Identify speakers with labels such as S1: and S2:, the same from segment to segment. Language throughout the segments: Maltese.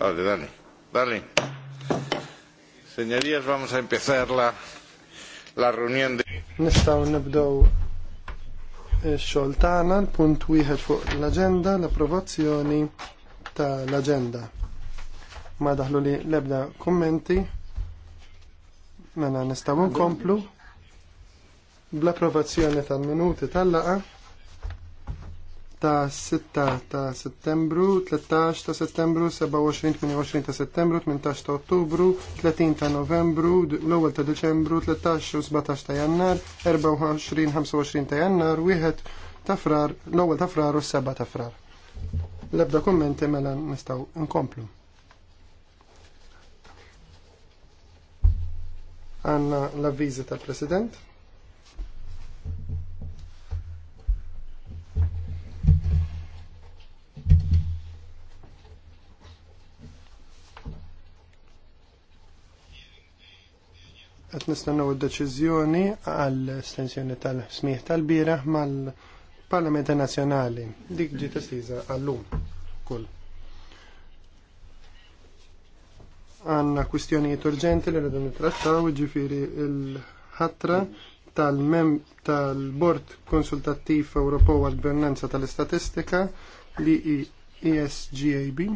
S1: Vale, dale, dale. Señorías, vamos a empezar la, la reunión de...
S2: Nistaw nibdow eh, xoltana l-punt wieħed fuq l-agenda, l-approvazzjoni ta' l-agenda. Ma daħlu li lebda kommenti, mena nistaw nkomplu bl-approvazzjoni tal-minuti tal-laqa ta' 6 ta' settembru, 13 ta' settembru, 27-28 ta' settembru, 18 ta' ottubru, 30 ta' novembru, l ewwel ta' deċembru, 13 u 17 ta' jannar, 24-25 ta' jannar, 1 ta' frar, l-1 ta' frar u 7 ta' frar. L-ebda kommenti mela nistaw nkomplu. Għanna l-avvizi tal-President. qed nistennew id-deċiżjoni għall estensjoni tal smigħ tal-bieraħ mal parlamenta Nazzjonali. Dik ġiet estiża għallum kull. Għanna kwistjonijiet urġenti li rridu nittrattaw, ġifiri il-ħatra tal-mem tal-Bord Konsultattiv Ewropew għall-Gvernanza tal-Istatistika li ESGAB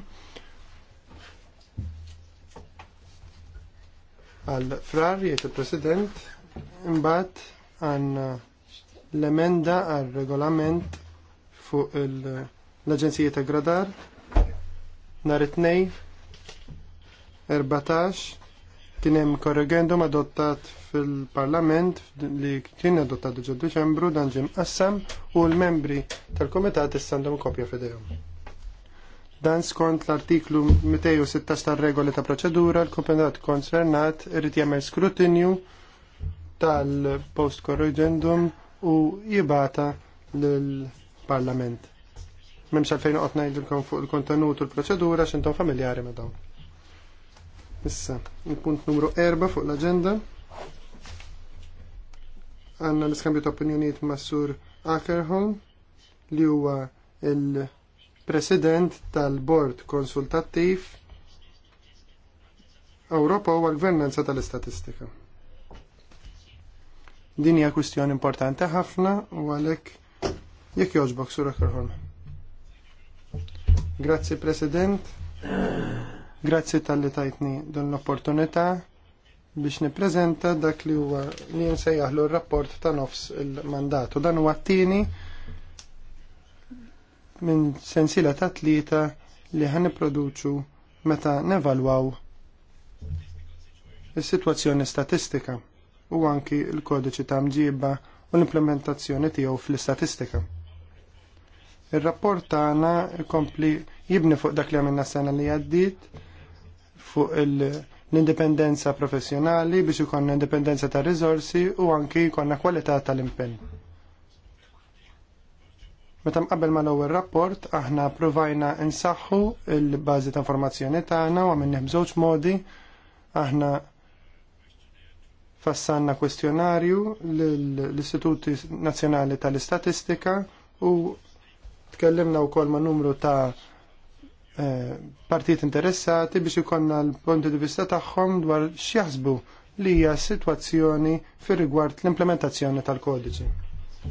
S2: għal frar jiet il-President imbat għanna l-emenda għal regolament fuq l-Aġenzija ta' Gradar nar 2 14 kien hemm korregendum adottat fil-Parlament li kien adottat ġod Deċembru dan ġim qassam u l-membri tal komitat issandhom kopja f'idejhom. Dan skont l-artiklu 216 tar-regoli ta' proċedura, l-kompetent konzernat irid jagħmel skrutinju tal-post corrigendum u jibata lill-Parlament. Memx għalfejn qed fuq il-kontenut u l-proċedura x'intom familjari ma' dawn. Issa, il-punt numru 4 fuq l-agenda. Għanna l-iskambju ta' opinjoniet ma' Sur Akerholm li huwa il- President tal-Bord Konsultattiv Ewropa u għal-Gvernanza tal-Istatistika. Din hija kwistjoni importanti ħafna u għalhekk jekk jogħġbok sura kerħol. Grazzi President, grazzi tal-li tajtni din l-opportunità biex nippreżenta dak li huwa li nsejjaħlu r-rapport ta' nofs il-mandatu. Dan huwa t-tieni minn sensila ta' tlieta li ħan produċu meta nevalwaw is-sitwazzjoni statistika u anki l-kodiċi ta' mġiba u l-implementazzjoni tiegħu fl-istatistika. Ir-rapport tagħna jkompli jibni fuq dak li għamilna sena li għaddiet fuq l-indipendenza professjonali biex ikonna indipendenza ta' rizorsi u anki jkollna kwalità tal-impenn. Meta mqabbel ma l-ewwel rapport, aħna provajna nsaħħu l-bażi ta' informazzjoni tagħna u għamilni bżewġ modi. Aħna fassanna kwestjonarju l-Istituti Nazzjonali tal-Istatistika u tkellimna wkoll ma' numru ta' eh, partit interessati biex ikonna l-punti di vista tagħhom dwar x'jaħsbu li hija sitwazzjoni fir-rigward l-implementazzjoni tal-kodiċi.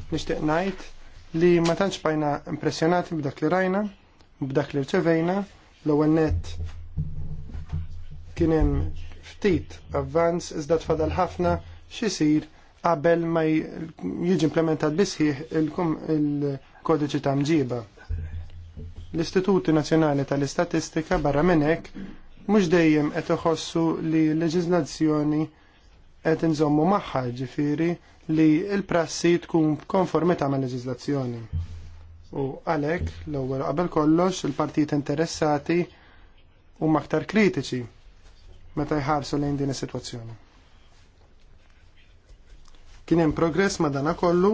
S2: Nixtieq ngħid li ma tantx bajna impressjonati b'dak li rajna, b'dak li rċevejna, l-ewwel net kien hemm ftit avvanz iżda tfadal ħafna x'isir qabel ma jiġi implementat bisħiħ il-kodiċi ta' mġiba. L-Istituti Nazzjonali tal-Istatistika barra minn hekk mhux dejjem qed iħossu li l leġiżlazzjoni qed inżommu magħha ġifieri li l-prassi tkun konformità mal leġiżlazzjoni. U għalhekk l-ewwel qabel kollox il-partit interessati huma aktar kritiċi meta jħarsu lejn din is-sitwazzjoni. Kien hemm progress madana kollu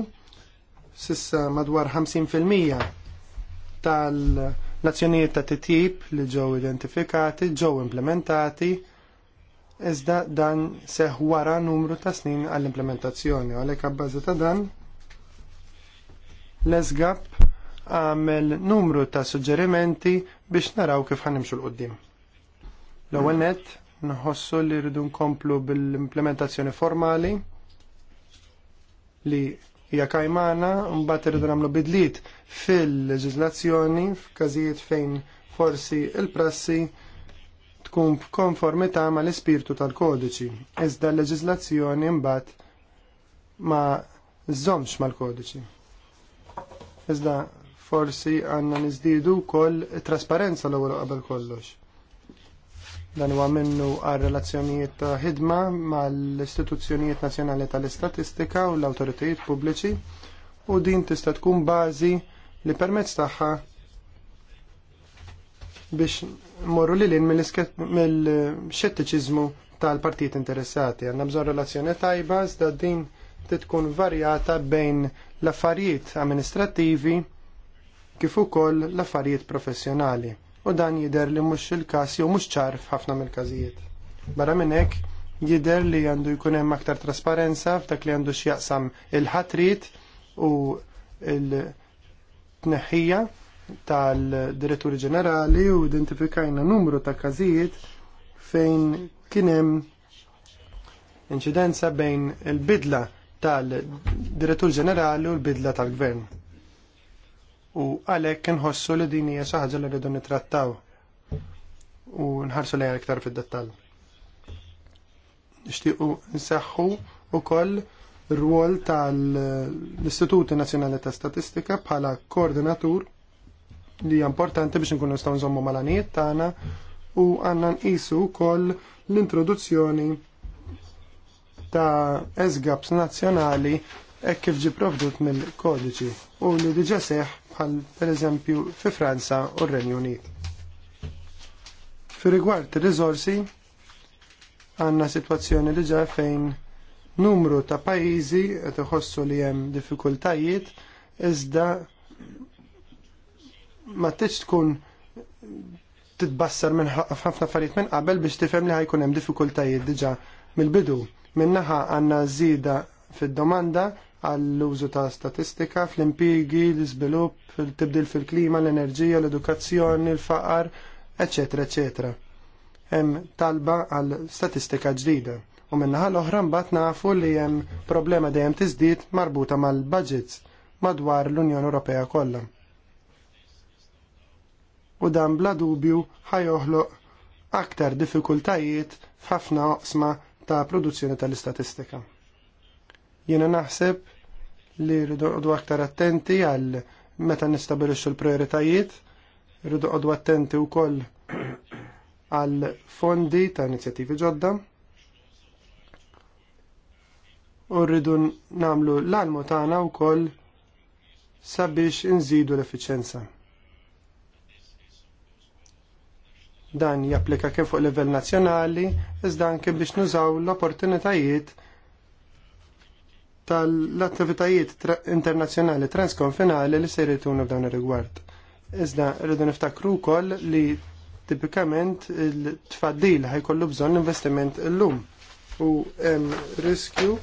S2: sissa madwar 50% tal-nazzjonijiet ta' titjib li ġew identifikati, ġew implementati, iżda dan seħ wara numru ta' snin għall-implementazzjoni. Għalhekk abbażi ta' dan l-esgab għamel numru ta' suġġerimenti biex naraw kif ħanimxu l-qoddim. L-ewwel nett nħossu li rridu nkomplu bil-implementazzjoni formali li hija kajmana mbagħad irridu nagħmlu bidliet fil-leġiżlazzjoni f'każijiet fejn forsi il-prassi tkun b'konformità mal ispirtu tal-kodiċi, iżda l-leġiżlazzjoni mbagħad ma żommx mal-kodiċi. Iżda forsi għandna niżdiedu wkoll trasparenza l-ewwel qabel kollox. Dan huwa minnu għal relazzjonijiet ta' ħidma mal-istituzzjonijiet nazzjonali tal-istatistika u l-awtoritajiet pubbliċi u din tista' tkun bażi li permezz tagħha biex morru li lin mill-xettiċizmu tal-partijiet interessati. Għanna bżon relazzjoni tajba, zda din titkun varjata bejn l-affarijiet amministrativi kif ukoll l-affarijiet professjonali. U dan jider li mhux il-każ jew mhux ċar f'ħafna mill-każijiet. Barra minn hekk jider li għandu jkun hemm aktar trasparenza f'dak li għandu x'jaqsam il-ħatrit u il-tneħħija tal-Diretturi Ġenerali u identifikajna numru ta' każijiet fejn kien hemm inċidenza bejn il-bidla tal-Direttur Ġenerali u l-bidla tal-Gvern. U għalhekk inħossu li din hija xi ħaġa li rridu nittrattaw u nħarsu lejha iktar fid-dettall. Nixtiequ nseħħu wkoll r-rwol tal-Istituti Nazzjonali ta' Statistika bħala koordinatur li hija importanti biex nkunu nistgħu nżommu mal-għanijiet tagħna u għandna nqisu wkoll l-introduzzjoni ta' esgabs nazzjonali hekk kif ġi provdut mill-kodiċi u li diġa seħ bħal pereżempju fi Franza u r-Renju Unit. Fi rigward ir-riżorsi għandna sitwazzjoni diġa fejn numru ta' pajjiżi qed iħossu li hemm diffikultajiet iżda ma tiġ tkun titbassar minn ħafna affarijiet minn qabel biex tifhem li ħajkun hemm diffikultajiet diġà mill-bidu. Minnaħa għandna żieda fid-domanda għall-użu ta' statistika fl-impigi, l-iżvilupp, il-tibdil fil-klima, l-enerġija, l-edukazzjoni, l-faqar, eċetera, eċetera. Hemm talba għal statistika ġdida. U minnaħa l-oħra mbagħad nafu li hemm problema dejjem tiżdied marbuta mal-budgets madwar l-Unjoni Ewropea kollha u dan bla dubju ħajoħloq aktar diffikultajiet f'ħafna oqsma ta' produzzjoni tal-istatistika. Jiena naħseb li rridu aktar attenti għal meta nistabilixxu l-prioritajiet, rridu qodu attenti wkoll għal fondi ta' inizjattivi ġodda. U rridu nagħmlu l-almu tagħna wkoll sabiex inżidu l-effiċenza. Dan japplika kif fuq livell nazzjonali, iżda anke biex nużaw l-opportunitajiet tal-attivitajiet internazzjonali transkonfinali li se jritunu f'dawn ir-rigward. Iżda rridu niftakru wkoll li tipikament il-tfaddil ħajkollu bżonn investiment illum u hemm riskju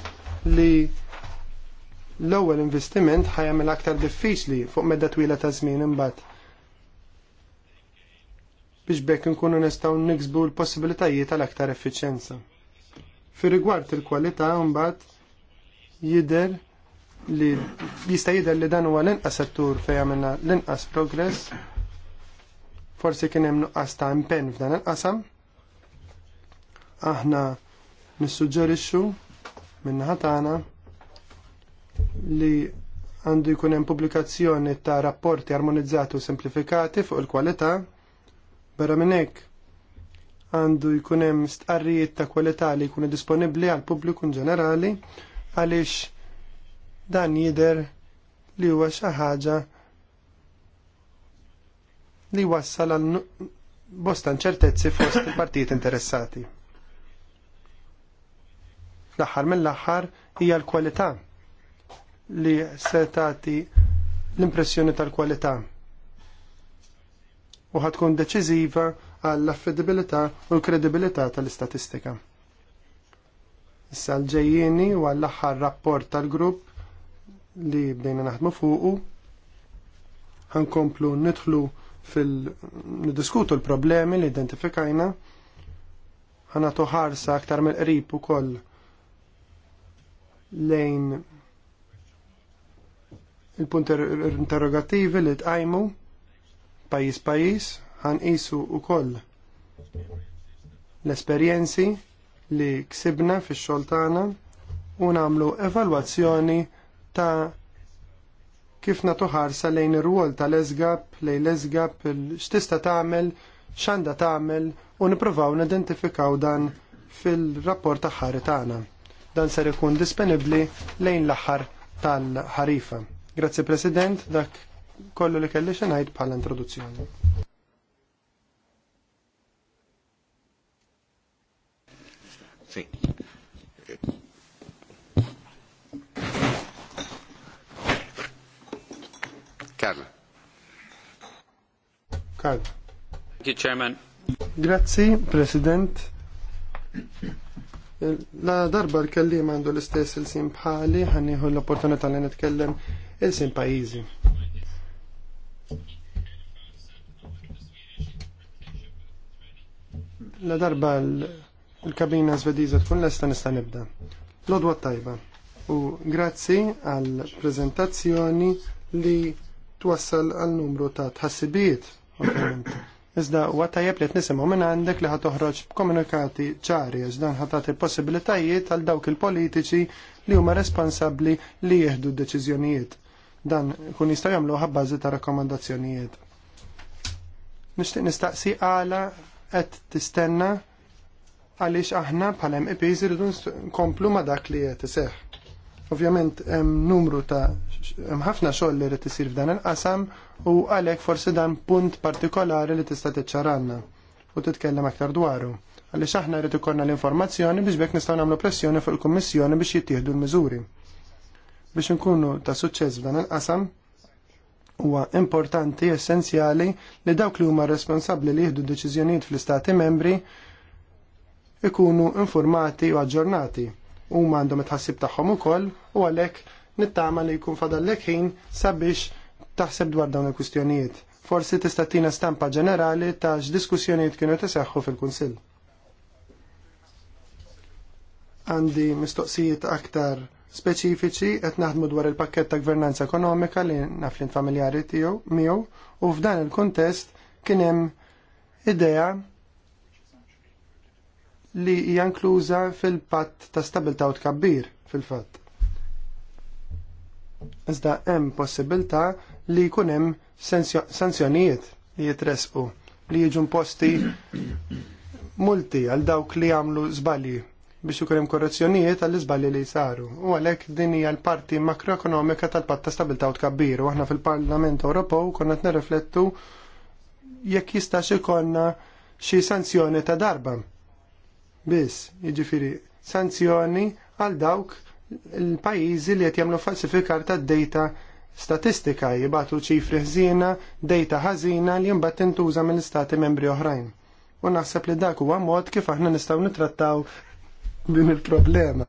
S2: li l-ewwel investiment ħajamel aktar diffiċli fuq medda twila ta' żmien imbagħad biex bekk nkunu nistgħu niksbu l-possibilitajiet tal aktar effiċjenza. Fi rigward il-kwalità mbagħad jidher li jista' jidher li dan huwa l-inqas settur fejn għamilna l-inqas progress forsi kien hemm nuqqas ta' impenn f'dan il-qasam. Aħna nissuġġerixxu min-naħa tagħna li għandu jkun hemm pubblikazzjoni ta' rapporti armonizzati u simplifikati fuq il-kwalità Barra minn hekk għandu jkun hemm stqarrijiet ta' kwalità li jkunu disponibbli għal pubbliku ġenerali għaliex dan jidher li huwa xi ħaġa li wassal għal bosta nċertezzi fost il-partijiet interessati. L-aħħar mill-aħħar hija l-kwalità li se tagħti l-impressjoni tal-kwalità u ħatkun deċiżiva għall-affidabilità u l-kredibilità tal-istatistika. Issa l ġejjini u għall-aħħar rapport tal-grupp li bdejna naħdmu fuqu ħankomplu nidħlu fil-diskutu l-problemi li identifikajna ħanatu ħarsa aktar mill-qrib ukoll lejn il-punti interrogativi li tqajmu pajis pajis għan isu u koll l-esperienzi li ksibna fi xoltana u namlu evalwazzjoni ta' kif natu lejn ir-rwol tal-eżgab, lejn l-eżgab, x'tista' tagħmel, x'għandha tagħmel u nippruvaw nidentifikaw dan fil-rapport ta' ħari tagħna. Dan ser ikun disponibbli lejn l-aħħar tal-ħarifa. Grazzi President, dak kollu li kelli xanajt bħala introduzzjoni.
S1: Sì. Thank you, Chairman.
S2: President. La darba l-kellim għandu l-istess il-sim bħali, ħanniħu l-opportunità li nitkellem il-sim pajizi. la darba l-kabina svediza tkun lesta nista' nibda. Lodwa tajba u grazzi għal prezentazzjoni li twassal għal numru ta' tħassibiet. Iżda huwa tajjeb li tnisimgħu minn għandek li ħatoħroġ komunikati ċari iżda dan ħatati possibilitajiet għal dawk il-politiċi li huma responsabbli li jieħdu d-deċiżjonijiet. Dan kun jistajam jagħmlu ħabbażi ta' rakkomandazzjonijiet. Nixtieq nistaqsi għala qed tistenna għaliex aħna bħala MEPs irridu nkomplu ma' dak li qed iseħħ. Ovvjament hemm numru ta' hemm ħafna xogħol li rid isir f'dan il-qasam u għalhekk forsi dan punt partikolari li tista' tiċċaranna u titkellem aktar dwaru. Għaliex aħna rrid ikollna l-informazzjoni biex bekk nistgħu nagħmlu pressjoni fuq il-Kummissjoni biex jittieħdu l-miżuri. Biex inkunu ta' suċċess f'dan il-qasam, huwa importanti essenzjali li dawk li huma responsabbli li jieħdu deċiżjonijiet fl-istati membri ikunu informati u aġġornati huma għandhom it-ħassib tagħhom ukoll u għalhekk nittama li jkun fadallek ħin sabiex taħseb dwar dawn il-kwistjonijiet. Forsi tista' tina stampa ġenerali ta' x'diskussjonijiet kienu tiseħħu fil-Kunsill. Għandi mistoqsijiet aktar speċifiċi qed naħdmu dwar il-pakket ta' gvernanza ekonomika li naf li familjari tiegħu miegħu u f'dan il-kuntest kien hemm idea li hija inkluża fil-patt ta' stabilta' u tkabbir fil-fatt. Iżda hemm possibilità li jkun hemm sanzjonijiet li jitresqu li jiġu imposti multi għal dawk li jagħmlu żbalji biex ikun hemm korrezzjonijiet għall iżballi li saru. U għalhekk din hija l-parti makroekonomika tal patta ta' u tkabbir u aħna fil-Parlament Ewropew konna qed nirriflettu jekk jistax konna xi sanzjoni ta' darba. Biss, jiġifieri sanzjoni għal dawk il-pajjiżi li qed jagħmlu falsifikar tad-dejta statistika jibatu ċifri ħżiena, dejta ħażina li jimbat tintuża mill-istati membri oħrajn. U naħseb li dak huwa mod kif aħna nistgħu nittrattaw din il-problema.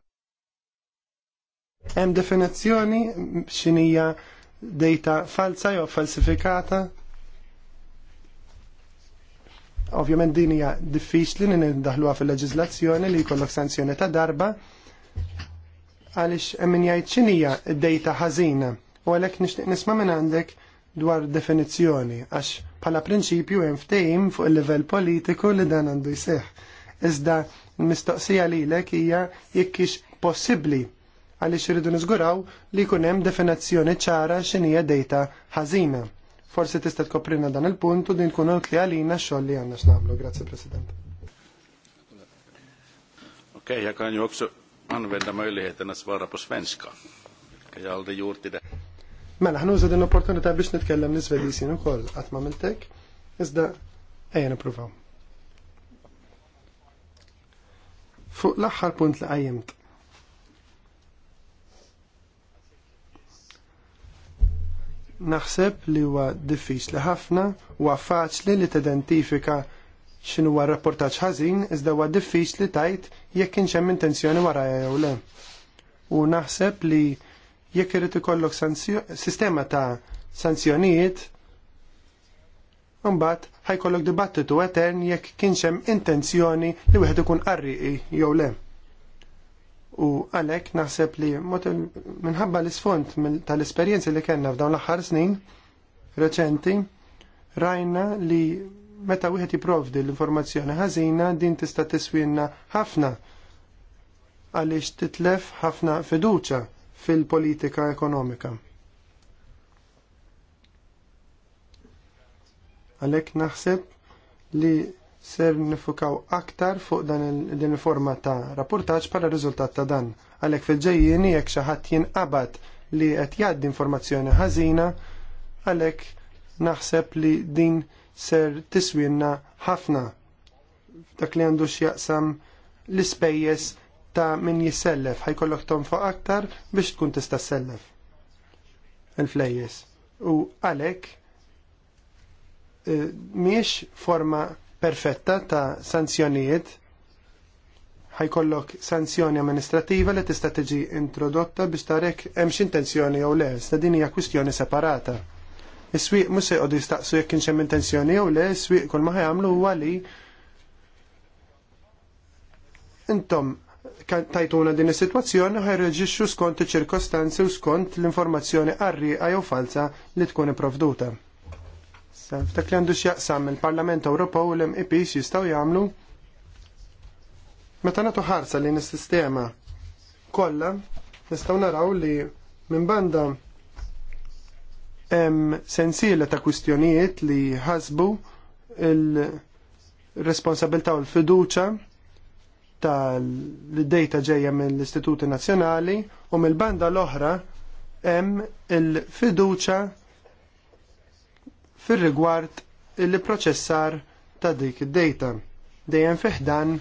S2: Hemm definizzjoni x'inhija data falsa jew falsifikata. Ovvjament din hija diffiċli li nindaħluha fil-leġiżlazzjoni li jkollok sanzjoni ta' darba għaliex hemm min jgħid x'inhija d-dejta ħażina u għalhekk nixtieq nisma' minn għandek dwar definizzjoni għax bħala prinċipju hemm ftehim fuq il-livell politiku li dan għandu jseħħ. Iżda Mistaqsija lilek hija jekk hix possibbli għaliex iridu niżguraw li jkun hemm definizzjoni ċara xinija dejta ħażina. Forsi tista' tkoprina dan il-punt u din tkun utli għalina xogħol li għandna x'nagħmlu. Grazzi President.
S1: Okej, jekk kan ju också använda möjligheten att svara på svenska.
S2: Mela, ħnuża din l-opportunità biex nitkellem l ukoll qatt ma miltek, iżda ejja nippruvaw. fuq l-aħħar punt li qajjimt. Naħseb li huwa diffiċli ħafna u faċli li tidentifika x'inhu huwa rapportaġġ ħażin iżda huwa diffiċli tajt jekk kienx hemm intenzjoni warajja jew le. U naħseb li jekk irid ikollok sistema ta' sanzjonijiet Mbagħad ħajkollok dibattitu etern jekk kienx hemm intenzjoni li wieħed ikun qarriqi jew le. U għalhekk naħseb li minħabba l-isfond tal-esperjenzi li kellna f'dawn l-aħħar snin reċenti rajna li meta wieħed jipprovdi l-informazzjoni ħażina din tista' tiswinna ħafna għaliex titlef ħafna fiduċa fil-politika ekonomika. Għalhekk naħseb li ser nifukaw aktar fuq dan din il-forma ta' rapportaġġ bħala riżultat ta' dan. Għalhekk fil-ġejjieni jek xi ħadd jinqabad li qed jgħaddi informazzjoni ħażina, għalhekk naħseb li din ser tiswinna ħafna dak li għandu x'jaqsam l-ispejjeż ta' min jissellef ħajkollok fuq aktar biex tkun tista' sellef il-flejjes. U għalhekk Eh, miex forma perfetta ta' sanzjonijiet ħajkollok sanzjoni amministrativa li tista' tiġi introdotta biex tarek hemmx intenzjoni jew le, sta din hija kwistjoni separata. Is-swieq mhux se jqogħdu jistaqsu jekk kienx hemm intenzjoni jew le, is-swieq kull ma ħajamlu huwa li intom tajtuna din is-sitwazzjoni ħajreġixxu skont iċ-ċirkostanzi u skont l-informazzjoni qarrieqa jew falsa li tkun ipprovduta. Sa li għandu x'jaqsam il-Parlament Ewropew u l-MEPs jistgħu jagħmlu meta nagħtu ħarsa li is-sistema kollha nistgħu naraw li minn banda hemm sensiela ta' kwistjonijiet li ħasbu il-responsabilità u l-fiduċa tal-dejta ġejja mill-Istituti Nazzjonali u mill-banda l-oħra hemm il-fiduċa fir-rigward il-proċessar ta' dik id-data dejjem fiħdan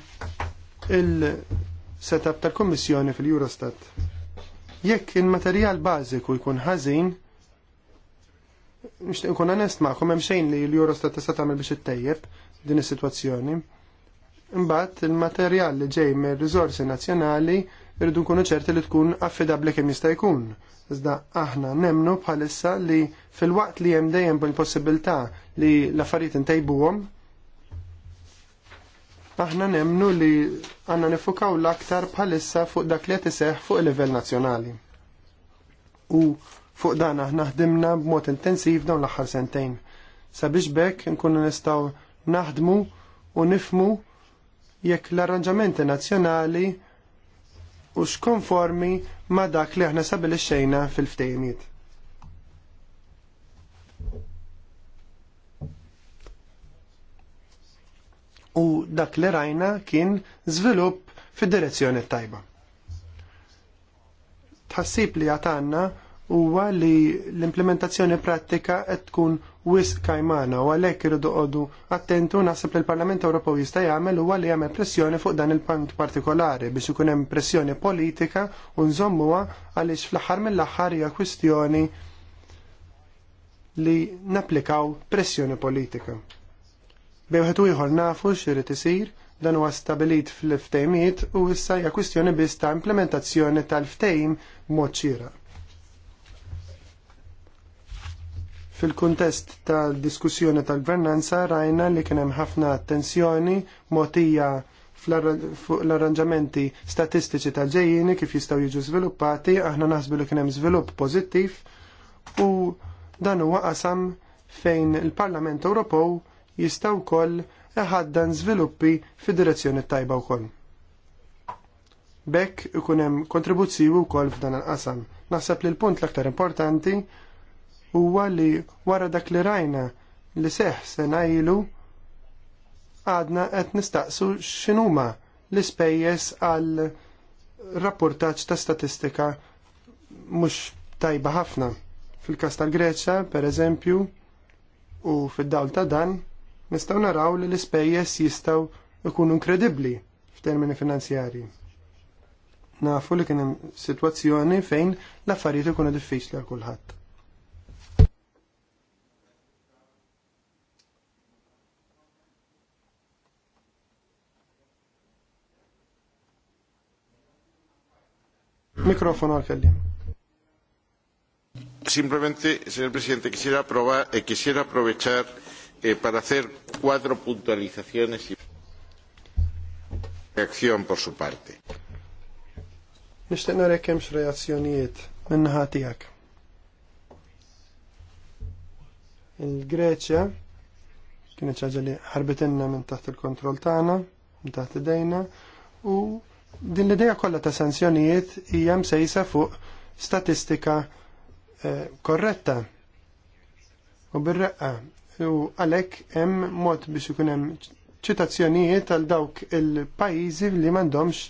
S2: il-setup tal-Kommissjoni fil-Eurostat. Jekk il-materjal bażiku jkun ħażin, nixtieq nkun onest magħkom hemm xejn li l-Eurostat tista' tagħmel biex ittejjeb din is-sitwazzjoni. Imbagħad il-materjal li ġej mir-riżorsi nazzjonali irridu nkunu ċerti li tkun affidabli kemm jista' jkun. Iżda aħna nemnu bħalissa li fil-waqt li hemm dejjem bil-possibilità li l-affarijiet intejbuhom, aħna nemnu li għanna nifukaw l-aktar bħalissa fuq dak li iseħħ fuq il livell nazzjonali. U fuq dan aħna ħdimna b'mod intensiv dawn l-aħħar sentejn. Sabiex bekk nkunu nistgħu naħdmu u nifmu jekk l-arranġamenti nazzjonali u x'konformi ma' dak li aħna x-xejna fil ftejniet U dak li rajna kien żvilupp fid-direzzjoni tajba. Tħassib li għatanna huwa li l-implementazzjoni pratika qed tkun wis kajmana u għalhekk irridu għodu attentu naħseb li l-Parlament Ewropew jista' jagħmel huwa li jagħmel pressjoni fuq dan il-punt partikolari biex ikun hemm pressjoni politika u nżommuha għaliex fl-aħħar mill-aħħar hija kwistjoni li napplikaw pressjoni politika. Bewħet ieħor nafu x'irid isir dan huwa stabilit fl-ftejmiet u issa hija kwistjoni biss ta' implementazzjoni tal-ftejm b'mod xieraq. Fil-kuntest tal-diskussjoni tal-gvernanza rajna li kien hemm ħafna attenzjoni mogħtija fl l-arranġamenti statistiċi tal-ġejjini kif jistgħu jiġu żviluppati, aħna naħsbu li kien hemm żvilupp pożittiv u dan huwa qasam fejn il-Parlament Ewropew jistaw wkoll iħaddan żviluppi fid-direzzjoni tajba wkoll. Bekk ikun hemm kontribuzzju wkoll f'dan il-qasam. Naħseb li l-punt l-aktar importanti huwa li wara dak li rajna li seħ sena ilu għadna qed nistaqsu x'inhuma l-ispejjeż għal rapportaġġ ta' statistika mhux tajba ħafna. Fil-każ tal-Greċja, pereżempju, u fid-dawl ta' dan, nistgħu naraw li l-ispejjeż jistgħu ikunu inkredibbli f'termini finanzjarji. Nafu li kien hemm sitwazzjoni fejn l-affarijiet ikunu diffiċli għal kulħadd. Mikrofonu għal-kellim.
S1: Simplemente, señor presidente, quisiera, aprobar, eh, quisiera aprovechar eh, para hacer cuatro puntualizaciones y reacción por su parte.
S2: Nishtiq nara kemm x'reazzjonijiet minnaħa Il-Greċja kienet ħaġa li ħarbitinna minn taħt il-kontroll tagħna, minn taħt idejna u Din l-ideja kollha ta' sanzjonijiet hija msejsa fuq statistika eh, korretta u bir-reqqa. U għalhekk hemm mod biex ikun hemm ċitazzjonijiet għal dawk il-pajjiżi li m'għandhomx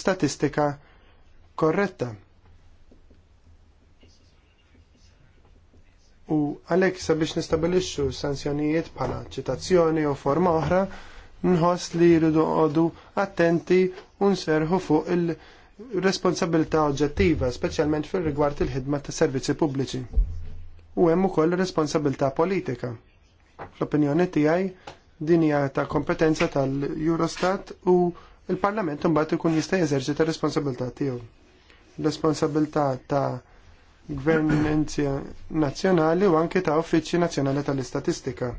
S2: statistika korretta. U għalhekk sabiex nistabilixxu sanzjonijiet bħala ċitazzjoni u forma oħra nħoss li jridu għodu attenti u nserħu fuq il-responsabilità oġġettiva, speċjalment fil rigward il-ħidma ta' servizzi pubbliċi. U hemm ukoll responsabilità politika. Fl-opinjoni tiegħi din hija ta' kompetenza tal-Eurostat u il-Parlament imbagħad ikun jista' jeżerċita responsabilità tiegħu. Responsabilità ta' gvernenzja nazzjonali u anke ta' uffiċċji nazzjonali tal-istatistika.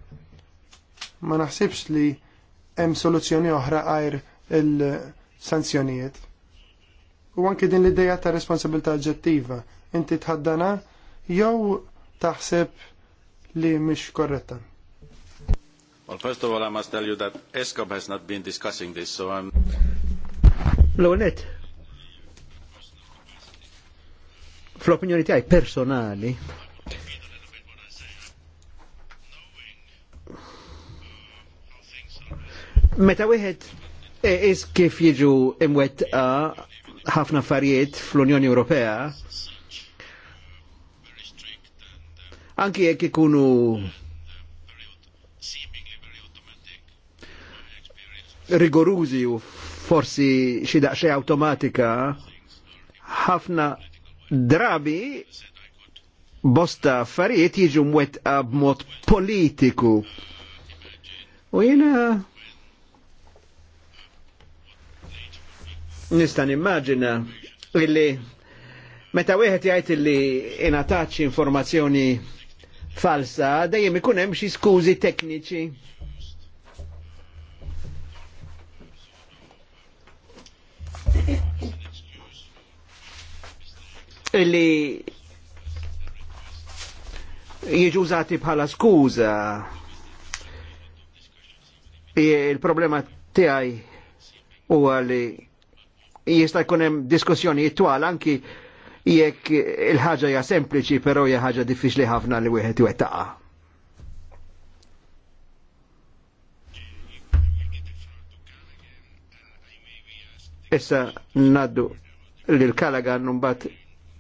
S2: Ma naħsibx li hemm soluzzjoni oħra għajr il-sanzjonijiet. U anke din l-ideja ta' responsabilità oġġettiva, inti tħaddana jew taħseb li mhix korretta.
S1: Well, first of all, I must tell you that ESCOM has not been discussing this, so I'm...
S3: L-għonet, fl-opinjoni tiegħi personali, Meta wieħed e, is kif jiġu imwettqa ħafna affarijiet fl-Unjoni Ewropea, anki jekk ikunu rigorużi u forsi xi daqsxejn awtomatika, ħafna drabi bosta affarijiet jiġu mwettqa b'mod politiku. U jiena nistan immaġina illi meta wieħed jgħid illi ingħatax informazzjoni falsa, dejjem ikun hemm xi skużi tekniċi. Illi jiġu użati bħala skuża il-problema tiegħi huwa li jista' jkun hemm diskussjoni jittual anki jekk il-ħaġa hija sempliċi però hija ħaġa diffiċli ħafna li wieħed jwettaqa. Issa naddu lil Kalagan numbat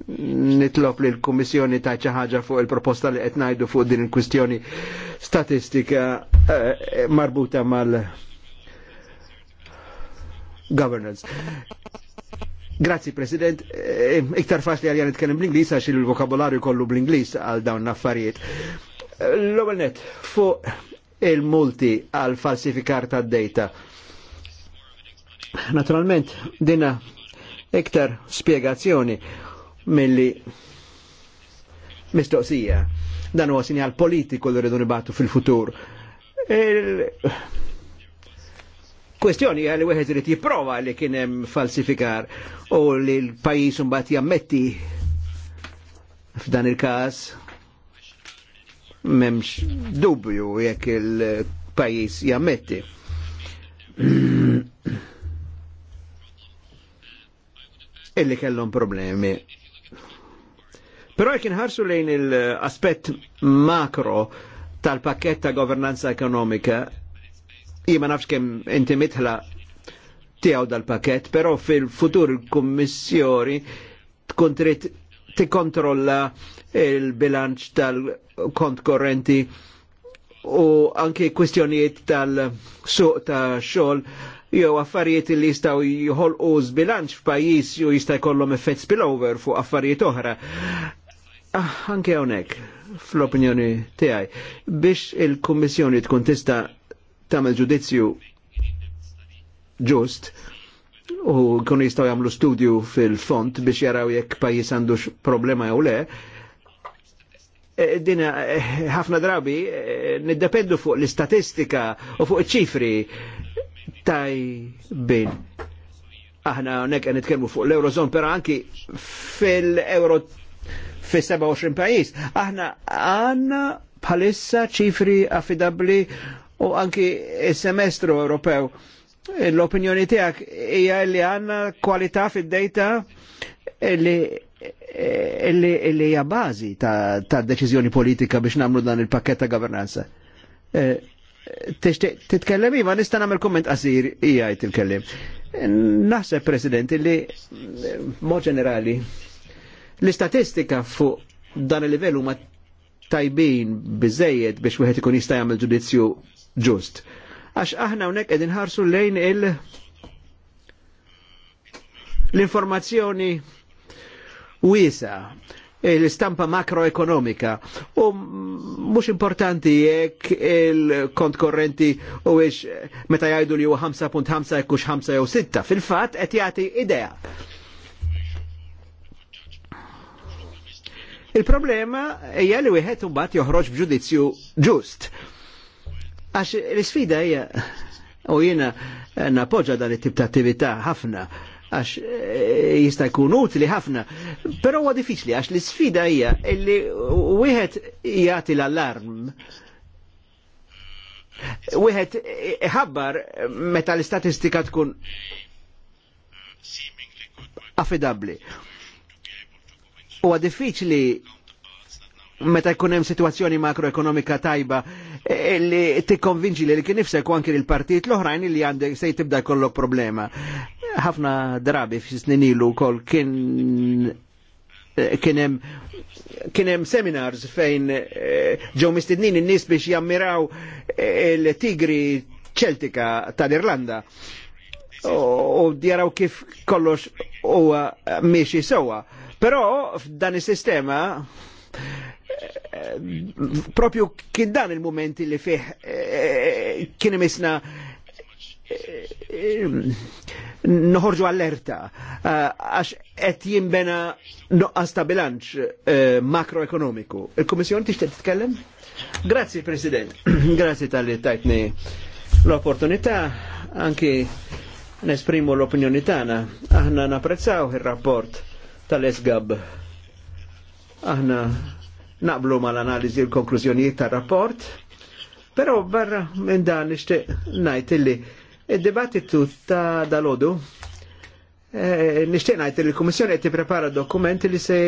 S3: nitlob li l-Kummissjoni ta' xi ħaġa fuq il-proposta li qed ngħidu fuq din il-kwistjoni statistika eh, marbuta mal- governance. Grazzi, President. Eh, iktar faċli għalja nitkellem bl-Inglis għax il-vokabolarju kollu bl-Inglis għal dawn l-affarijiet. L-ewwel net, fu il-multi għal falsifikar ta' data. Naturalment, dina iktar spiegazzjoni milli mistoqsija. Dan huwa sinjal politiku li rridu nibatu fil-futur kwestjoni għalli weħed rrit jipprova li kien hemm falsifikar u li l-pajjiż mbagħad jammetti f'dan il-każ m'hemmx dubju jekk il-pajjiż jammetti. illi kellhom problemi. Però jekk inħarsu lejn l aspett makro tal-pakket ta' governanza ekonomika, Jima nafx kem inti mitħla tiegħu dal-pakett, però fil-futur il-Kummissjoni tkun trid tikkontrolla il-bilanċ tal-kont korrenti u anke kwestjonijiet tal-suq ta' xogħol jew affarijiet li jistgħu jħolqu żbilanċ f'pajjiż jew jista' jkollhom effett spillover fuq affarijiet oħra. Ah, anke hawnhekk fl-opinjoni tiegħi biex il-Kummissjoni tkun tista' tamel ġudizzju ġust u kun jistaw jamlu studju fil-font biex jaraw jekk pajjiż għandux problema jew le, e, dina e, ħafna drabi e, niddependu fuq l-istatistika u fuq iċ-ċifri tajbin. Aħna nek għan itkermu fuq l-Eurozon, pero anki fil-Euro fil 27 pajis. Aħna għanna palissa ċifri affidabli u anki il-semestru Ewropew. L-opinjoni tijak hija li għanna kwalità fid-dejta li hija bażi ta', deċiżjoni politika biex nagħmlu dan il-pakket ta' governanza. E, titkellem iva, nista' nagħmel komment qasir jgħid il-kellim. Naħseb, President, li mod ġenerali l-istatistika fuq dan il livellu ma tajbin biżejjed biex wieħed ikun jista' jagħmel ġudizzju ġust. Għax aħna hawnhekk qegħdin ħarsu lejn il l-informazzjoni wiesa l-istampa makroekonomika u mhux importanti jekk il-kont korrenti u ix meta jgħidu li u 5.5 jekkux 5 jew 6 fil-fatt qed jagħti idea. Il-problema hija li wieħed imbagħad joħroġ b'ġudizzju ġust. Għax l-sfida hija u jiena eh, napoġġa dan it-tip ta' attività ħafna għax eh, jista' jkun utli ħafna, però huwa diffiċli għax l-isfida hija li wieħed jagħti l-allarm Wieħed ħabbar meta l-istatistika tkun affidabbli. Huwa diffiċli meta jkun hemm situazzjoni makroekonomika tajba e, e, li tikkonvinġi li kien ifsek anki l partit l-oħrajn li għandek se tibda jkollok problema. Ħafna drabi fi ilu wkoll kien e, kien hemm seminars fejn ġew mistednin in-nies biex jammiraw il-tigri ċeltika tal-Irlanda. U djaraw kif kollox u miexi sewwa. Però f'dan is-sistema propju kien dan il-moment li fih eh, kien misna eh, noħorġu allerta eh, għax qed jinbena noqqas ta' bilanċ makroekonomiku. Il-Kummissjoni tixtieq titkellem? Grazzi President, grazzi tal-li tajtni l-opportunità anki nesprimu l-opinjoni tagħna. Aħna napprezzaw ir-rapport tal esgab Aħna naqblu mal-analiżi l-konklużjonijiet tar-rapport, però barra minn dan nixtieq ngħid illi id-dibattitu ta' dalodu eh, nixtieq ngħid li l-Kummissjoni qed tipprepara dokumenti li se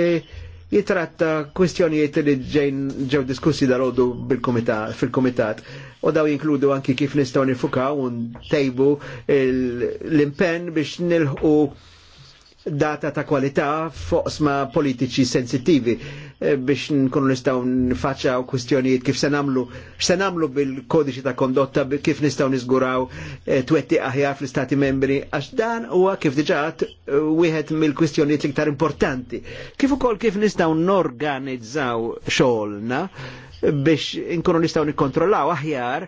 S3: jitratta kwistjonijiet li ġejn ġew diskussi dal fil-komitat u daw jinkludu anki kif nistaw nifukaw un tejbu l-impen biex nilħu data ta' kwalità sma politiċi sensittivi eh, biex nkunu nistgħu nfaċċaw kwistjonijiet kif se nagħmlu se nagħmlu bil-kodiċi ta' kondotta kif nistgħu niżguraw eh, twetti aħjar fl-istati membri għax dan huwa kif diġà eh, wieħed mill-kwistjonijiet l-iktar importanti. Kif ukoll kif nistgħu norganizzaw xogħolna biex nkunu nistgħu nikkontrollaw aħjar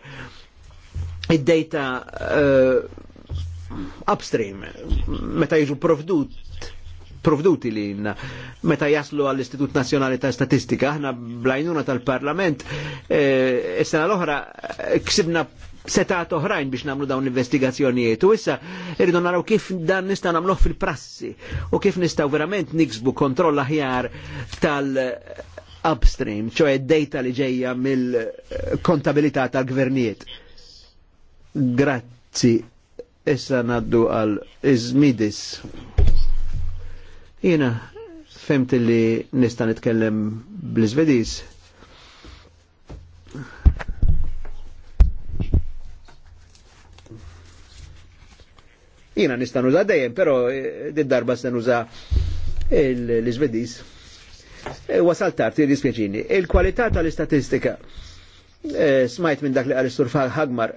S3: id-data upstream meta jiġu provdut provduti li jina. Meta jaslu għall-Istitut Nazjonali ta' Statistika, aħna blajnuna tal-Parlament, eh, is-sena e, l-oħra eh, ksibna setat oħrajn biex namlu dawn l-investigazzjonijiet. U issa irridu naraw kif dan nista' nagħmluh fil-prassi u kif nistaw verament niksbu kontroll aħjar tal- upstream, ċoħe data li ġejja mill-kontabilità tal-gvernijiet. Grazzi, issa naddu għal Izmidis. Jena femt li nista nitkellem bl-Svediż. Jena nista nuża dejjem, però eh, darba se nuża l-Svediż. E, eh, Wasal tarti dispjaċini. Il-kwalità tal-istatistika eh, smajt minn dak li għal-istur Hagmar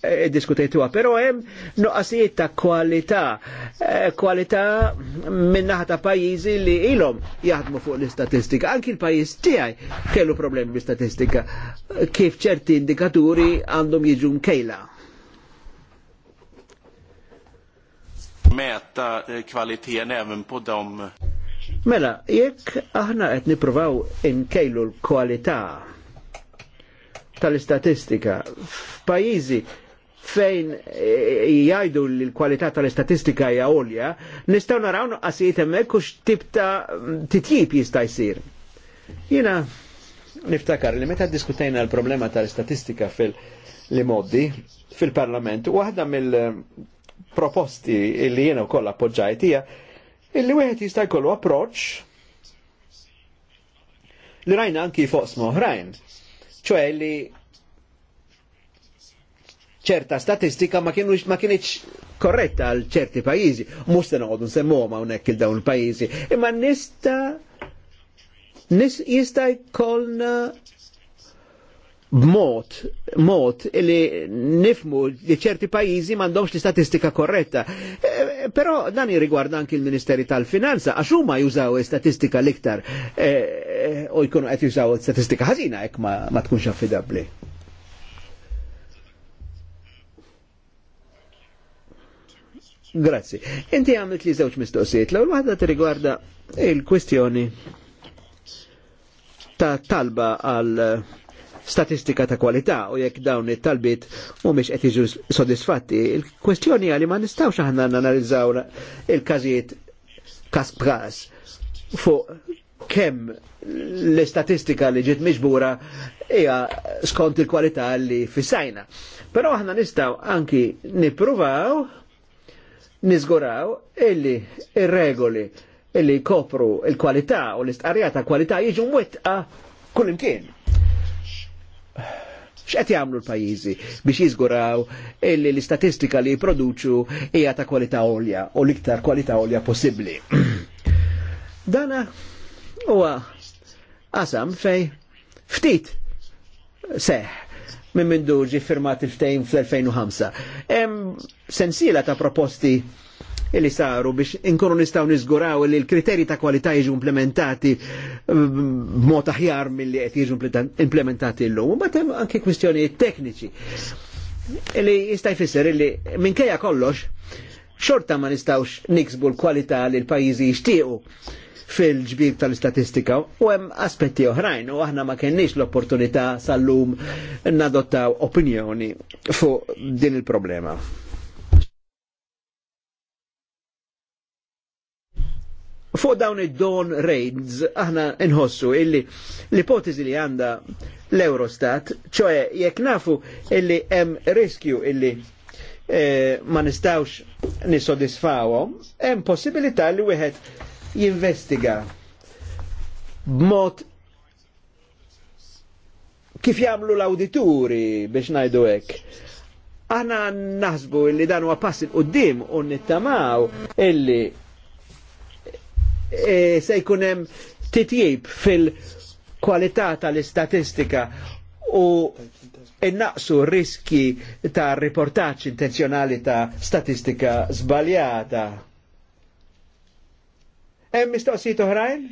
S3: E diskutejtuha, però hemm nuqqasijiet ta' kwalità, eh, kwalità minnaħa ta' pajjiżi li ilhom jaħdmu fuq l-istatistika. Anki l-pajjiż tiegħi kellu problemi bl-istatistika kif ċerti indikaturi għandhom jiġu mkejla.
S1: Meta eh, kvalitien hemm på dom.
S3: Mela, jekk aħna qed nippruvaw inkejlu l-kwalità tal-istatistika f'pajjiżi fejn eh, eh, jgħidu li l-kwalità tal-istatistika hija għolja, nistgħu naraw nuqqasijiet hemmhekk u x'tip ta' titjib jista' jsir. Jiena niftakar li meta diskutejna l-problema tal-istatistika fil-li moddi fil-Parlament, waħda mill-proposti li jiena wkoll appoġġajt hija illi wieħed jista' jkollu approċċ li rajna anki fosmo smoħrajn. ċoħe li ċerta statistika ma kienu ma kienieċ korretta għal ċerti pajjiżi. Mhux se noqogħdu nsemmuhom hawnhekk il dawn il-pajjiżi. Imma nista' nis jista' jkollna b'mod, mod li nifmu li ċerti pajjiżi m'għandhomx l-istatistika korretta. E, però dan jirrigwarda anki l-Ministeri tal-Finanza, għax huma jużaw statistika l-iktar e, e, u jkunu qed jużaw statistika ħażina jekk ma, ma tkunx affidabbli. Grazzi. Inti għamilt li zewċ mistoqsijiet. L-għol għadda t-rigwarda il-kwestjoni ta' talba għal statistika ta' kwalità u jekk dawn it-talbiet mhumiex qed jiġu sodisfatti. Il-kwestjoni għalli ma nistgħux aħna nanalizzaw il-każijiet kas b'kas fuq kemm l-istatistika li ġiet miġbura hija skont il-kwalità li fissajna. Però aħna nistgħu anki nippruvaw nizguraw illi ir-regoli illi kopru il-kwalità u l-istqarrija ta' kwalità jiġu mwettqa kullimkien. X'qed jagħmlu l-pajjiżi biex jiżguraw illi l-istatistika li jproduċu hija ta' kwalità olja u l-iktar kwalità olja possibbli. Dana huwa qasam fej ftit seħ minn minn ġi firmat il-ftejn fl-2005. Hemm sensiela ta' proposti li saru biex inkunu nistaw nizguraw li l-kriteri ta' kwalità jiġu implementati mm, b'mod aħjar mill-li qed jiġu implementati llum. Ma' hemm anke kwistjonijiet tekniċi. Li jista' jfisser illi minkejja kollox xorta ma nistawx niksbu l-kwalità li l-pajjiżi jixtiequ fil-ġbir tal-istatistika u hemm aspetti oħrajn u aħna ma kenniex l-opportunità sal-lum nadottaw opinjoni fuq din il-problema. Fuq dawn id don raids aħna nħossu illi l-ipotezi li għanda l-Eurostat, ċoħe jekk nafu illi hemm riskju illi eh, ma nistawx nisodisfawom, hemm possibilità li wieħed jinvestiga b'mod kif jagħmlu l-awdituri biex ngħidu hekk. Aħna naħsbu illi dan huwa pass il qudiem u nittamaw illi e, se jkun hemm titjib fil-kwalità tal-istatistika u innaqsu riski ta' riportaċ intenzjonali ta' statistika zbaljata Hemm mistoqsijiet oħrajn?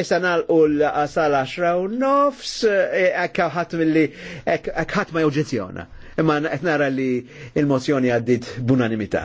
S3: Issa nalqu l-qasal 10 u nofs, e, ekka ħat mill-li, ekka ħat ma joġġezzjona. Imma qed nara li l mozzjoni għaddit b'unanimità.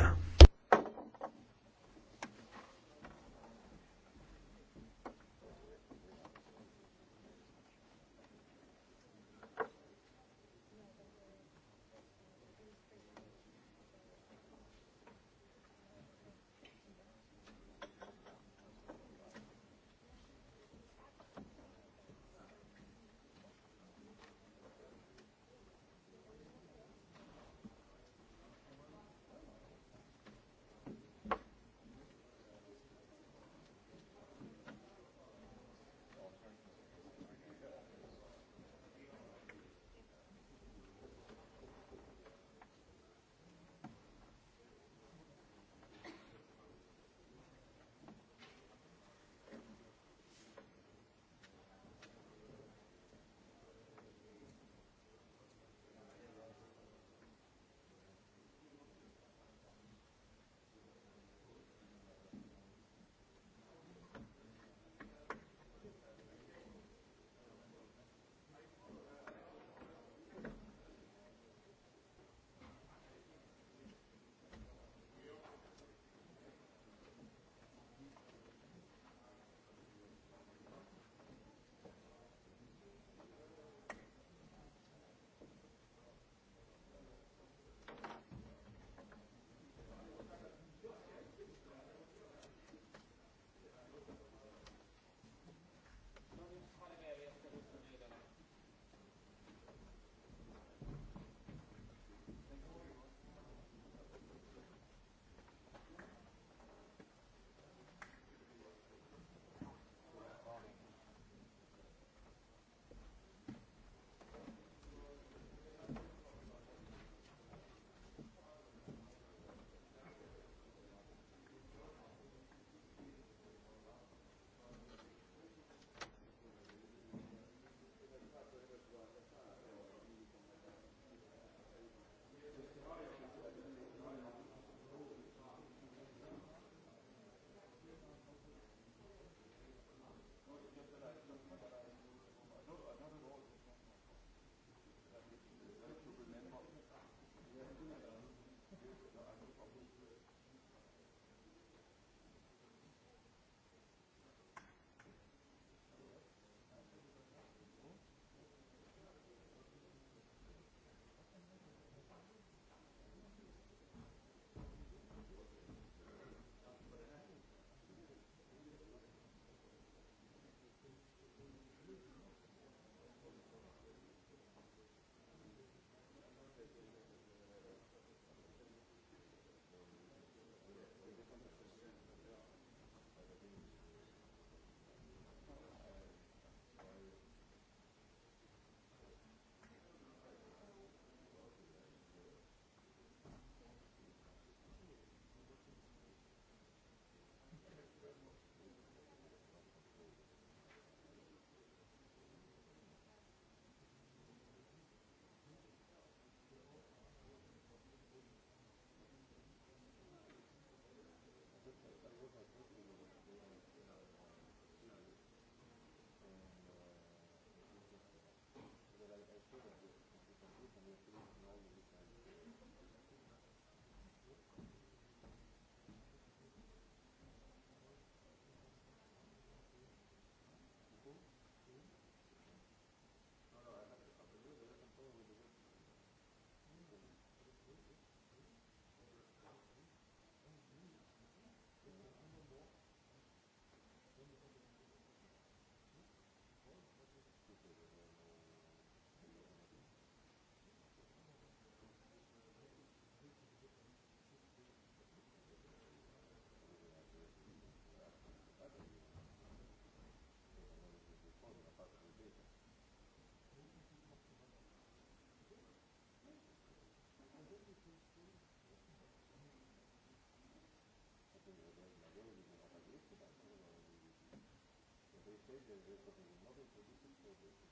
S4: Grazie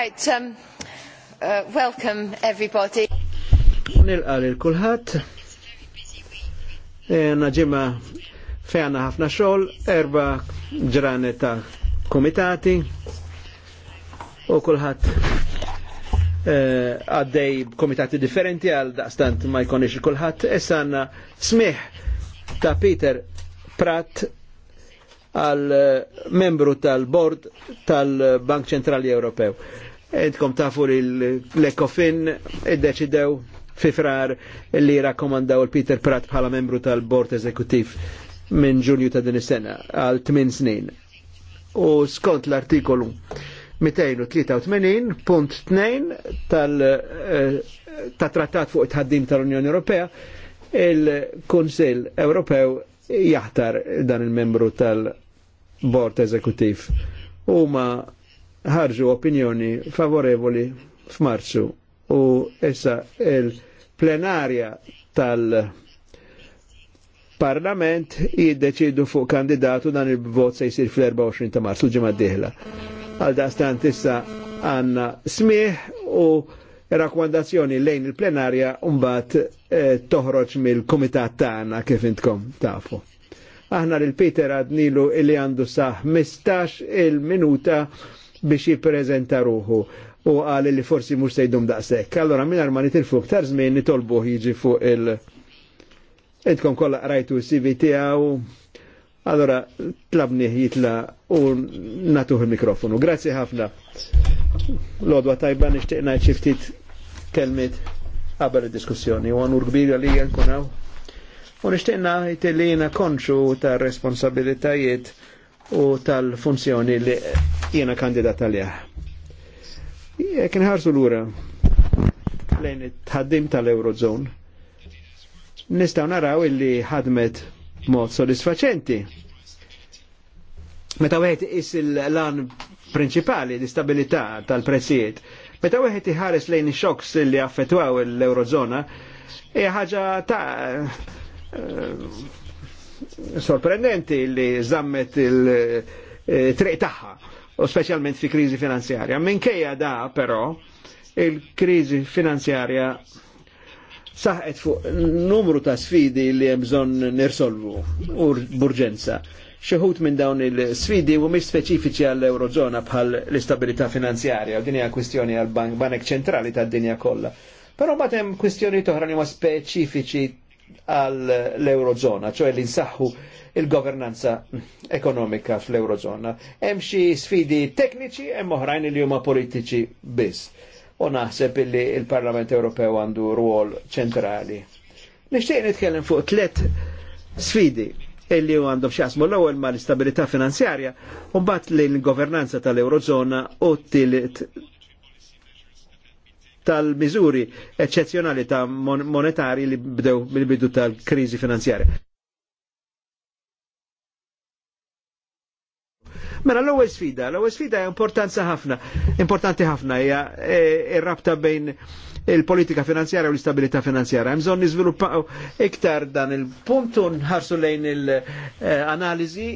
S5: Right, um, uh, welcome everybody.
S3: Nilqa lil kulħadd. Għanna e, ġimma fejna ħafna xogħol, erba ġranet ta' komitati u kulħadd e, għaddej e, komitati differenti għal daqstant ma jkonix kulħadd. Issa għandna smih ta' Peter Pratt għal eh, membru tal-bord tal-Bank Ċentrali Ewropew. Edkom tafur l-Ekofin id-deċidew fi frar li rakkomandaw il-Peter Pratt bħala membru tal-bord eżekutiv minn ġunju ta' din is-sena għal 8 snin. U skont l-artikolu 283.2 tal eh, ta' trattat fuq it-ħaddim tal-Unjoni Ewropea, il kunsil Ewropew jaħtar dan il-membru tal- bord eżekutiv. Huma ħarġu opinjoni favorevoli f'Marzu u issa il-plenarja tal- parlament jiddeċidu fuq kandidatu dan il-vot se jisir fl-24 ta' marzu ġimma diħla. Għal dastan tissa għanna smieħ u rakkomandazzjoni lejn il-plenarja un-bat eh, toħroġ mill-komitat tagħna kif intkom tafu. Aħna lil Peter għadnilu illi għandu saħ 15 il-minuta biex jiprezenta ruħu u għal li forsi mux sejdum daqsek. Allora minn arma nitilfu ktar zmin nitolbu jiġi fuq il- Edkom kolla rajtu CV tijaw, allora tlabni jitla u natuħ il-mikrofonu. Grazzi ħafna. Lodwa tajba nishtiqna ċiftit kelmit qabel id-diskussjoni. U għanur kbir għalija nkunaw. U nishtiqna jtillina konxu ta' responsabilitajiet u tal-funzjoni li jena kandidat għalija. Jek nħarsu l-ura lejn it-ħaddim tal-Eurozone, nistaw naraw illi ħadmet mod sodisfaċenti. Meta wieħed is l lan prinċipali di stabilità tal-prezzijiet, meta wieħed iħares lejn ix-xoks li affettwaw l-Eurozona, hija ħaġa ta' Eh, sorprendenti li zammet il-triq eh, taħħa, u specialment fi krizi finanzjarja. Minkejja da, però, il-krizi finanzjarja saħet fuq numru ta' sfidi li jemżon nirsolvu u burġenza. Xeħut minn dawn il-sfidi u mis speċifiċi għall-Eurozona bħal l-istabilità finanzjarja u dinja kwistjoni għal-Banek Ċentrali tad dinja kollha. Però batem kwistjoni toħra li ma speċifiċi għall-Eurozona, ċoħe li nsaħħu il-governanza ekonomika fl-Eurozona. Hemm xi sfidi tekniċi, hemm oħrajn li huma politiċi biss. U naħseb li il-Parlament Ewropew għandu rwol ċentrali. Nixtieq nitkellem fuq tliet sfidi illi għandhom xasmu l-ewwel ma l-istabilità finanzjarja u mbagħad l-governanza tal-Eurozona u t tal-miżuri eccezjonali ta' monetari li bdew mill-bidu tal krizi finanzjarja. Mela l-ewwel sfida, l-ewwel sfida hija importanza ħafna, importanti ħafna hija e, r-rabta bejn il-politika finanzjarja u l-istabilità finanzjarja. Hemm bżonn niżviluppaw iktar dan il-punt u nħarsu lejn il-analiżi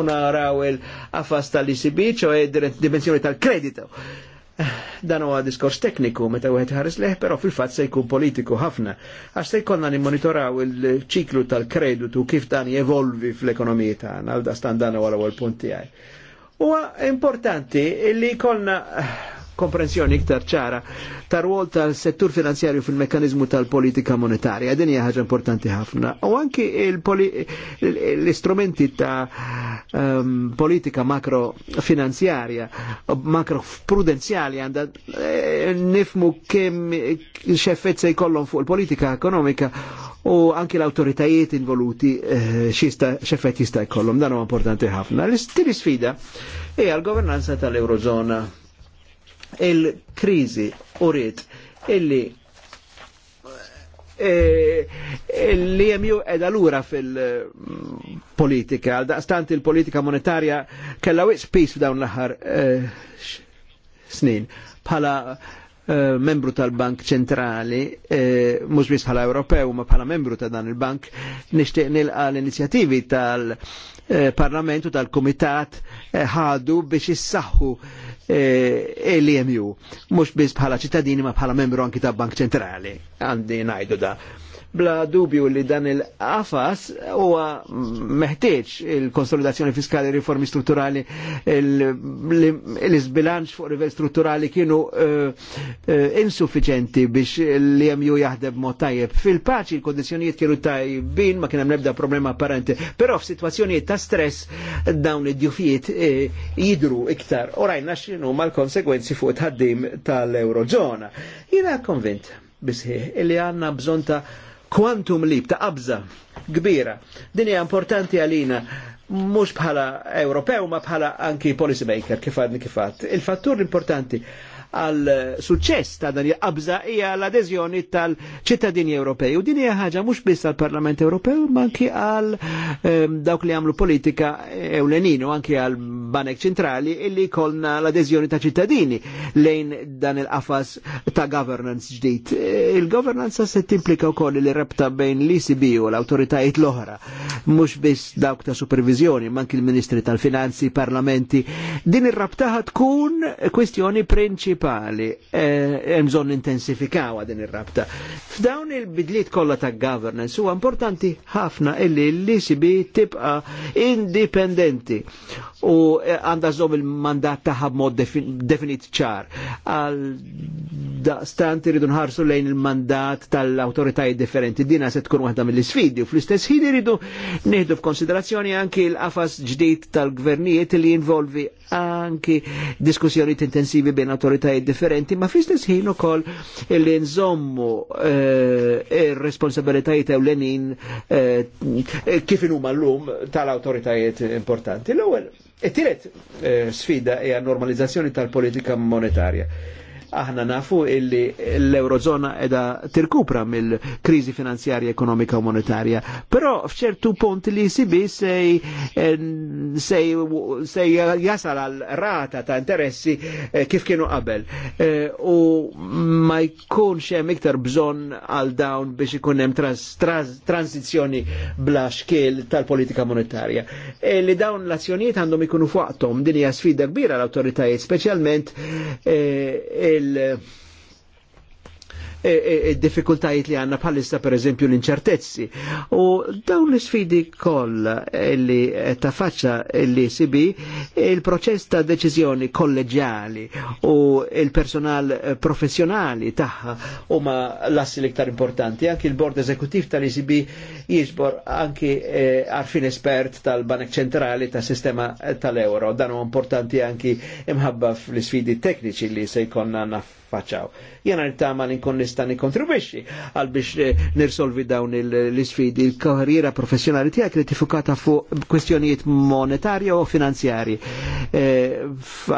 S3: u naraw il-qafas tal-ICB, ċoe dimensjoni tal-kredito Dan huwa diskors tekniku meta wieħed ħares leħ, però fil-fatt se jkun politiku ħafna. Għax se jkollna nimmonitoraw il-ċiklu tal-kreditu kif dan jevolvi fl-ekonomija tagħna, għal dastan dan huwa l-ewwel punt tiegħi. Huwa importanti li jkollna komprensjoni iktar ċara tar rwol tal-settur finanzjarju fil mekanizmu tal-politika monetarja. Din hija ħaġa importanti ħafna. U anki l-istrumenti ta' um, politika makrofinanzjarja, makroprudenzjali għandha eh, nifmu kemm xeffett se jkollhom fuq il-politika ekonomika u anki l-autoritajiet involuti eh, xista xefet jista' jkollhom dan huwa importanti ħafna. L-istili sfida hija l-governanza tal-Eurozona Il-krizi rrit illi eh, illi jemju edha lura fil-politika, daqstant il-politika monetarja kella wix pis f'dawn l-ħar eh, snin. Bħala eh, membru tal-Bank ċentrali, mux bis bħala Ewropew, ma bħala membru ta' dan il-bank, nishtiq nilqa l-inizjativi tal-Parlamentu tal-Komitat ħadu biex issaħħu E, e l-EMU, mux biz bħala ċittadini ma bħala membru anki ta' Bank Ċentrali, għandi najdu da. Bla dubju li dan il-qafas huwa meħtieġ il-konsolidazzjoni fiskali, riformi strutturali, l isbilanċ fuq livell strutturali kienu eh, eh, insuffiċenti biex l-EMU jaħdem mod tajjeb. Fil-paċi il-kondizjonijiet kienu tajbin, ma kien hemm nebda problema apparenti, però f'sitwazzjonijiet ta' stress dawn id-djufijiet eh, jidru iktar. Orajna rajna x'inhu mal-konsekwenzi fuq it tal-Eurozona. Jiena konvint bisħieħ illi għandna bżonn ta' kwantum lib ta' qabża kbira. Din hija importanti għalina mhux bħala Ewropew ma bħala anki policy maker kif għadni kif Il-fattur importanti għal suċċess ta' dan il-qabża hija l-adeżjoni tal-ċittadini Ewropej. U din hija ħaġa mhux biss tal-Parlament Ewropew, ma anki għal ehm, dawk li għamlu politika ewlenin u anki għal Banek Ċentrali illi kolna l-adeżjoni ta' ċittadini lejn dan il-qafas ta' governance ġdid. Il-governance se timplika wkoll li rebta bejn l-ECB u l-awtoritajiet l-oħra, mhux biss dawk ta' supervizjoni, ma l-Ministri tal-Finanzi, Parlamenti. Din ir-rabtaħa tkun kwestjoni prinċip municipali eh, hemm bżonn intensifikaw din ir-rabta. F'dawn il-bidliet kollha ta' governance huwa importanti ħafna illi l-ECB tibqa' indipendenti u għandha żomm il-mandat tagħha b'mod definit ċar. Għal daqstant iridu nħarsu lejn il-mandat tal-awtoritajiet differenti dina se tkun waħda mill-isfidi u fl-istess ħin iridu nieħdu f'konsiderazzjoni anki l-qafas ġdid tal-gvernijiet li jinvolvi anki diskussjonijiet intensivi bejn awtoritajiet Ewropej differenti, ma fl-istess ħin ukoll li nżommu eh, ir-responsabilitajiet l-enin eh, kif huma llum tal-awtoritajiet importanti. l ewel it tiret eh, sfida hija normalizzazzjoni tal-politika monetarja Aħna nafu illi l-Eurozona edha tirkupra mill-krizi finanzjarja, ekonomika u monetarja. Però fċertu punt li sibi sej, eh, sej, sej jasal għal rata ta' interessi eh, kif kienu qabel. Eh, u ma jkunx hemm iktar bżonn għal dawn biex ikun hemm transizjoni bla xkiel tal-politika monetarja. E li dawn l-azzjonijiet għandhom ikunu fuqtom din hija sfida kbira l-awtoritajiet, speċjalment il- il e, e, e, difikultajiet li għanna bħalissa per eżempju l-inċertezzi. U dawn l-sfidi koll eh, li eh, tafaċċa li sibi il-proċess ta' deċizjoni kolleġjali u il-personal eh, professjonali tagħha huma l-assi l-iktar importanti. Anki il-bord eżekutiv tal-ECB jisbor anki għarfin espert tal-Banek Ċentrali ta' sistema tal-euro. Dan u importanti anki imħabba fl-sfidi tekniċi li se jkollna naf naffaċaw. Jena nittama li nkun nista' nikkontribwixxi għal biex eh, nirsolvi dawn l-isfidi. Il-karriera professjonali tiegħek tifukata fuq kwestjonijiet monetarja u finanzjari. E, eh,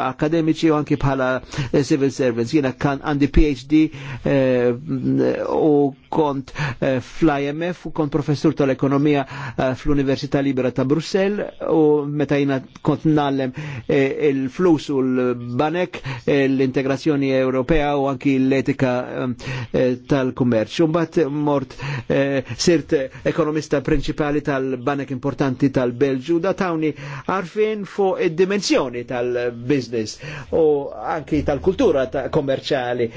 S3: Akademiċi u anki bħala eh, civil servants. Jena kan għandi PhD u kont fl-IMF u kont professur tal-ekonomija fl-Università Libera ta' Brussel u meta jena kont nallem il-flus u l-banek l-integrazzjoni Ewropea u anki l-etika ehm, eh, tal-kummerċ. Umbat eh, mort eh, sirt ekonomista principali tal-banek importanti tal-Belġu da tawni arfin fu id-dimensjoni tal-biznis u anki tal-kultura kommerċali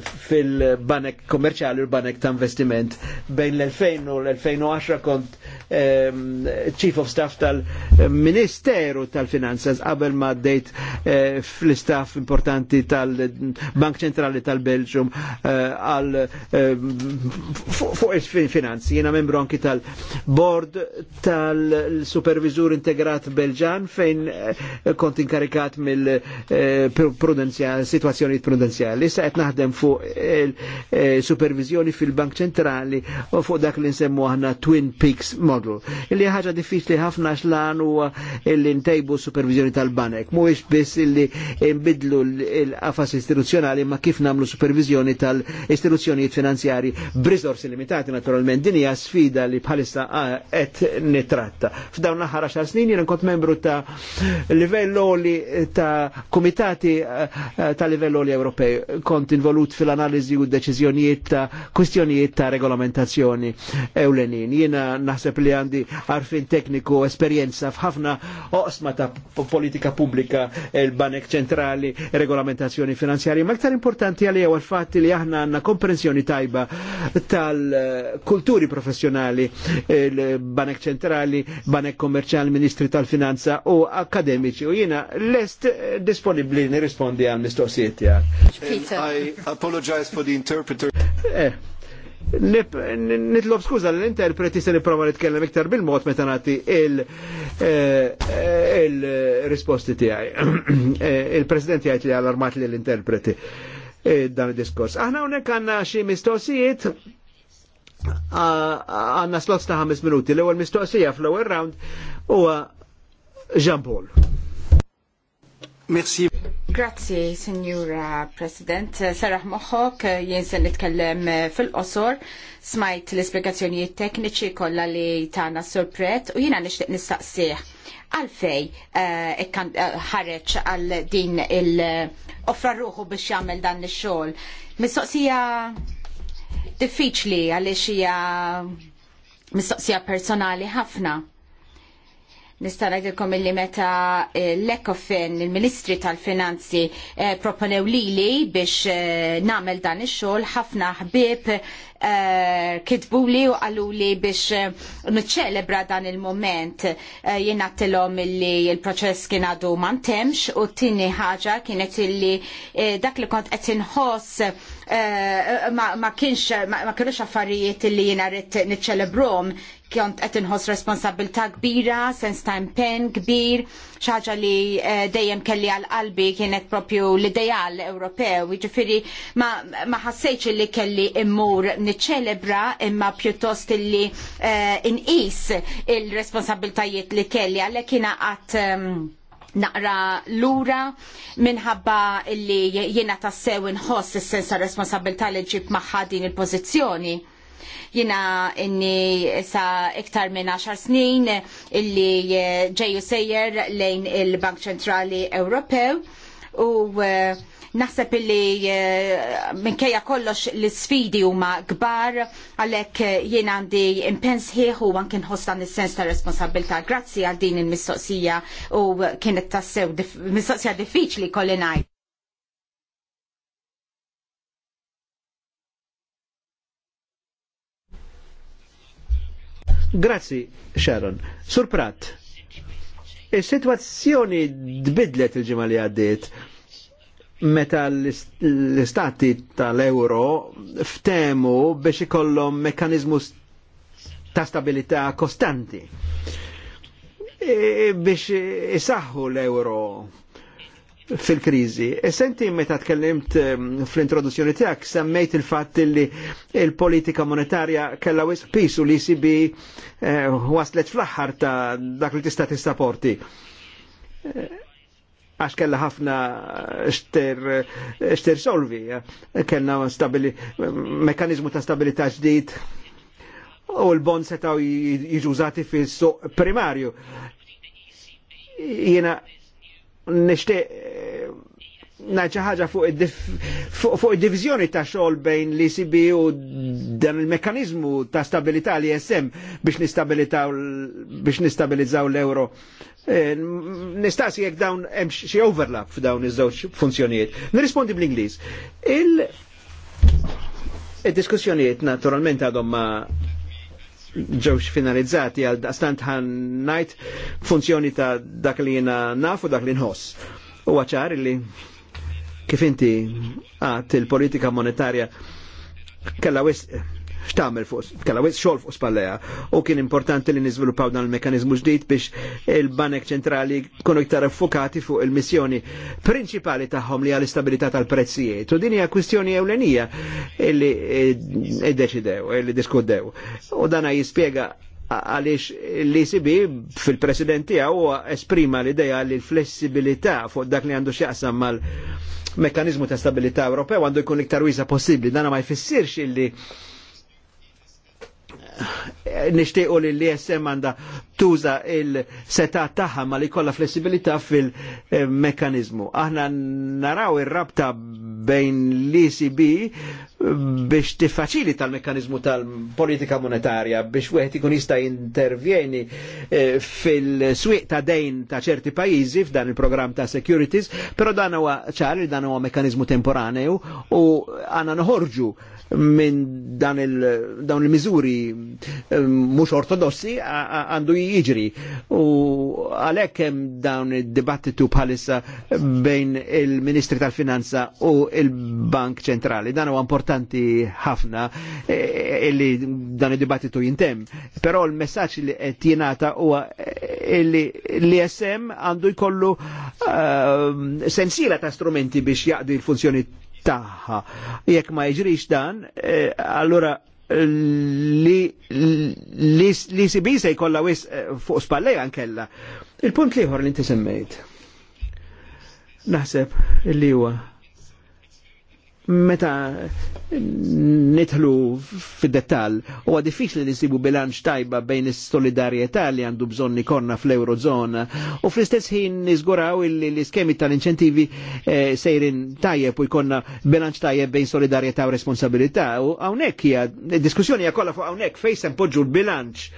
S3: fil-banek kommerċali u l-banek ta' investiment. Bejn l-2000 u l-2010 kont ehm, Chief of Staff tal-Ministeru tal-Finanzas qabel ma' dejt fl staff importanti tal-Bank ċentrali tal-Belġum eh, għal eh, fuq il-finanzi. Jena membru anki tal-Bord tal-Supervisur Integrat Belġan fejn eh, kont inkarikat mill-prudenzjali, situazzjoni prudenzjali. Issa qed naħdem fuq il-supervizjoni fil-Bank Ċentrali u fuq dak li nsemmu aħna Twin Peaks Model. Illi ħaġa diffiċli ħafna xlan huwa illi ntejbu supervizjoni tal-banek. Mhuwiex biss illi nbidlu l-qafas istituzzjonali imma kif namlu supervizjoni tal-istituzzjonijiet finanzjari b'riżorsi limitati naturalment din hija sfida li bħalissa ah, qed nitratta. F'dawn l-aħħar għaxar snin jien kont membru ta' livell oli ta' komitati ah, ah, ta' livell oli Ewropej. Kont involut fil-analiżi u deċiżjonijiet ta' kwistjonijiet ta' regolamentazzjoni ewlenin. Jiena naħseb li għandi arfin tekniku esperjenza f'ħafna oqsma ta' politika pubblika il-Banek Ċentrali, regolamentazzjoni finanzjari, ma' importanti għalija għal fatt li aħna għanna komprensjoni tajba tal-kulturi professjonali, banek Ċentrali, Banek Kommerċali, Ministri tal-Finanza u akademiċi u jina lest disponibli nirrispondi għal mistoqsijiet tiegħek. I apologize for the interpreter. Eh nitlob skuża l-interpreti se nipprova nitkellem iktar bil-mod meta nagħti eh, eh, il-risposti tiegħi. Eh, Il-President jgħid li allarmat li l-interpreti dan id-diskors. Aħna hawnhekk għandna xi mistoqsijiet għandna slots ta' ħames minuti. L-ewwel mistoqsija fl-ewwel round huwa Jean Paul. Merci.
S5: Grazzi, Signora President. Sarah moħħok, jinsen nitkellem fil-qosor, smajt l-esplikazzjonijiet tekniċi kollha li tana sorpret u jiena nixtieq nistaqsih. Għalfej, eh, eh, ħareċ għal din il-offra ruħu biex jagħmel dan ix-xogħol. Mistoqsija diffiċli għaliex hija mistoqsija personali ħafna Nista' ngħidilkom illi meta eh, l-Ekofin, il-Ministri tal-Finanzi, eh, proponew lili biex eh, nagħmel dan ix-xogħol ħafna ħbieb kitbuli u għalluli biex niċċelebra dan il-moment jien għattilhom illi l-proċess kien għadu ma ntemx u t-tieni ħaġa kienet illi dak li kont qed inħoss ma kienx ma kienux affarijiet illi jiena rrid niċċelebrom kont qed inħoss responsabilità kbira, sens ta' impenn kbir, xi ħaġa li eh, dejjem kelli għal qalbi kienet propju l-ideal Ewropew, jiġifieri ma ħassejx li kelli immur niċċelebra imma pjuttost illi eh, inqis il-responsabiltajiet li kelli għalhekk jiena qatt ehm, naqra lura minħabba li jiena tassew inħoss is-sens ta' responsabilità li ġib magħha din il-pożizzjoni Jina inni sa iktar minn 10 snin illi ġeju sejjer lejn il-Bank Ċentrali Ewropew u eh, naħseb illi eh, minkejja kollox l isfidi huma kbar għalhekk eh, jien għandi impens ħieħ u anke nħossan is-sens ta' responsabilità. Grazzi għal din il-mistoqsija u kienet tassew mistoqsija diffiċli kollha ngħid.
S3: Grazzi, Sharon. Surprat. is situazzjoni dbidlet il ġimali li għaddiet meta l-istati tal-euro ftemu biex ikollhom mekanizmu ta' stabilità kostanti. E, e biex isaħħu l-euro fil-krizi. E senti meta tkellimt ehm, fl-introduzzjoni tiegħek semmejt il-fatt li il-politika monetarja kellha wisqis pisu li sibi e eh, waslet fl-aħħar ta' dak li tista' porti. Eh, għax kellha ħafna xter solvi, eh, kellna mekkaniżmu ta' stabilità ġdid u l-bond setaw jiġużati fis-suq primarju. Jiena nishtiq eh, naċa ħaġa fuq id-divizjoni ta' xogħol bejn l-ECB u dan il-mekkanizmu ta' stabilità li jessem biex nistabilizzaw l-euro. Eh, nistaqsi jekk dawn hemm xi overlap f'dawn iż-żewġ funzjonijiet. Nirrispondi bl-Ingliż. Il-diskussjonijiet naturalment għadhom ma' ġewx finalizzati għal dastant ħan najt funzjoni ta' dak li jena nafu dak li nħoss. U għacħar li kif inti għat il-politika monetarja kalla wisq x'tagħmel fuq, kalla wis xogħol fuq spalleja. U kien importanti li niżviluppaw dan il-mekanizmu ġdid biex il-banek ċentrali jkunu iktar effokati fuq il-missjoni prinċipali tagħhom li għall istabilità tal-prezzijiet. U din hija kwistjoni ewlenija illi iddeċidew, e, e, illi diskuddew. U dana jispjega għaliex l-ECB fil-president tiegħu esprima l-idea li l-flessibilità fuq dak li għandu x'jaqsam mal mekanizmu ta' stabilità Ewropew għandu jkun iktar wisa possibbli. Dana ma jfissirx illi nishtiqu li l-ISM għanda tuża il-seta taħħa ma li kolla flessibilità fil-mekanizmu. Aħna naraw ir-rabta bejn l-ECB biex tifaċili tal-mekanizmu tal-politika monetarja biex wieħed ikun jista' intervjeni eh, fil-swieq ta' dejn ta' ċerti pajjiżi f'dan il-programm ta' securities, però dan huwa ċar dan huwa mekanizmu temporanew u għandna noħorġu minn dan il-dawn il-miżuri ehm, mhux ortodossi għandu jiġri. U għalhekk hemm dawn id-dibattitu bħalissa bejn il-Ministri tal-Finanza u il-Bank Ċentrali. Dan huwa importanti ħafna e, e, illi dan id-dibattitu jintem. Però l-messaġġ li qed jingħata huwa e, illi l-ISM għandu jkollu uh, sensiela ta' strumenti biex jaqdu il-funzjoni taħħa. Jekk ma jiġrix dan, eh, allura eh, li li, li sibi se jkollha wis eh, fuq spallej ankella. Il-punt liħor li inti semmejt. Naħseb li huwa meta nitħlu fid-dettal u diffiċli li bilanċ tajba bejn is-solidarjetà li għandu bżonn ikonna fl-Eurozona u fl-istess ħin niżguraw l-iskemi tal-inċentivi eh, sejrin tajjeb u jkonna bilanċ tajjeb bejn solidarjetà u responsabilità u hawnhekk hija diskussjoni hija kollha fuq hawnhekk fejn se npoġġu l-bilanċ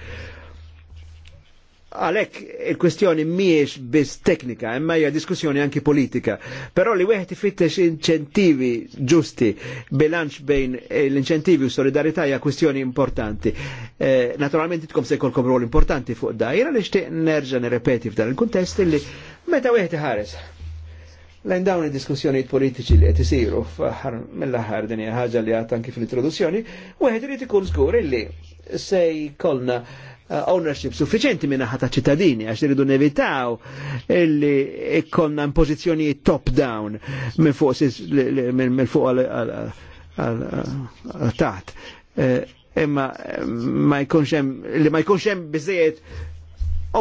S3: għalek il-kwestjoni miex biz teknika, imma hija diskussjoni anki politika. Però li weħti fittex inċentivi ġusti bilanċ bejn eh, l-inċentivi u solidarità hija kwestjoni importanti. Eh, naturalment itkom se kolkom rol importanti fuq da. li nixtieq nerġa' nirrepeti f'dan il-kuntest li meta weħti ħares. Lejn dawn il diskussjoni politiċi li qed isiru mill-aħħar din ħaġa li għad anki fl-introduzzjoni, wieħed irid ikun żgur illi se jkollna Eh, ownership suffiċenti minna ħata ċittadini għax iridu nevitaw illi ikkonna pozizjoni top-down minn fuq minn fuq taħt. Eh, imma eh, ma jkunx hemm li ma biżejjed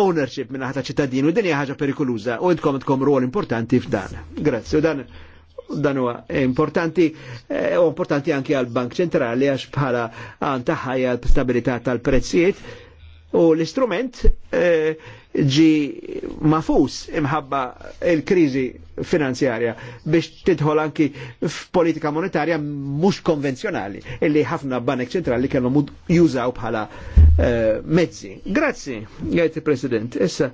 S3: ownership minn ħata ċittadini u din hija ħaġa perikoluża u intkom tkom rol importanti f'dan. Grazzi u dan dan huwa importanti u importanti anke għal Bank Ċentrali għax bħala għan taħħajja l-stabilità tal-prezzijiet u l-istrument eh, ġi mafus imħabba il-krizi finanzjarja biex tidħol anki f'politika monetarja mhux konvenzjonali illi ħafna banek ċentrali kellhom jużaw bħala eh, mezzi. Grazzi, jgħid President. Issa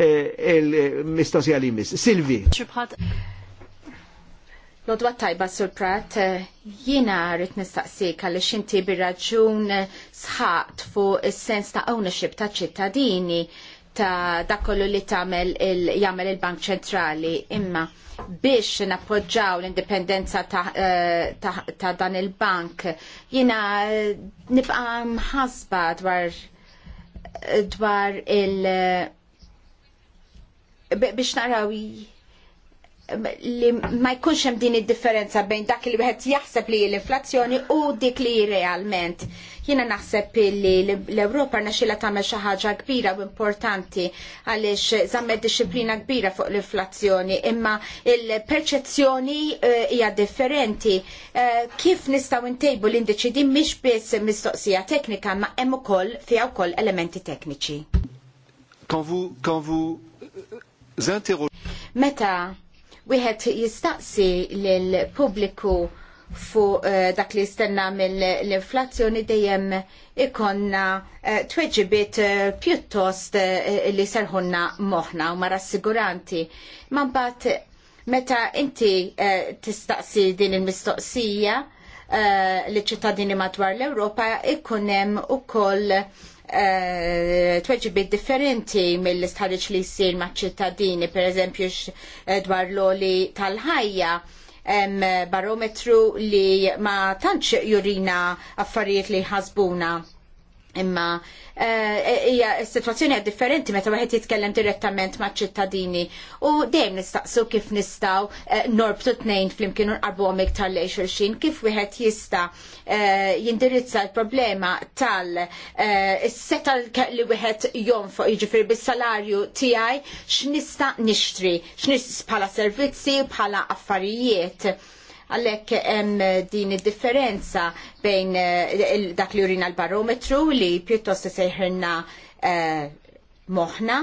S3: eh, il-mistoqsija Silvi.
S5: Lodwa tajba surprat, eh, jiena rrit nistaqsik għalli xinti birraġun eh, sħat fuq is-sens ta' ownership ta' ċittadini ta' dakollu li tagħmel jagħmel il-Bank Ċentrali imma biex nappoġġaw l-indipendenza ta', eh, ta, ta dan il-bank jiena nibqa' mħasba dwar dwar il- biex naraw li ma jkunx hemm din id-differenza bejn dak li wieħed jaħseb li l-inflazzjoni u dik li realment. Jiena naħseb li l-Ewropa naxxila tagħmel xi ħaġa kbira u importanti għaliex żammet disċiplina kbira fuq l-inflazzjoni, imma il-perċezzjoni eh, hija differenti. Eh, kif nistgħu ntejbu l-indiċi din mhix biss mistoqsija teknika, ma hemm ukoll fiha wkoll elementi tekniċi.
S3: Quand vous, quand vous eh,
S5: Meta Wieħed jistaqsi lil pubbliku fuq eh, dak li jistenna mill-inflazzjoni dejjem ikonna eh, tweġibiet eh, pjuttost li serħunna moħna u mara assiguranti. Ma mbagħad meta inti tistaqsi din il-mistoqsija li ċittadini madwar l-Ewropa ikun hemm ukoll Eh, tweġibiet differenti mill istħarriċ li jsir maċ-ċittadini, pereżempju eh, dwar l-oli tal-ħajja barometru li ma tantx jurina affarijiet li ħasbuna Imma eh, hija uh, situazzjoni hija differenti meta wieħed jitkellem direttament ma' ċittadini u dejjem nistaqsu kif nistgħu uh, eh, norbtu tnejn flimkien u nqarbuhom iktar lej xulxin kif wieħed jista' uh, jindirizza l-problema tal seta li wieħed jonfoq jiġifieri bis-salarju tiegħi x'nista' nixtri, x'nis bħala servizzi, bħala affarijiet Għalhekk hemm din id-differenza bejn eh, dak li jurina l-barometru li pjuttost sejħirna eh, moħna.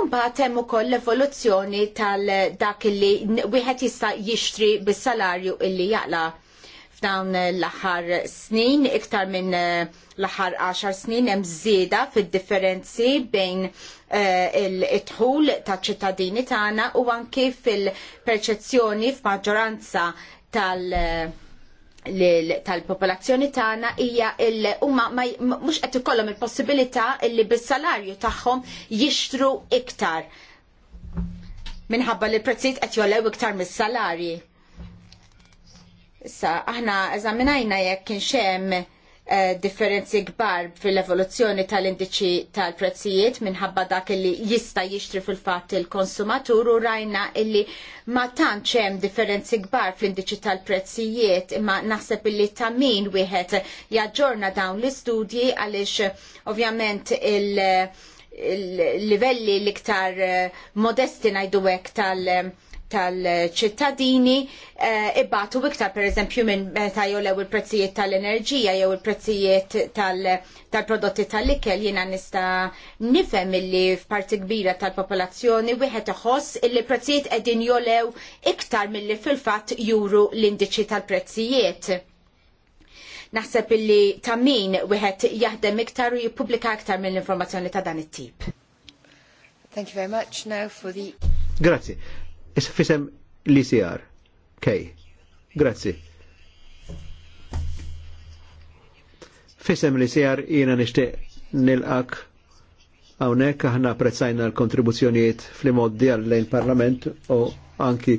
S5: Umbat hemm ukoll l-evoluzzjoni tal-dak li wieħed jista' jixtri bis-salarju illi jaqla' f'dawn l-aħħar snin, iktar minn eh, l-aħħar 10 snin hemm żieda fid-differenzi bejn il-tħul ta' ċittadini tagħna u anki fil-perċezzjoni f'maġġoranza tal- tal-popolazzjoni tagħna hija il huma mhux qed ikollhom il-possibilità li bis-salarju tagħhom jixtru iktar minħabba li l-prezzijiet qed jolew iktar mis-salarji. Issa aħna eżaminajna jekk kien xemm Eh, differenzi kbar fil-evoluzzjoni tal-indiċi tal-prezzijiet minħabba dak li jista jixtri fil-fatt il-konsumatur u rajna illi ma tantx hemm differenzi kbar fl-indiċi tal-prezzijiet imma naħseb illi ta' min wieħed jaġġorna dawn l-istudji għaliex ovvjament il- livelli l-iktar eh, modesti najdu tal- tal-ċittadini eh, ibbatu iktar per eżempju minn meta jew il-prezzijiet tal-enerġija jew il-prezzijiet tal-prodotti tal-ikel jiena nista nifhem illi f'parti kbira tal-popolazzjoni wieħed iħoss illi prezzijiet qegħdin jolew iktar milli fil-fatt juru l-indiċi tal-prezzijiet. Naħseb illi ta' min wieħed jaħdem iktar u jippubblika iktar mill-informazzjoni ta' dan it-tip. Thank you very much now for the
S3: Grazie. Fisem l-ICR. Kej. Grazzi. Fisem l-ICR jina nil-ak għawnek aħna prezzajna l-kontribuzzjonijiet fl-moddi għall parlament u anki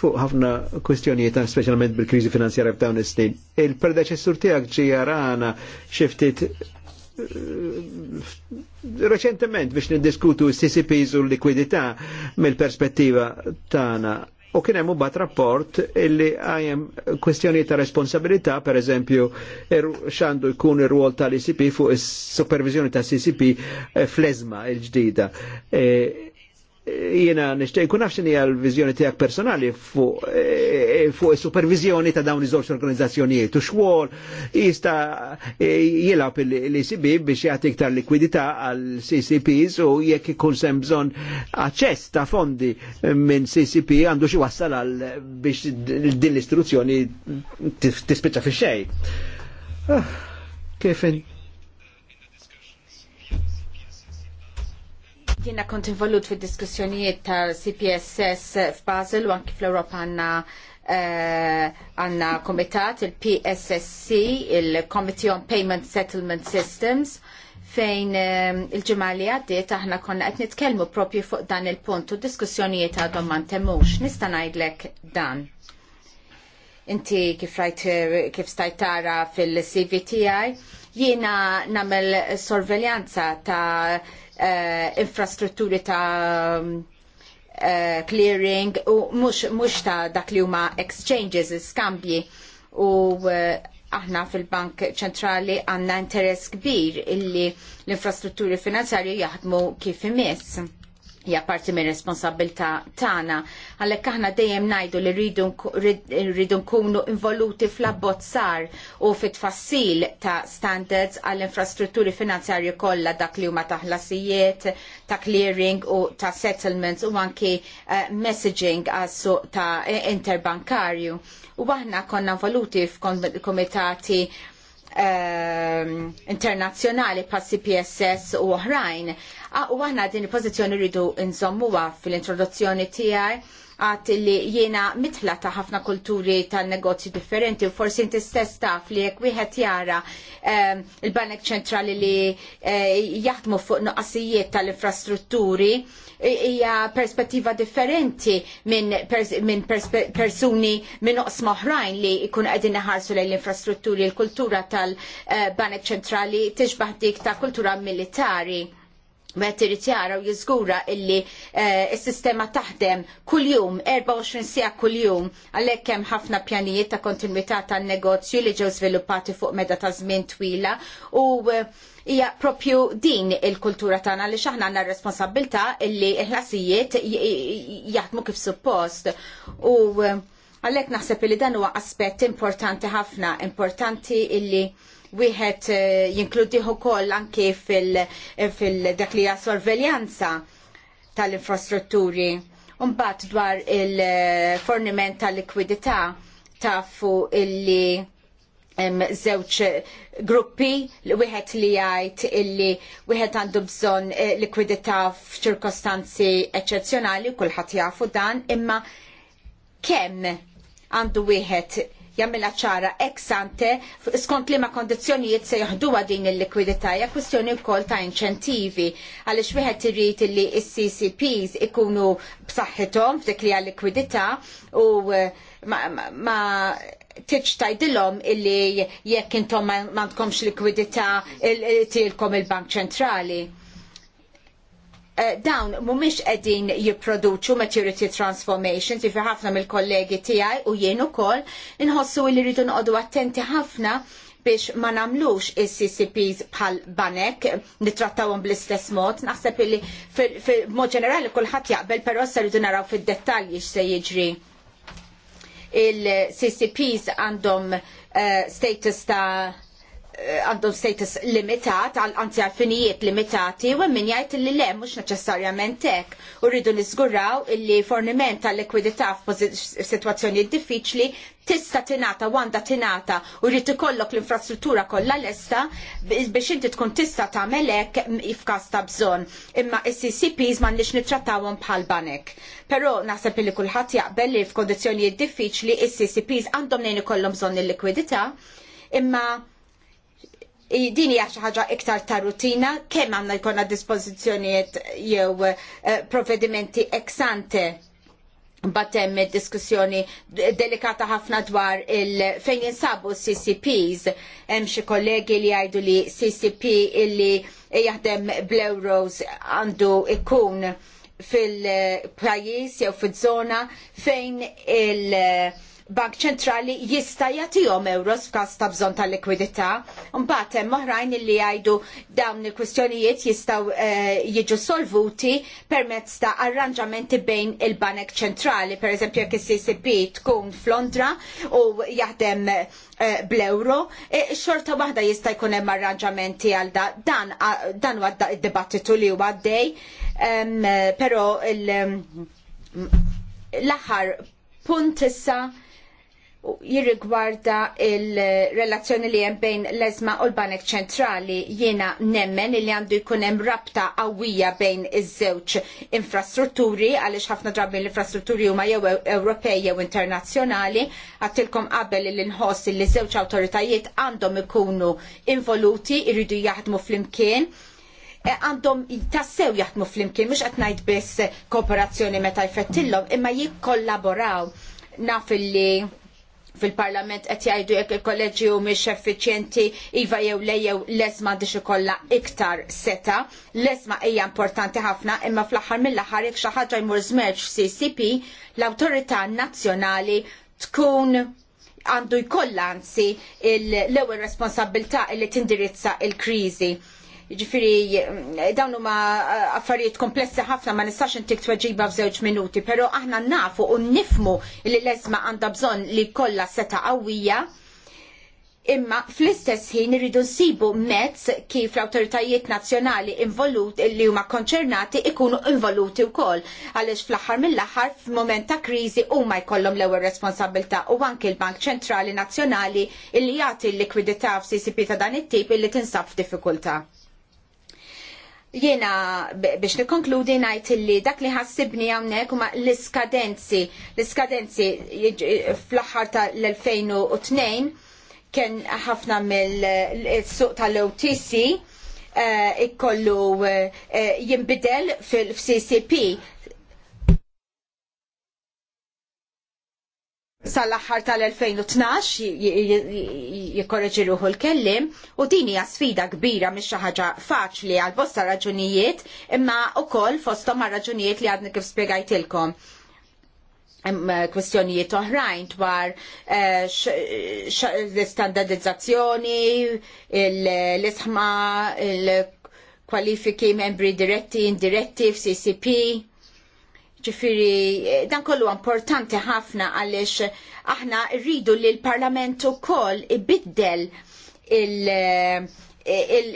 S3: fuq ħafna kwestjonijiet specialment bil-krizi finanzjarja f'dawn is-snin. Il-predeċessur tiegħek ġi jarana xiftit reċentement biex niddiskutu s-CCPs u l-likwidità mill-perspettiva tana. U kien hemm bat rapport illi għajem kwestjoni ta' responsabilità, per eżempju, er-, xandu jkun ir-rwol tal-ICP fuq is-supervizjoni ta' CCP eh, flezma il ġdida E, eh, jena nishtiq kun nafx hija l-viżjoni tiegħek personali fuq e, e, fuq is-supervizjoni ta' dawn iż-żewġ organizzazzjonijiet u xwol jista' e, jilgħab l-ECB biex jagħti iktar likwidità għal CCPs u jekk ikun sem bżonn aċċess ta' fondi minn CCP għandu xi wassal għal biex din l-istruzzjoni tispiċċa fix-xejn. Ah, kif
S5: Jiena kont involut fid diskussjonijiet tal-CPSS f'Basel u anki fl-Europa għanna eh, għanna uh, komitat il-PSSC, il-Committee on Payment Settlement Systems, fejn um, il-ġimgħa li għaddiet aħna konna qed nitkellmu propju fuq dan il-punt u diskussjonijiet għadhom ma ntemux. Nista' ngħidlek dan inti kif rajt kif stajt tara fil cvti jiena nagħmel sorveljanza ta' Eh, infrastrutturi ta' eh, clearing u mhux ta' dak li huma exchanges, skambji u eh, aħna fil-Bank ċentrali għanna interess kbir illi l-infrastrutturi finanzjarju jaħdmu kif imiss hija parti minn responsabilta tagħna għalhekk aħna dejjem ngħidu li rridu nkunu involuti fl-abbozzar u fit-tfassil ta' standards għall-infrastrutturi finanzjarji kollha dak li huma ta' ħlasijiet, ta' clearing u ta' settlements u anki eh, messaging għassu ta' interbankarju. U aħna konna involuti f'komitati um, internazzjonali passi PSS u oħrajn Ah, u għana din il-pozizjoni rridu nżommuwa fil-introduzzjoni tiegħi għat li jiena mitħla ta' ħafna kulturi ta' negozju differenti u forsi inti stess taf li jekk wieħed jara ehm, il-Banek ċentrali li eh, jaħdmu fuq nuqqasijiet tal-infrastrutturi hija perspettiva differenti minn persuni minn oqsma oħrajn li jkun qegħdin iħarsu lejn l-infrastrutturi, l-kultura tal-Banek eh, ċentrali tixbaħ dik ta' kultura militari Met irrit jara u jizgura illi s-sistema eh, taħdem kuljum 24 sija kuljum, jum għalhekk hemm ħafna pjanijiet ta' kontinuità tan negozju li ġew sviluppati fuq meta ta' żmien twila u eh, hija propju din il-kultura tagħna li xaħna għandna r-responsabilità illi l-ħlasijiet jaħdmu kif suppost. U eh, għalhekk naħseb li dan huwa aspett importanti ħafna, importanti illi wieħed eh, jinkludi ukoll anke fil-dak li hija sorveljanza tal-infrastrutturi. Umbat dwar il-forniment tal-likwidità tafu illi zewċ gruppi li wieħed li jgħid illi wieħed għandu bżonn eh, likwidità f'ċirkostanzi eċċezzjonali kulħadd jafu dan imma kemm għandu wieħed Jammila ċara ex ante skont liema kondizzjonijiet se jaħduha din il-likwidità hija kwistjoni wkoll ta' inċentivi għaliex wieħed irid li s-CCPs ikunu b'saħħithom f'dik li likwidità u eh, ma, ma, ma tiċ tajdilom illi jekk intom ma tkomx likwidità il tilkom il-Bank Ċentrali Eh, dawn mhumiex qegħdin jipproduċu maturity transformations, jifi ħafna mill-kollegi tiegħi u jien ukoll inħossu li rridu noqogħdu attenti ħafna biex ma namlux is-CCPs bħal banek nittrattawhom bl-istess mod. Naħseb li mod ġenerali kulħadd jaqbel però se rridu naraw fid-dettalji x'se jiġri. Il-CCPs għandhom uh, status ta' għandhom status limitat, anzi għalfinijiet limitati, u min jgħid li le mhux neċessarjament hekk. U rridu niżguraw illi forniment tal likwidità f-situazzjoni diffiċli tista' tingħata u għandha tingħata u rrid ikollok l-infrastruttura kollha lesta biex inti tkun tista' tagħmel hekk f'każ ta' bżonn. Imma s-CCPs m'għandniex nittrattawhom bħal banek. Però naħseb li kulħadd jaqbel li f'kondizzjonijiet diffiċli s-CCPs għandhom nejn ikollhom bżonn il-likwidità imma din hija xi ħaġa iktar ta' rutina kemm għandna jkonna dispozizjoniet jew eh, provvedimenti ex ante batem diskussjoni delikata ħafna dwar il fejn jinsabu CCPs hemm xi kollegi li jgħidu li CCP illi jaħdem bl-euros għandu ikun fil-pajjiż eh, jew fiż-żona fejn il- bank ċentrali jista jagħtihom euros f'każ ta' bżonn ta' likwidità. Mbagħad hemm oħrajn li jgħidu dawn il-kwistjonijiet jistgħu eh, jiġu solvuti permezz ta' arranġamenti bejn il-Banek ċentrali, pereżempju jekk is-CCP tkun f'Londra u jaħdem eh, bl-euro, eh, xorta waħda jista' jkun hemm arranġamenti għal dan dan għadda id-dibattitu li huwa għaddej, però mm, l-aħħar punt issa jirrigwarda il-relazzjoni li hemm bejn l-ezma u l-Banek Ċentrali jiena nemmen li għandu jkun hemm rabta qawwija bejn iż-żewġ infrastrutturi għaliex ħafna drabi l-infrastrutturi huma jew Ewropej jew internazzjonali għattilkom qabel li nħoss li żewġ awtoritajiet għandhom ikunu involuti jridu jaħdmu flimkien e, għandhom tassew jaħdmu flimkien, mhux qed ngħid biss kooperazzjoni meta jfettilhom, imma jikkollaboraw naf li fil-parlament qed jgħidu jekk il kolleġi mhix effiċjenti iva jew lejjew l-esma għandix ikollha iktar seta. L-esma hija importanti ħafna imma fl-aħħar mill-aħħar jekk xi ħaġa jmur żmerġ CCP l-awtorità nazzjonali tkun għandu jkollha anzi l-ewwel responsabilità li tindirizza l kriżi Jiġifieri eh, dawn huma eh, affarijiet komplessi ħafna ma nistax intik tweġiba f'żewġ minuti, però aħna nafu u nifmu li l-ezma għandha bżonn li kollha seta qawwija imma fl-istess ħin irridu nsibu mezz kif l-autoritajiet nazzjonali involut li huma konċernati ikunu involuti wkoll għaliex fl-aħħar mill-aħħar f'mument ta' kriżi huma jkollhom l-ewwel responsabilità u anke l-Bank Ċentrali Nazzjonali li jagħti l-likwidità f'CCP ta' dan it-tip illi tinsab f'diffikultà. Jiena biex nikonkludi ngħid illi dak li ħassibni hawnhekk huma l-iskadenzi. L-iskadenzi fl-aħħar tal-2002 kien ħafna mill-suq tal-OTC eh, ikollu eh, jimbidel fil-CCP sal-aħħar tal-2012 jikorreġi ruħu l-kellim u din hija sfida kbira mhix xi ħaġa faċli għal bosta raġunijiet imma wkoll fosthom ma' raġunijiet li għadni kif spjegajtilkom eh, kwestjonijiet oħrajn dwar eh, l-istandardizzazzjoni, l-isħma, l-kwalifiki membri diretti, indiretti, f'CCP Ġifiri, eh, dan kollu importanti ħafna għalix aħna rridu li l-Parlament ukoll ibiddel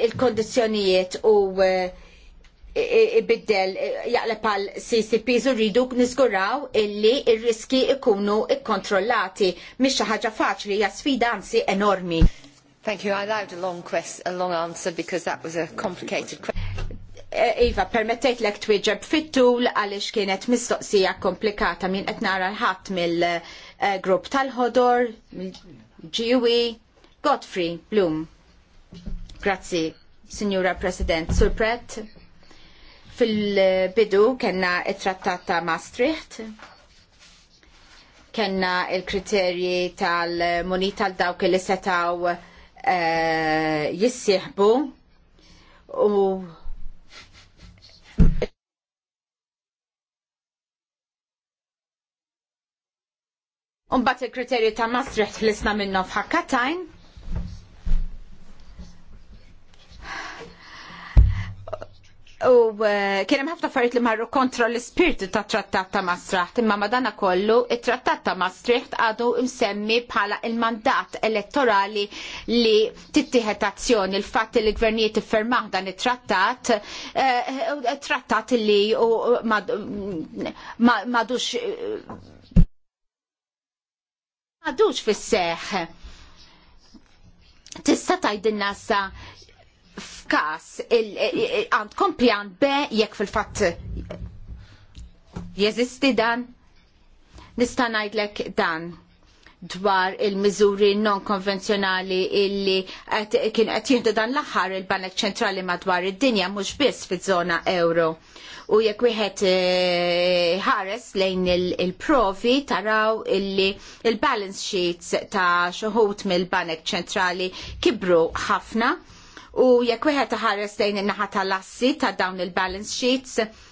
S5: il-kondizjonijiet eh, u eh, ibiddel jaqleb pal ccp u rridu nisguraw illi il riski ikunu ikkontrollati. Mhix xi ħaġa faċli hija sfida anzi enormi. Thank you. I allowed a long, quest, a long answer because that was a complicated question. Eh, iva, permettejt l-ek twieġeb fit-tul għalix kienet mistoqsija komplikata minn qed nara l-ħadd mill-grupp eh, tal-ħodor, GUE. Godfrey Bloom. Grazzi, Signora President. Surpret, fil-bidu kena it trattata ta' Maastricht, kena il-kriterji tal-munita tal-dawk li setaw uh, jissieħbu u bat il-kriterju ta' l ħlisna minnu f'ħakkatajn u eh, kien hemm ħafna affarijiet li marru kontra l-ispirtu ta' trattat ta' Maastricht, imma madana kollu it-trattat ta' Maastricht għadu msemmi bħala il-mandat elettorali li tittieħed azzjoni il fatt li l-gvernijiet iffirmaħ dan it-trattat, eh, eh, trattat li madux madux fis-seħħ. Tista' tgħidilna sa każ għand pjan be jekk fil-fatt jeżisti dan? Nista' ngħidlek dan dwar il-miżuri non konvenzjonali illi kien qed jieħdu dan l-aħħar il-Banek Ċentrali madwar id-dinja mhux biss fiż-żona euro. U jekk wieħed eh, ħares lejn il-provi taraw illi il-balance sheets ta' xuħut mill-Banek Ċentrali kibru ħafna u jekk wieħed ħares dejn in-naħa tal-assi ta' dawn il-balance sheets,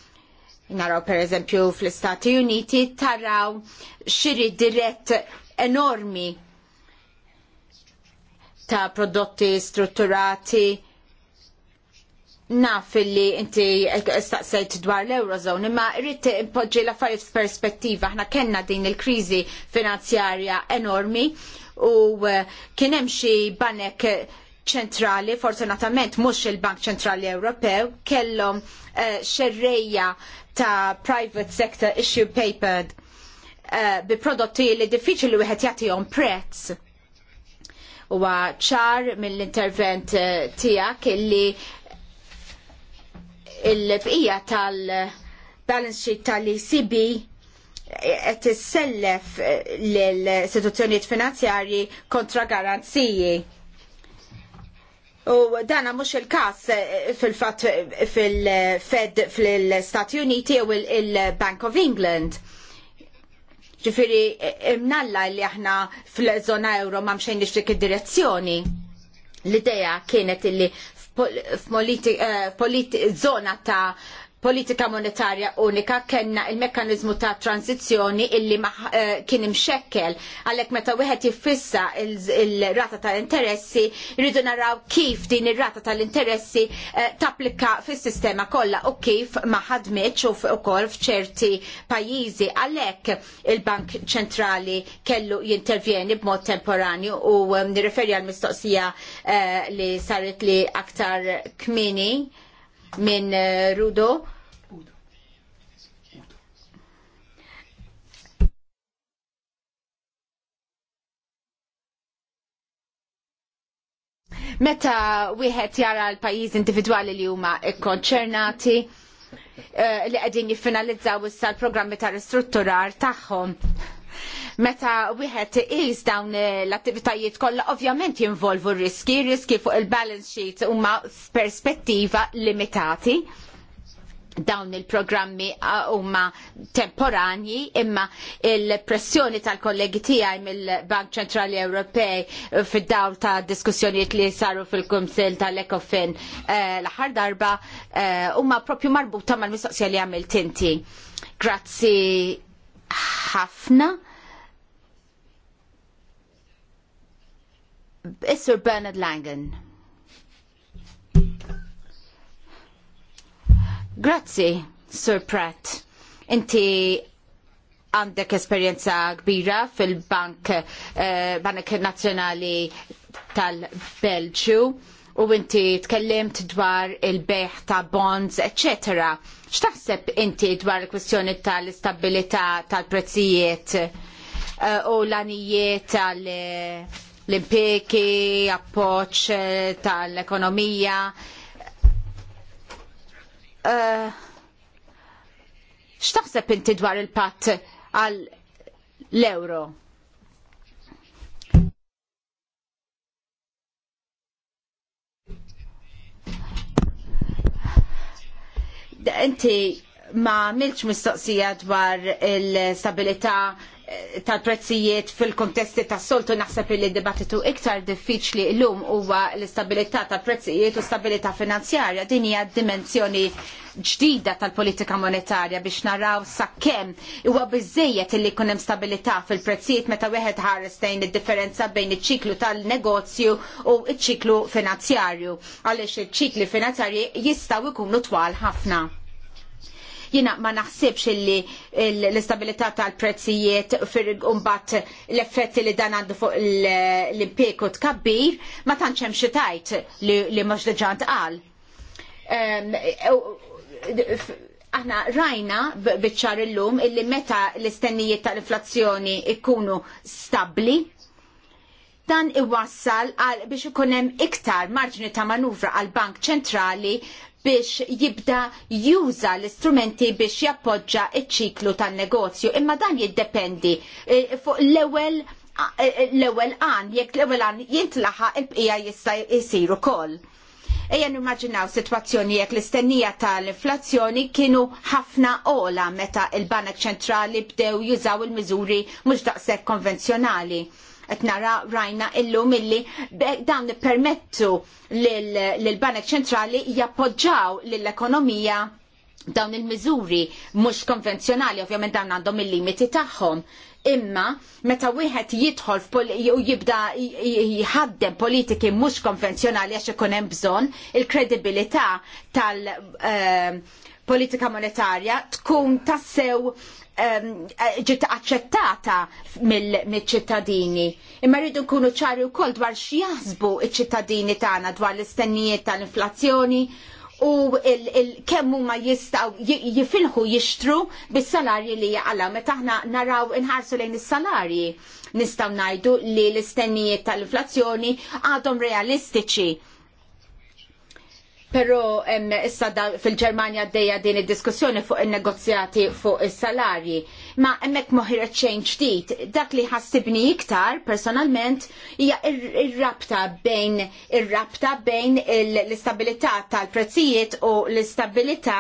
S5: naraw pereżempju fl-Istati Uniti, taraw xiri dirett enormi ta' prodotti strutturati, naf li inti staqsejt dwar l-Eurozone, imma rrit impoġġi l-affarijiet f'perspettiva. Aħna kellna din il-kriżi finanzjarja enormi u eh, kien hemm xi banek ċentrali, fortunatament mhux il-Bank ċentrali Ewropew, kellhom eh, xerreja ta' private sector issue paper eh, bi prodotti li diffiċli wieħed jagħtihom prezz. Huwa ċar mill-intervent eh, tiegħek illi il-bqija tal-balance sheet tal-ECB qed issellef lill istituzzjonijiet finanzjarji kontra garanziji U dana mhux il każ eh, fil fatt eh, fil-Fed fl-Stati Uniti u il-Bank of England. Ġifiri, eh, imnalla li aħna fil-zona euro ma mxejn dik id-direzzjoni. l idea kienet illi f'politi zona ta' politika monetarja unika kellna il-mekkanizmu ta' tranzizjoni illi eh, kien imxekkel għalhekk meta wieħed jiffissa il-rata tal-interessi rridu naraw kif din ir-rata tal-interessi eh, tapplika fis-sistema kollha u kif ma ħadmitx u wkoll f'ċerti pajjiżi għalhekk il-Bank Ċentrali kellu jintervjeni b'mod temporanju u eh, nirreferi għall mistoqsija li saret li aktar kmini minn Rudo Meta wieħed jara l-pajjiż individwali li huma ikkonċernati eh, li qegħdin jiffinalizzaw issa l-programmi ta' ristrutturar tagħhom. Meta wieħed iqis dawn eh, l-attivitajiet kollha ovvjament jinvolvu riski, riski fuq il-balance sheet huma perspettiva limitati dawn il-programmi uh, huma temporanji imma il-pressjoni tal-kollegi tiegħi mill-Bank Ċentrali Ewropej uh, fid-dawl ta' diskussjonijiet li saru fil-Kumsil tal-Ekofin uh, l-aħħar darba huma proprju marbuta mal-mistoqsija li għamilt inti. Grazzi ħafna. Is-Sur Bernard Langen. Grazzi, Sir Pratt. Inti għandek esperjenza kbira fil-Bank eh, Bank Nazzjonali tal-Belġu u inti tkellimt dwar il-beħ ta' bonds, etc. X'taħseb inti dwar il-kwestjoni tal-istabilità tal-prezzijiet eh, u l-anijiet tal- eh, l-impeki, appoċ eh, tal-ekonomija, Eh, x'taħseb inti dwar il-patt għal l-euro? Inti ma milx mistoqsija dwar il-stabilità tal-prezzijiet fil-kontesti tas soltu naħseb li dibattitu iktar diffiċli llum huwa l-istabilità tal-prezzijiet u stabilità finanzjarja din hija dimensjoni ġdida tal-politika monetarja biex naraw sakemm huwa biżejjed illi jkun hemm stabilità fil-prezzijiet meta wieħed ħares lejn id-differenza bejn iċ-ċiklu tal-negozju u iċ ċiklu finanzjarju għaliex iċ-ċikli finanzjarji jistgħu jkunu twal ħafna. Jina ma naħsibx illi l-istabilità tal-prezzijiet fir umbat l-effetti li dan għandu fuq l-impiku tkabbir ma tantx hemm xi tajt li mux diġà ntqal. Ehm, aħna rajna biċċar lum illi meta l-istennijiet tal-inflazzjoni ikunu stabbli dan iwassal għal biex ikun hemm iktar marġni ta' manuvra għal bank ċentrali biex jibda juża l-istrumenti biex jappoġġa ċ ċiklu tan-negozju. Imma dan jiddependi eh, fuq l-ewwel eh, eh, l-ewwel għan, jekk l-ewwel għan jintlaħa il bqija jista' jsiru ukoll. Ejja nimmaġinaw sitwazzjoni jekk l-istennija tal-inflazzjoni kienu ħafna ola meta il-Banek Ċentrali bdew jużaw il-miżuri mhux daqshekk konvenzjonali qed nara rajna illum illi dan permettu lill-Banek Ċentrali jappoġġaw lill-ekonomija dawn il-miżuri mhux konvenzjonali, ovvjament dawn għandhom il-limiti tagħhom. Imma meta wieħed jidħol u jibda jħaddem politiki mhux konvenzjonali għax ikun hemm bżonn, il-kredibilità tal- eh, politika monetarja tkun tassew Ehm, eh, ġiet aċċettata mill-ċittadini. Imma rridu nkunu ċari wkoll dwar x'jaħsbu ċ-ċittadini tagħna dwar l-istennijiet tal-inflazzjoni u kemm huma jistgħu jifilħu jixtru bis-salarji li jaqalgħu. Meta aħna naraw inħarsu lejn is-salarji nistgħu ngħidu li l-istennijiet tal-inflazzjoni għadhom realistiċi Pero issa fil d għaddejja din id-diskussjoni fuq il-negozjati fuq il-salarji. Ma emmek moħir ċejn ġdid, dak li ħassibni iktar personalment hija ir-rabta bejn il rabta bejn l-istabilità tal-prezzijiet u l-istabilità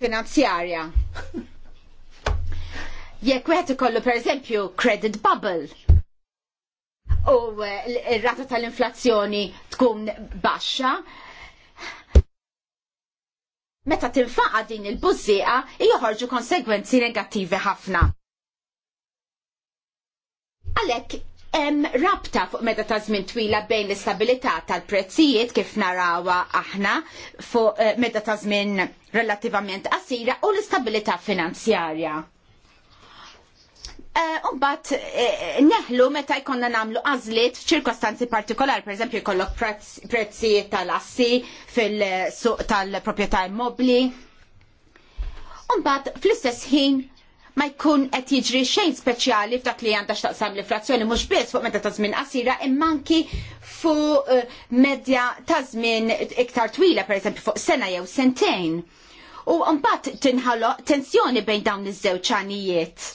S5: finanzjarja. Jekk wieħed ikollu pereżempju credit bubble, u r-rata eh, tal-inflazzjoni tkun baxxa. Meta tinfaqa din il-bużieqa, joħorġu konsegwenzi negattivi ħafna. Għalhekk hemm rabta fuq meta ta' żmien twila bejn l-istabilità tal-prezzijiet kif narawha aħna fuq eh, meta ta' żmien relattivament qasira u l-istabilità finanzjarja. Eh, Umbat, eh, neħlu meta jkonna namlu għazliet f'ċirkostanzi partikolari, per eżempju jkollok prezzijiet tal-assi fil-suq tal-propieta immobli. Umbat, fl-istess ħin ma jkun qed jiġri xejn speċjali f'dak li għandha x'taqsam l-inflazzjoni mhux biss fuq meta ta' żmien qasira imma anki fuq eh, medja ta' żmien iktar twila, per eżempju fuq sena jew sentejn. U mbagħad tinħoloq tensjoni bejn dawn iż-żewġ għanijiet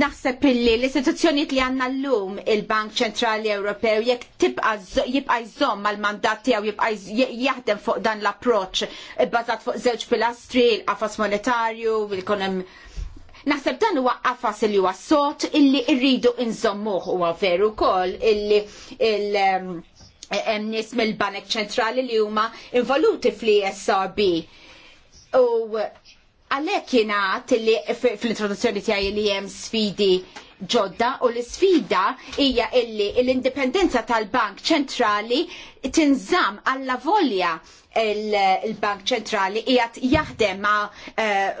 S5: Naħseb illi l-istituzzjonijiet li għandna llum il-Bank Ċentrali Ewropew jekk tibqa' jibqa' jżomm mal-mandat tiegħu jibqa' jaħdem fuq dan l-approċċ bbażat fuq żewġ pilastri, l-qafas monetarju, il-ekonom. Naħseb dan huwa qafas li huwa sot illi rridu nżommuh huwa veru wkoll illi il hemm nies mill-Banek Ċentrali li huma involuti fl-ESRB. U għalek jenaħt li fl-introduzzjoni tijaj li jem sfidi ġodda u l-sfida hija illi l-indipendenza tal-Bank ċentrali tinżam għalla volja il-Bank ċentrali jgħat jaħdem ma, eh,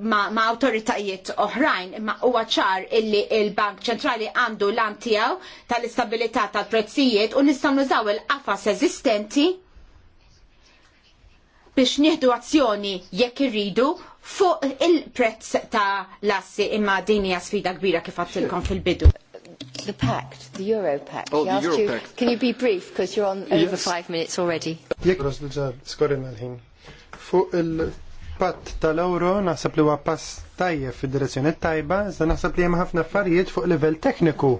S5: ma, ma autoritajiet oħrajn ma huwa ċar illi il-Bank ċentrali għandu l-antijaw tal-istabilità tal-prezzijiet u nistgħu nużaw il-qafas eżistenti biex nieħdu azzjoni jekk irridu fuq il-prezz ta' lassi imma din hija sfida kbira kif għattilkom fil-bidu. The pact, the Euro pact. Oh, the Euro pact. Can you be brief because you're on over five minutes already? Jek ros diġa skorina
S2: ħin Fuq il-patt tal-euro naħseb li huwa pass tajjeb fid-direzzjoni tajba, zda naħseb li hemm ħafna affarijiet fuq level tekniku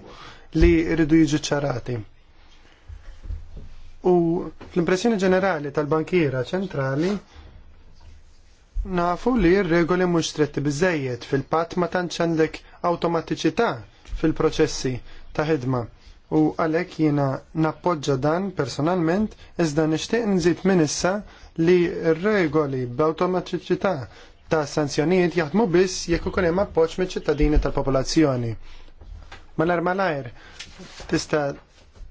S2: li rridu jiġu ċarati. U l-impressjoni ġenerali tal-bankiera ċentrali nafu li r-regoli mhux stretti bizzejiet fil pat ma tantx għandek awtomatiċità fil-proċessi ta' ħidma. U għalhekk jiena nappoġġa dan personalment iżda nixtieq nżid minn issa li r-regoli b'awtomatiċità ta' sanzjonijiet jaħdmu biss jekk ukoll hemm appoġġ mill-ċittadini tal-popolazzjoni. Malar malajr tista'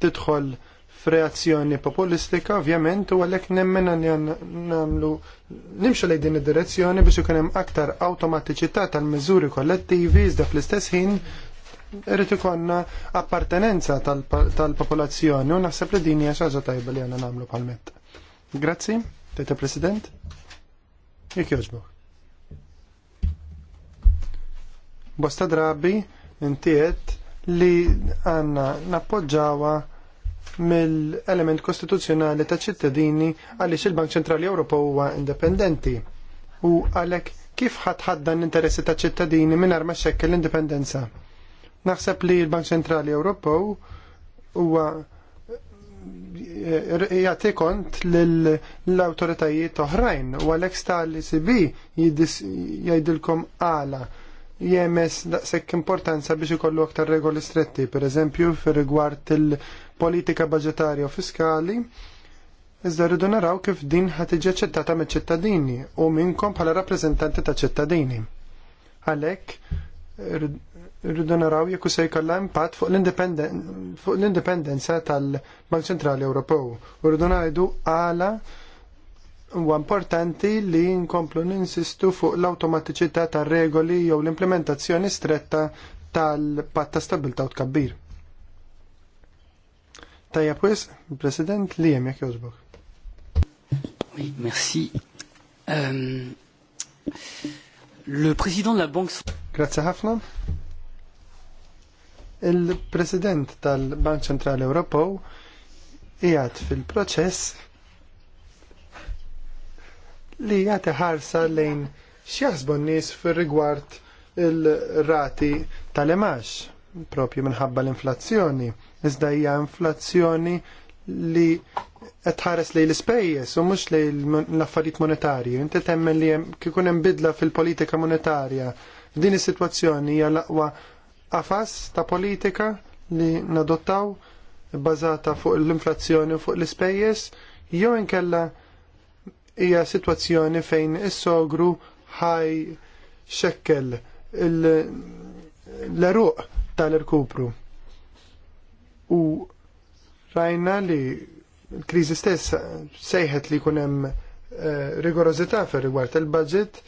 S2: tidħol f'reazzjoni populistika, ovvjament, u għalhekk nemmen nagħmlu nimxu lejn din id-direzzjoni biex ikun hemm aktar awtomatiċità tal-miżuri kollettivi iżda fl-istess ħin irrid ikonna appartenenza tal-popolazzjoni u naħseb li din hija xi ħaġa tajba li għandna nagħmlu bħalmett. Grazzi, tete President. Jek joġbok. Bosta drabi intiet li għanna nappoġġawa mill-element kostituzzjonali ta' ċittadini għaliex il-Bank Ċentrali Ewropew huwa indipendenti u għalhekk kif ħadd ħadħaddan l-interessi ta' ċittadini mingħajr ma xekkel l-indipendenza. Naħseb li l-Bank Ċentrali Ewropew huwa eh, jagħti kont l-awtoritajiet oħrajn u għalhekk sta l-ECB jgħidilkom għala jemes daqshekk importanza biex ikollu aktar regoli stretti, pereżempju fir rigward il- politika budgetarja u fiskali, iżda rridu naraw kif din ħatiġi ċettata me ċittadini u minnkom bħala rappresentanti ta' ċittadini. Għalek, rridu naraw jekk se jkollha impatt fuq l-indipendenza tal-Bank Ċentrali Ewropew. U rridu ngħidu għala huwa importanti li nkomplu ninsistu fuq l-awtomatiċità tar regoli jew l-implementazzjoni stretta tal-patt ta' stabilta u tkabbir. Tajja pues, President li jem jek jozbok.
S4: Oui, merci. Um, le President de la Banque...
S2: Grazie ħafna. Il-President tal-Bank Centrali Ewropew jgħat fil-proċess li jgħat ħarsa lejn xjaħsbu n-nis fil-rigward il-rati tal-emax propju minħabba l-inflazzjoni. Iżda hija inflazzjoni li qed tħares lejn l-ispejjeż u mhux lejn l-affarijiet monetarji. Inti temmen li kikun hemm bidla fil-politika monetarja. F'din is-sitwazzjoni hija l-aqwa qafas ta' politika li nadottaw bbażata fuq l-inflazzjoni u fuq l-ispejjeż jew inkella hija sitwazzjoni fejn is-sogru ħaj xekkel l-eruq tal-irkupru. U rajna li l-krizi stess sejħet li kunem uh, eh, rigorozita fer rigward il-budget,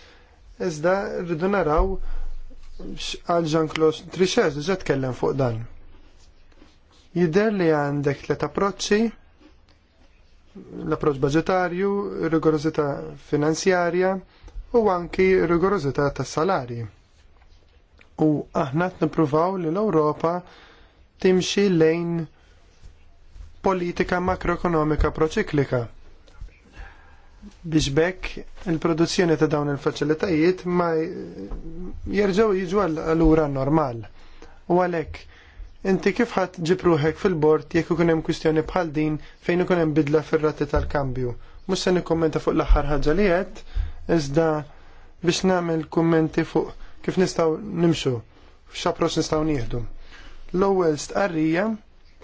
S2: iżda rridu naraw għal Jean-Claude Trichet, diġa tkellem fuq dan. Jider li għandek tlet approċċi, l-approċ budgetarju, rigorozita finanzjarja u anki rigorozita tas salarji u aħna nippruvaw li l-Ewropa timxi lejn politika makroekonomika proċiklika. Biex bekk il-produzzjoni ta' dawn il-faċilitajiet ma jerġgħu jiġu għallura normal. U għalhekk, inti kif ħadd ġipruħek fil-bord jekk ikun hemm kwistjoni bħal din fejn ikun hemm bidla fil rati tal-kambju. Mhux se nikkommenta fuq l-aħħar ħaġa li qed, iżda biex nagħmel kummenti fuq kif nistgħu nimxu, x'approċċ nistgħu nieħdu. L-ewwel stqarrija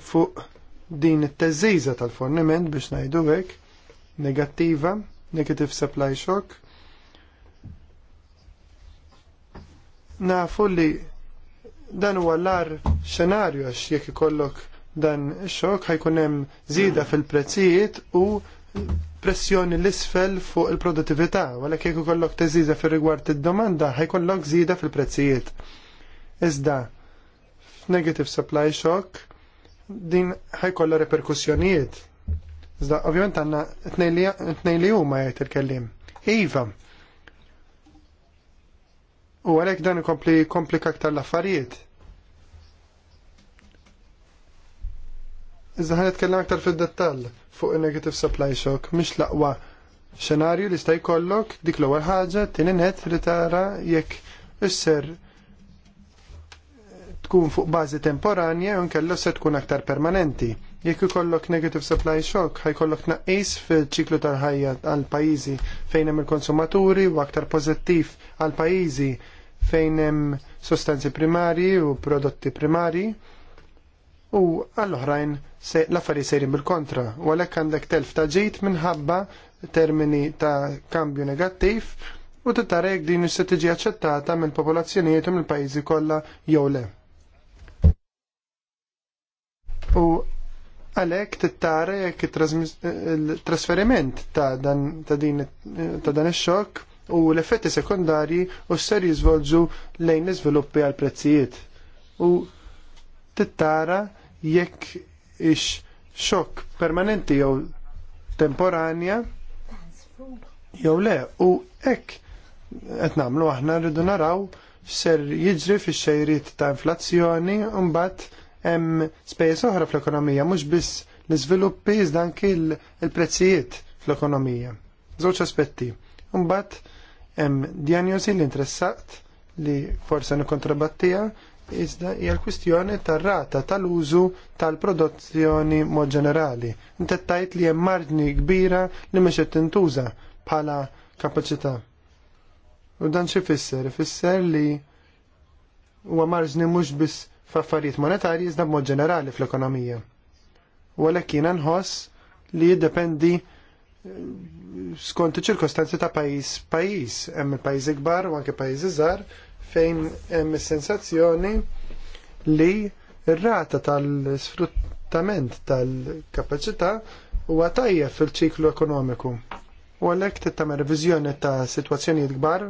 S2: fuq din it-teżiża tal-forniment biex ngħidu hekk negattiva, negative supply shock. Nafu li dan huwa l-ar xenarju għax jekk ikollok dan xok xokk ħajkun hemm żieda fil-prezzijiet u pressjoni l-isfel fuq il-produttività, għalhekk jekk ikollok teżiza fir-rigward id-domanda ħajkollok zida fil-prezzijiet. Iżda negative supply shock din ħajkollha reperkussjonijiet. Iżda ovvjament għandna tnejn li huma jgħid il-kellim. Iva. U għalek dan ikompli komplika aktar l-affarijiet Iżda ħan nitkellem aktar fid-dettall fuq il-negative supply shock, mhix l-aqwa xenarju li sta jkollok dik l-ewwel ħaġa tieni net li tara jekk isser tkun fuq bażi temporanja u nkella se tkun aktar permanenti. Jekk ikollok negative supply shock, ħajkollok tnaqqis fil-ċiklu tal-ħajja għal pajjiżi fejn hemm il-konsumaturi u aktar pożittiv għal pajjiżi fejn hemm sostanzi primarji u prodotti primarji u għall-oħrajn l-affari sejrin bil-kontra, u għalhekk għandek telf ta' ġid minħabba termini ta' kambju negattiv u titarek din se tiġi aċċettata mill popolazzjonijiet u mill-pajjiżi kollha jew le. U għalhekk tarek eh, il-trasferiment ta' dan ix-xokk u l-effetti sekundarji u ser jiżvolġu lejn l-iżviluppi għal prezzijiet. U tittara jekk ix xokk permanenti jew temporanja jew le u hekk qed nagħmlu aħna rridu naraw ser jiġri fix xejrit ta' inflazzjoni u mbagħad hemm spejjeż oħra fl-ekonomija mhux biss l-iżviluppi iżda anke l-prezzijiet fl-ekonomija. Żewġ aspetti. Mbagħad hemm djanjosi li interessat li forse nikkontrabattija iżda hija l-kwistjoni tar-rata tal-użu tal-produzzjoni mod ġenerali. Inti tajt li hemm marġni kbira li mhux qed tintuża bħala kapaċità. U dan xi fisser? Ifisser li huwa marġni mhux biss f'affarijiet monetarji iżda mod ġenerali fl-ekonomija. U għalhekk jiena nħoss li jiddependi eh, skont iċ-ċirkostanzi ta' pajjiż pajjiż, hemm il-pajjiżi kbar u anke pajjiżi żgħar fejn hemm is-sensazzjoni li r-rata tal-sfruttament tal-kapaċità huwa tajjeb fil-ċiklu ekonomiku. U għalhekk tagħmel reviżjoni ta' sitwazzjonijiet kbar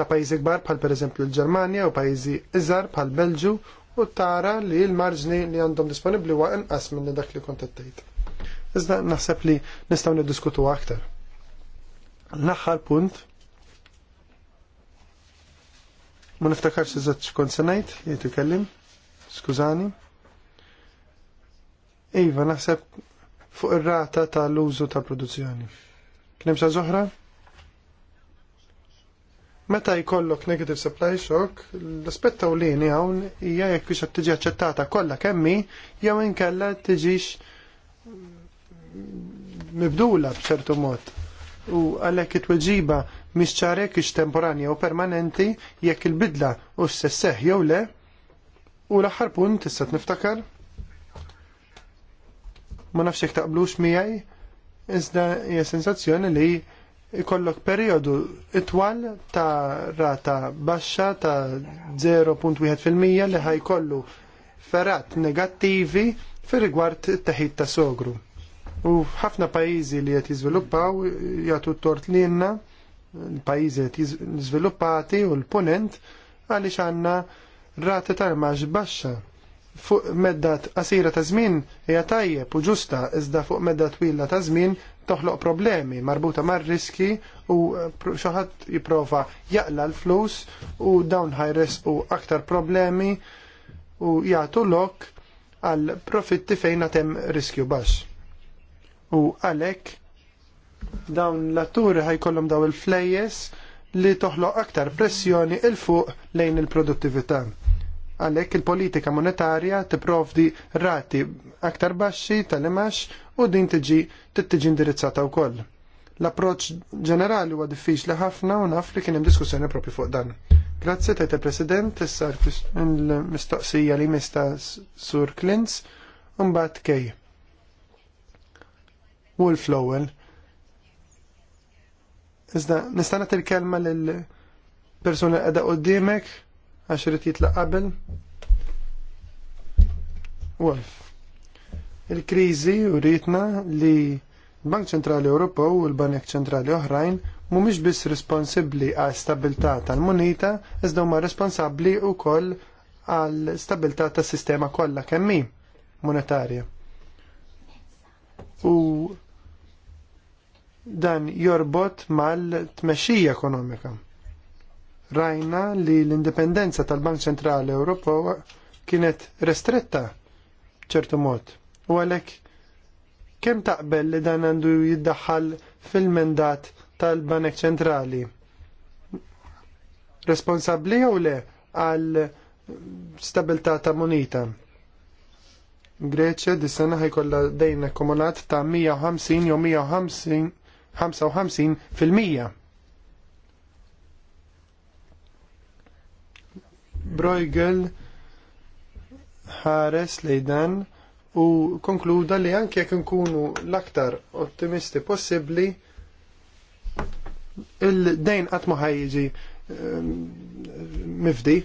S2: ta' pajjiżi kbar bħal pereżempju l-Ġermanja u pajjiżi iżgħar bħal Belġu u tara li l-marġni li għandhom disponibbli huwa inqas minn dak li kont qed Iżda naħseb li nistgħu niddiskutu aktar. L-aħħar punt Ma niftakarx eżatt xkont se ngħid jgħid ikellim. Skużani. Iva, naħseb fuq ir-rata tal-użu ta' produzzjoni. Kien hemm xa zoħra? Meta jkollok negative supply shock, l-aspett ewlieni hawn hija jekk biex qed tiġi aċċettata kollha kemmi jew inkella tiġix mibdula b'ċertu mod u għalhekk it-tweġiba mhix ċarek ix temporanja u permanenti jekk il-bidla u s-sesseħ jew le. U l-aħħar punt tista' niftakar. Ma nafx jekk taqblux miegħi, iżda hija sensazzjoni li ikollok periodu itwal ta' rata baxxa ta' 0.1% li ħajkollu ferat negattivi fir rigward it-teħid ta' sogru. U ħafna pajjiżi li qed jiżviluppaw jagħtu t-tort lilna l-pajjiżi qed jiżviluppati u l-punent għaliex għandna rati tal-maġ baxxa. Fuq medda qasira ta' żmien hija tajjeb u ġusta iżda fuq medda twila ta' żmien toħloq problemi marbuta mar-riski u eh, xi ħadd jipprova jaqla l-flus u dawn ħajres u aktar problemi u jagħtu lok għal profitti fejn hemm riskju baxx. U għalhekk dawn l-atturi ħajkollhom daw il-flejjes li toħloq aktar pressjoni il fuq lejn il-produttività. Għalhekk il-politika monetarja tipprovdi rati aktar baxxi tal-imax u din tiġi tittiġi indirizzata wkoll. L-approċ ġenerali huwa diffiċli ħafna u naf li kien hemm diskussjoni propju fuq dan. Grazzi tajta President, issa l-mistoqsija li mista Sur Klintz, un-bat kej u l-flowel. Iżda, nista' nagħti l-kelma lill-persuna li qiegħda għax irid jitlaq qabel. Wolf. Il-kriżi rritna li l-Bank Ċentrali Ewropew u l bank Ċentrali oħrajn mhumiex biss responsibbli għal stabilità tal-munita, iżda huma responsabbli wkoll għal stabilità tas-sistema kollha kemm monetarja. U dan jorbot mal-tmexxija ekonomika. Rajna li l-indipendenza tal-Bank Ċentrali Ewropew kienet restretta ċertu mod u għalhekk kemm taqbel li dan għandu jiddaħħal fil-mendat tal-Banek Ċentrali? Responsabbli jew le għal stabilità ta' moneta? Greċja dis-sena ħajkollha dejn akkumulat ta' 150 jew 150 55%. Bruegel ħares dan u konkluda li anke jekk nkunu l-aktar ottimisti possibbli il-dejn qatt ma ħajjiġi ehm, mifdi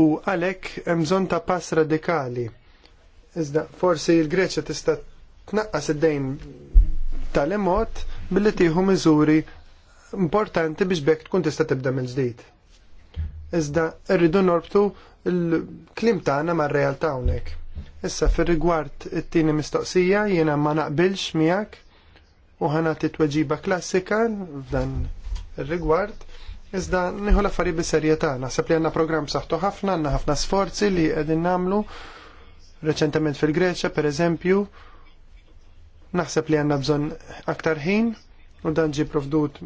S2: u għalhekk hemm bżonn ta' pass radikali. Iżda forsi l-Greċja tista' tnaqqas id-dejn tal-imot billi tieħu miżuri importanti biex bekk tkun tista' tibda minn ġdid. Iżda rridu norbtu l-klim tagħna mar-realtà hawnhekk. Issa fir-rigward it-tieni mistoqsija jiena ma naqbilx miegħek u ħanati tweġiba klassika f'dan ir-rigward. Iżda nieħu l-affarijiet bis-serjetà, naħseb li għandna programm saħħtu ħafna, għandna ħafna sforzi li qegħdin nagħmlu reċentement fil-Greċja pereżempju Naħseb li għanna bżon aktar ħin u dan ġi provdut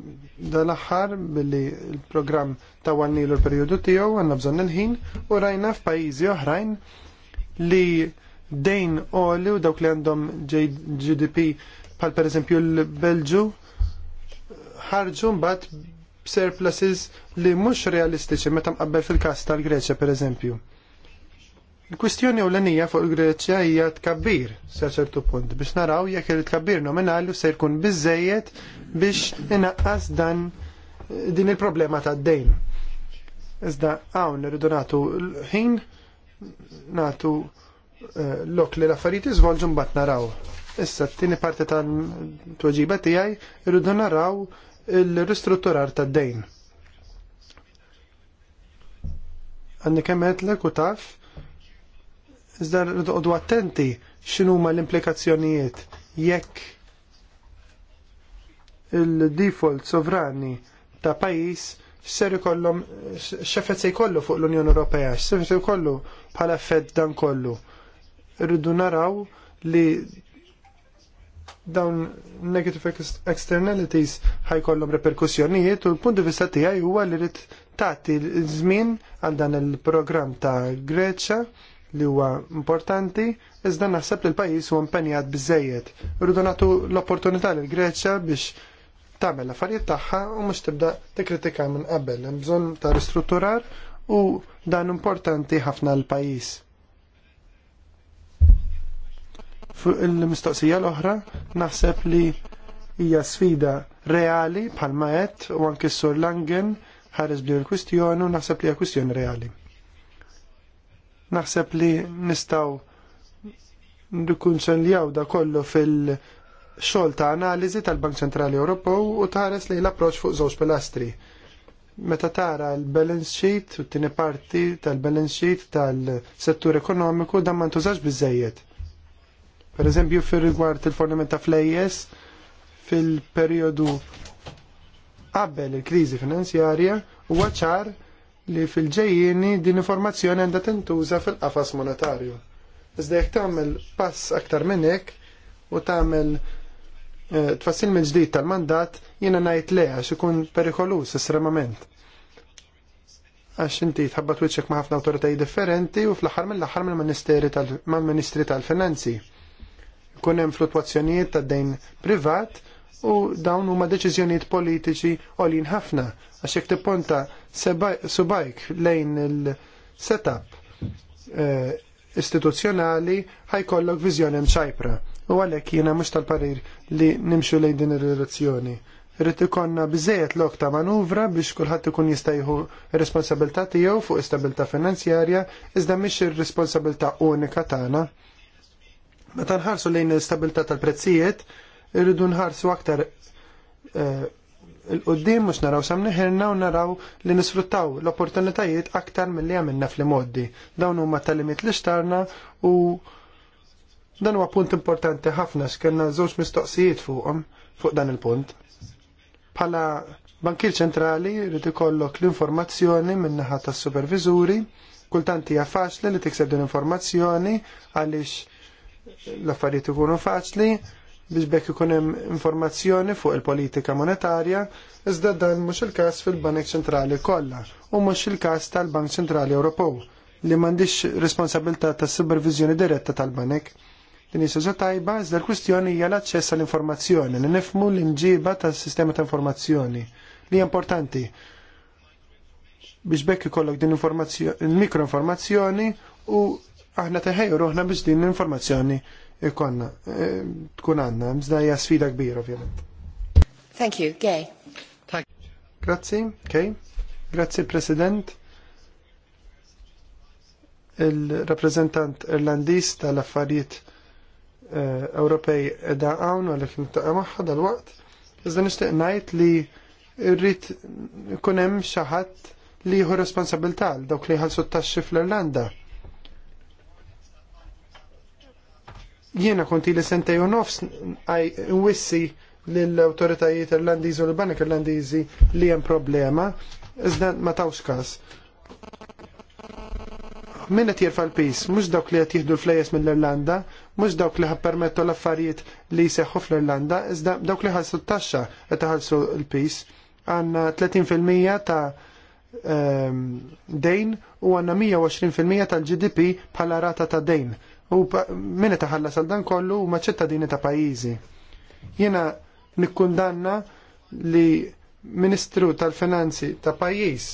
S2: dal-axħar billi il-program ta' għalnilu l-periodu tiegħu għanna bżon il-ħin u rajna f'pajjiżi oħrajn li dejn oli u dawk li għandhom GDP pal per eżempju l-Belġu ħarġu mbagħad surpluses li mhux realistiċi meta mqabbel fil-każ tal-Greċja per eżempju. Il-kwistjoni u l-anija fuq il-Greċja hija tkabbir sa ċertu punt biex naraw jekk il-tkabbir nominali se jkun biżejjed biex inaqqas dan din il-problema ta' dejn. Iżda hawn irridu nagħtu l ħin nagħtu eh, lok li l-affarijiet iżvolġu mbagħad naraw. Issa t-tieni parti tal-tweġiba tiegħi irridu naraw il-ristrutturar tad-dejn. Għandi kemm l u taf Iżda rridu attenti x'inhuma l-implikazzjonijiet jekk il-default sovrani ta' pajjiż xser ikollhom x'effett se jkollu fuq l-Unjoni Ewropea, x'ser se jkollu bħala effett dan kollu. Irridu naraw li dawn negative externalities ħajkollhom reperkussjonijiet u l-punt di vista tiegħi huwa li rid tagħti żmien għal dan il-programm ta' Greċja li huwa importanti, iżda naħseb li l-pajis huwa impenjat biżejjed. Irridu nagħtu l-opportunità lil Greċja biex tagħmel l-affarijiet tagħha u mhux tibda tikkritika minn qabel. Hemm bżonn ta' ristrutturar u dan importanti ħafna l-pajis. Fuq il-mistoqsija l-oħra, naħseb li hija sfida reali bħalma għedt u anke s-sur Langen ħares bli l-kwistjoni u naħseb li hija kwistjoni reali. Naħseb li nistaw nkunċenljaw da kollu fil-xol ta' analiżi tal-Bank Ċentrali Ewropew u tħares li l-approċ fuq żewġ pilastri meta tara l-balance sheet u t-tini parti tal-balance sheet tal-settur ekonomiku dan ma ntużax biżejjed. Per eżempju fir rigward il-fornament ta' flejjes fil-periodu qabel il-kriżi finanzjarja huwa ċar li fil ġejjini din informazzjoni għandha tintuża fil-qafas monetarju. Iżda jekk tagħmel pass aktar minn hekk u tagħmel eh, tfassil minn ġdid tal-mandat jiena ngħid le għax ikun perikolus estremament. Għax inti tħabba twiċċek ma' ħafna awtoritajiet differenti u fl-aħħar mill-aħħar mill-Ministri tal-Finanzi. Kun hemm fluttwazzjonijiet tad-dejn privat u dawn huma deċiżjonijiet politiċi għolin ħafna għax jek tipponta subajk lejn il-setup uh, istituzzjonali ħajkollok viżjoni mċajpra. U għalhekk jiena mhux tal-parir li nimxu lejn din ir-relazzjoni. Rrit ikonna bizzejet lok ta' manuvra biex kulħadd ikun jista' responsabilta' responsabilità tiegħu fuq istabilta' finanzjarja iżda mhix ir-responsabilità unika tagħna. Meta nħarsu lejn il-istabilta tal-prezzijiet, irridu nħarsu aktar uh, l-qoddim mux naraw samniħirna u naraw li nisfruttaw l-opportunitajiet aktar mill-li għamilna fl-moddi. Dawn huma tal-limit li xtarna u dan huwa punt importanti ħafna x'kellna żewġ mistoqsijiet fuqhom fuq dan il-punt. Bħala bankir ċentrali rrid ikollok l-informazzjoni min-naħa tas-superviżuri, kultant hija faċli li tikseb din informazzjoni għaliex l-affarijiet ikunu faċli, biex bekk ikun hemm informazzjoni fuq il-politika monetarja, iżda dan mhux il-każ fil-Banek Ċentrali kollha u mhux il-każ tal-Bank Ċentrali Ewropew li m'għandix responsabilità tas supervizjoni diretta tal-banek. Din hija tajba iżda l-kwistjoni hija l-aċċess għall informazzjoni li nifmu l inġiba tas-sistema ta' informazzjoni li hija importanti biex bekk ikollok din informazzjoni, mikroinformazzjoni u aħna teħejru ruħna biex din l-informazzjoni ikonna e, tkun għandna, mżda hija sfida kbira ovvjament.
S5: Thank you, Gay.
S2: Grazzi, Kay. Grazzi, President il-rappresentant irlandiż tal-affarijiet e, Ewropej edha hawn għalhekk nintaqa' magħha dal-waqt. Iżda nixtieq ngħid li rrid ikun hemm xi ħadd li jieħu responsabilità għal dawk li ħalsu t-taxxi fl-Irlanda. Jiena konti li sentej u nofs wissi l-autoritajiet irlandiżi u l-banek irlandiżi li hemm problema, iżda ma tawx każ. Min qed jirfa l-pis, mhux dawk li qed jieħdu l-flejes mill-Irlanda, mhux dawk li ħappermettu l-affarijiet li jseħħu fl-Irlanda, iżda dawk li ħallsu t-taxxa qed iħallsu l-pis. Għandna 30% ta' ehm, dejn u għandna 120% tal-GDP bħala rata ta' dejn U minna taħalla għal dan kollu huma ċittadini ta' pajjiżi. Jiena nikkundanna li Ministru tal-Finanzi ta' pajjiż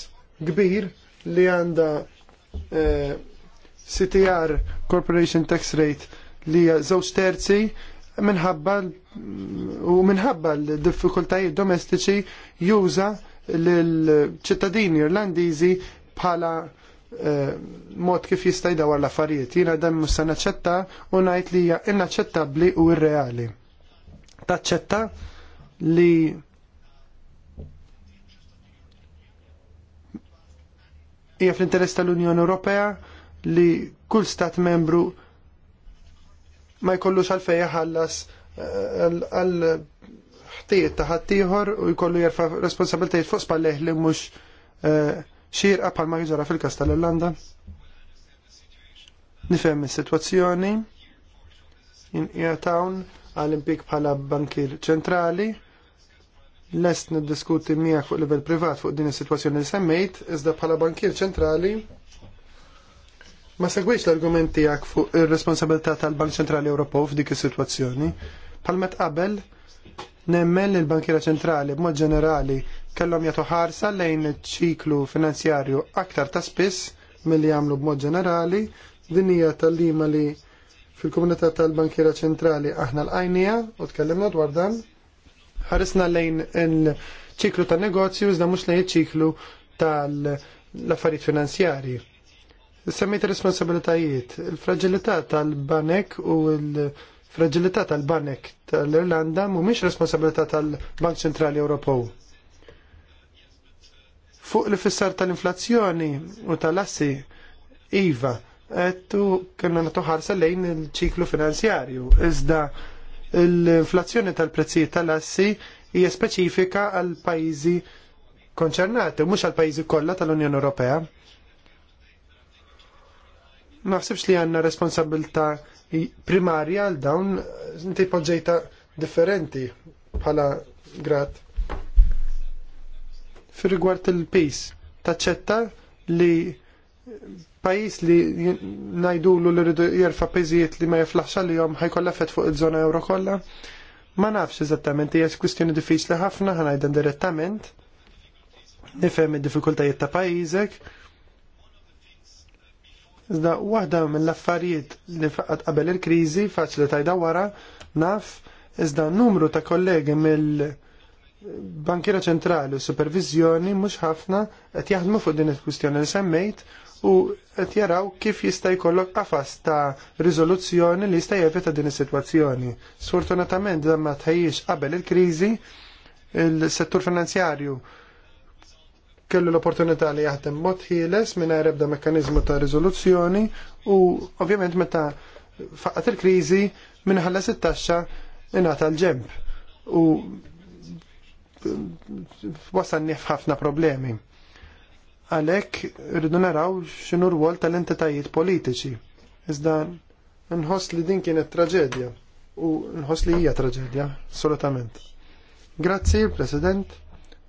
S2: kbir li għanda eh, CTR Corporation Tax Rate li żewġ terzi minħabba u minħabba l-diffikultajiet domestiċi juża l-ċittadini irlandiżi bħala Eh, mod kif jista' jdawar l-affarijiet. Jiena dan mhux se naċċetta u ngħid li hija inaċċettabbli u irreali. Taċċetta li hija fl-interess tal-Unjoni Ewropea li kull stat membru ma jkollux għalfejn jħallas eh, għal ħtijiet ta' ħaddieħor u jkollu jerfa' responsabiltajiet fuq spalleh li mhux eh, xirqa ma jiġara fil kasta tal-Irlanda. Nifhem is-sitwazzjoni inqjatawn għal impik bħala bankir ċentrali. Lest niddiskuti miegħek fuq livell privat fuq din is-sitwazzjoni li semmejt, iżda bħala bankier ċentrali Ma segwix l argumenti għak fuq ir-responsabilità tal-Bank Ċentrali Ewropew f'dik is-sitwazzjoni. Palmet qabel nemmen il l-Bankiera Ċentrali b'mod ġenerali kellhom jagħtu ħarsa lejn ċiklu finanzjarju aktar ta' spiss milli jagħmlu b'mod ġenerali din hija tal-lima li fil-komunità tal-Bankiera Ċentrali aħna l-għajnija u tkellimna dwar dan. Ħarisna lejn il-ċiklu ta' negozju iżda mhux lejn iċ-ċiklu tal-affarijiet finanzjarji. Semmejt responsabilitajiet, il-fragilità tal-banek u l- fragilità tal-banek tal-Irlanda mhumiex responsabilità tal-Bank Ċentrali Ewropew. Fuq li fissar tal-inflazzjoni u tal-assi, Iva, tu kena ħarsa lejn il-ċiklu finanzjarju. Iżda l-inflazzjoni tal prezzi tal-assi hija speċifika għal pajjiżi konċernati, mhux għal pajjiżi kollha tal-Unjoni Ewropea. Naħsibx li għandna responsabilità primarja għal dawn inti poġġejta differenti bħala grat fir rigward il-pis, taċċetta li pajis li najdulu li rridu jerfa pizijiet li ma jiflaħx għalihom ħajkollha fett fuq iż-żona euro kollha. Ma nafx eżattament, hija kwistjoni diffiċli ħafna ħanajdan direttament. Nifhem id-diffikultajiet ta' pajjiżek. Iżda waħda mill-affarijiet li faqat qabel il-kriżi faċli tajda wara naf iżda numru ta' kollegi mill- Bankiera ċentrali u supervizjoni mhux ħafna qed jaħdmu fuq din il-kwistjoni li semmejt u qed jaraw kif jista' jkollok qafas ta' riżoluzzjoni li jista' jevita din is-sitwazzjoni. Sfortunatament dan ma tħejjix qabel il-kriżi il-settur finanzjarju kellu l-opportunità li jaħdem mod ħieles mingħajr ebda mekkaniżmu ta' riżoluzzjoni u ovvjament meta faqat il-kriżi minħallas it-taxxa ingħata l-ġemp. U wasanni ħafna problemi. Għalhekk rridu naraw x'inhu rwol tal-entitajiet politiċi. Iżda nħoss li din kienet traġedja u nħoss li hija traġedja, assolutament. Grazzi, President.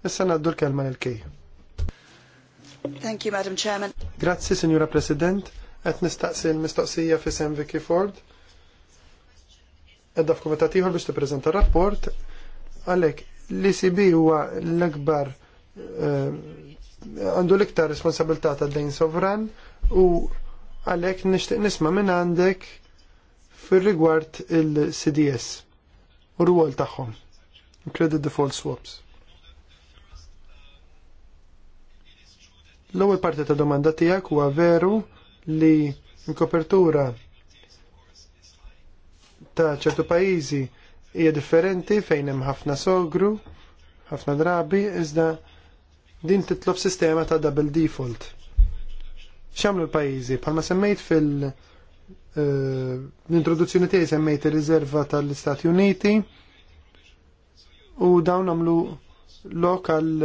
S2: Issa naddu l-kelma l-kej.
S3: Thank you, Madam Chairman.
S2: Grazzi, Signora President. Qed nistaqsi l-mistoqsija fi Sam Vicky Ford. Edda f'kumitat biex biex tippreżenta rapport Għalek, L-ECB huwa l-akbar eh, għandu l-iktar responsabilità ta' dejn sovran u għalek nishtiq nisma minn għandek fir rigward il-CDS u r-rwol tagħhom, credit default swaps. L-ewwel parti ta' domanda tiegħek huwa veru li l-kopertura ta' ċertu pajjiżi hija differenti fejn hemm ħafna sogru, ħafna drabi, iżda din titlob sistema ta' double default. X'għamlu l-pajjiżi? Bħalma semmejt fil- eh, l-introduzzjoni tiegħi semmejt ir-riserva tal-Istati Uniti u dawn għamlu lok għal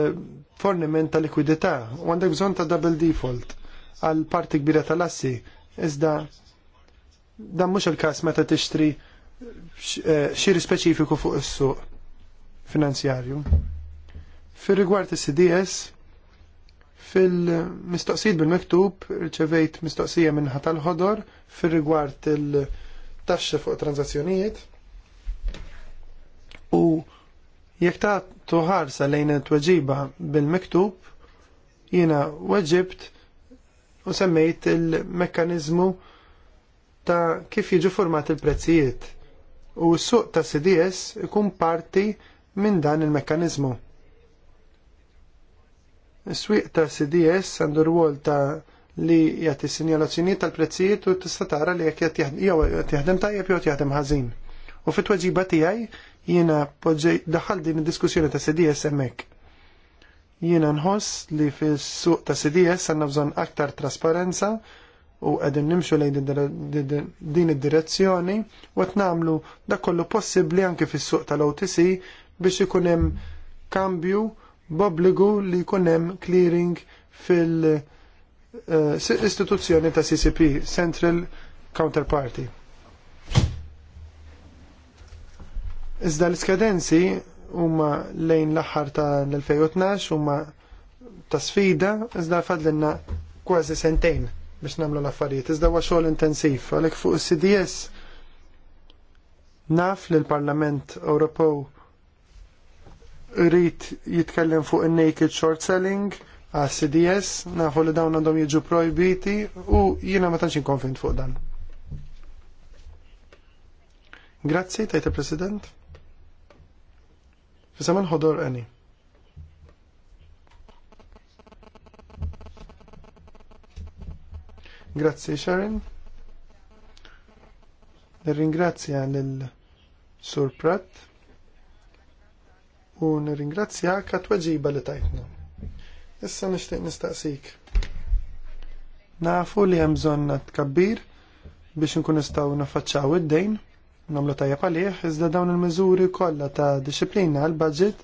S2: forniment ta' likwidità u għandek bżonn ta' double default għal parti kbira tal-assi iżda dan mhux il-każ meta tixtri xiri speċifiku fuq is-suq finanzjarju. Fir rigward is-CDS, fil-mistoqsijiet bil-miktub rċevejt mistoqsija minnħa tal-ħodor fir rigward il-taxxa fuq tranzazzjonijiet. U jekk ta' tuħarsa lejn it-tweġiba bil-miktub, jiena weġibt u semmejt il-mekkanizmu ta' kif jiġu format il-prezzijiet u s-suq ta' CDS ikun parti minn dan il-mekkanizmu. Is-swieq ta' CDS għandu rwol ta' li jagħti sinjalazzjonijiet tal-prezzijiet u tista' tara li jekk qed jaħdem tajjeb jew jaħdem ħażin. U fit-tweġiba tiegħi jiena daħal din id-diskussjoni ta' CDS hemmhekk. Jiena nħoss li fis-suq ta' CDS għandna bżonn aktar trasparenza u qegħdin nimxu lejn din id-direzzjoni u qed nagħmlu da kollu possibbli anke fis-suq tal-OTC biex ikun hemm kambju b'obbligu li jkun hemm clearing fil-istituzzjoni eh, ta' CCP, Central Counterparty. Iżda l-skadenzi huma lejn l-aħħar ta' l-2012 huma ta' sfida iżda fadlinna kważi sentejn biex nagħmlu l-affarijiet. Iżda huwa xogħol intensiv għalhekk fuq is-CDS naf li l-Parlament Ewropew irid jitkellem fuq in naked short selling għas CDS, nafu li dawn għandhom jiġu projbiti u jiena ma tantx inkonfint fuq dan. Grazzi, tajta President. Fisa man hodor għani. Grazzi Sharon. Nirringrazzja lil Sur Pratt u nirringrazzja kat-tweġiba li tajtna. Issa nixtieq nistaqsik. Nafu li hemm bżonn tkabbir biex nkun nistgħu naffaċċaw id-dejn, nagħmlu tajjeb għalih, iżda dawn il-miżuri kollha ta' disciplina għall budget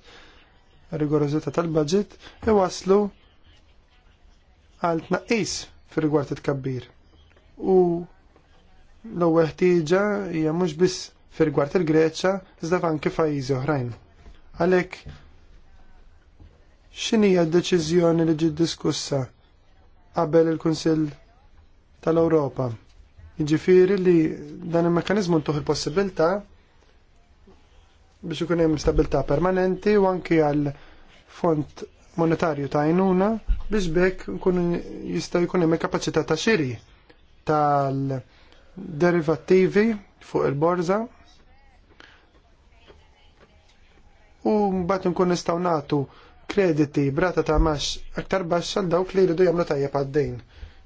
S2: rigorożità tal-budget iwaslu għal tnaqqis fil rigward it-kabbir. U l-ewwel ħtieġa hija mhux biss fir-rigward il-Greċċa, iżda anke pajjiżi oħrajn. Għalhekk x'inhija d-deċiżjoni li ġiet diskussa qabel il-Kunsill tal-Ewropa? Jiġifieri li dan il-mekkaniżmu ntuħ il-possibilità biex ikun hemm stabilità permanenti u anke għal fond monetarju ta' għajnuna biex bekk nkun jista' jkun hemm kapaċità ta' xiri tal-derivattivi fuq il-borza u mbagħad nkun nistgħu nagħtu krediti brata ta' max aktar baxx għal dawk li jridu jagħmlu tajjeb għad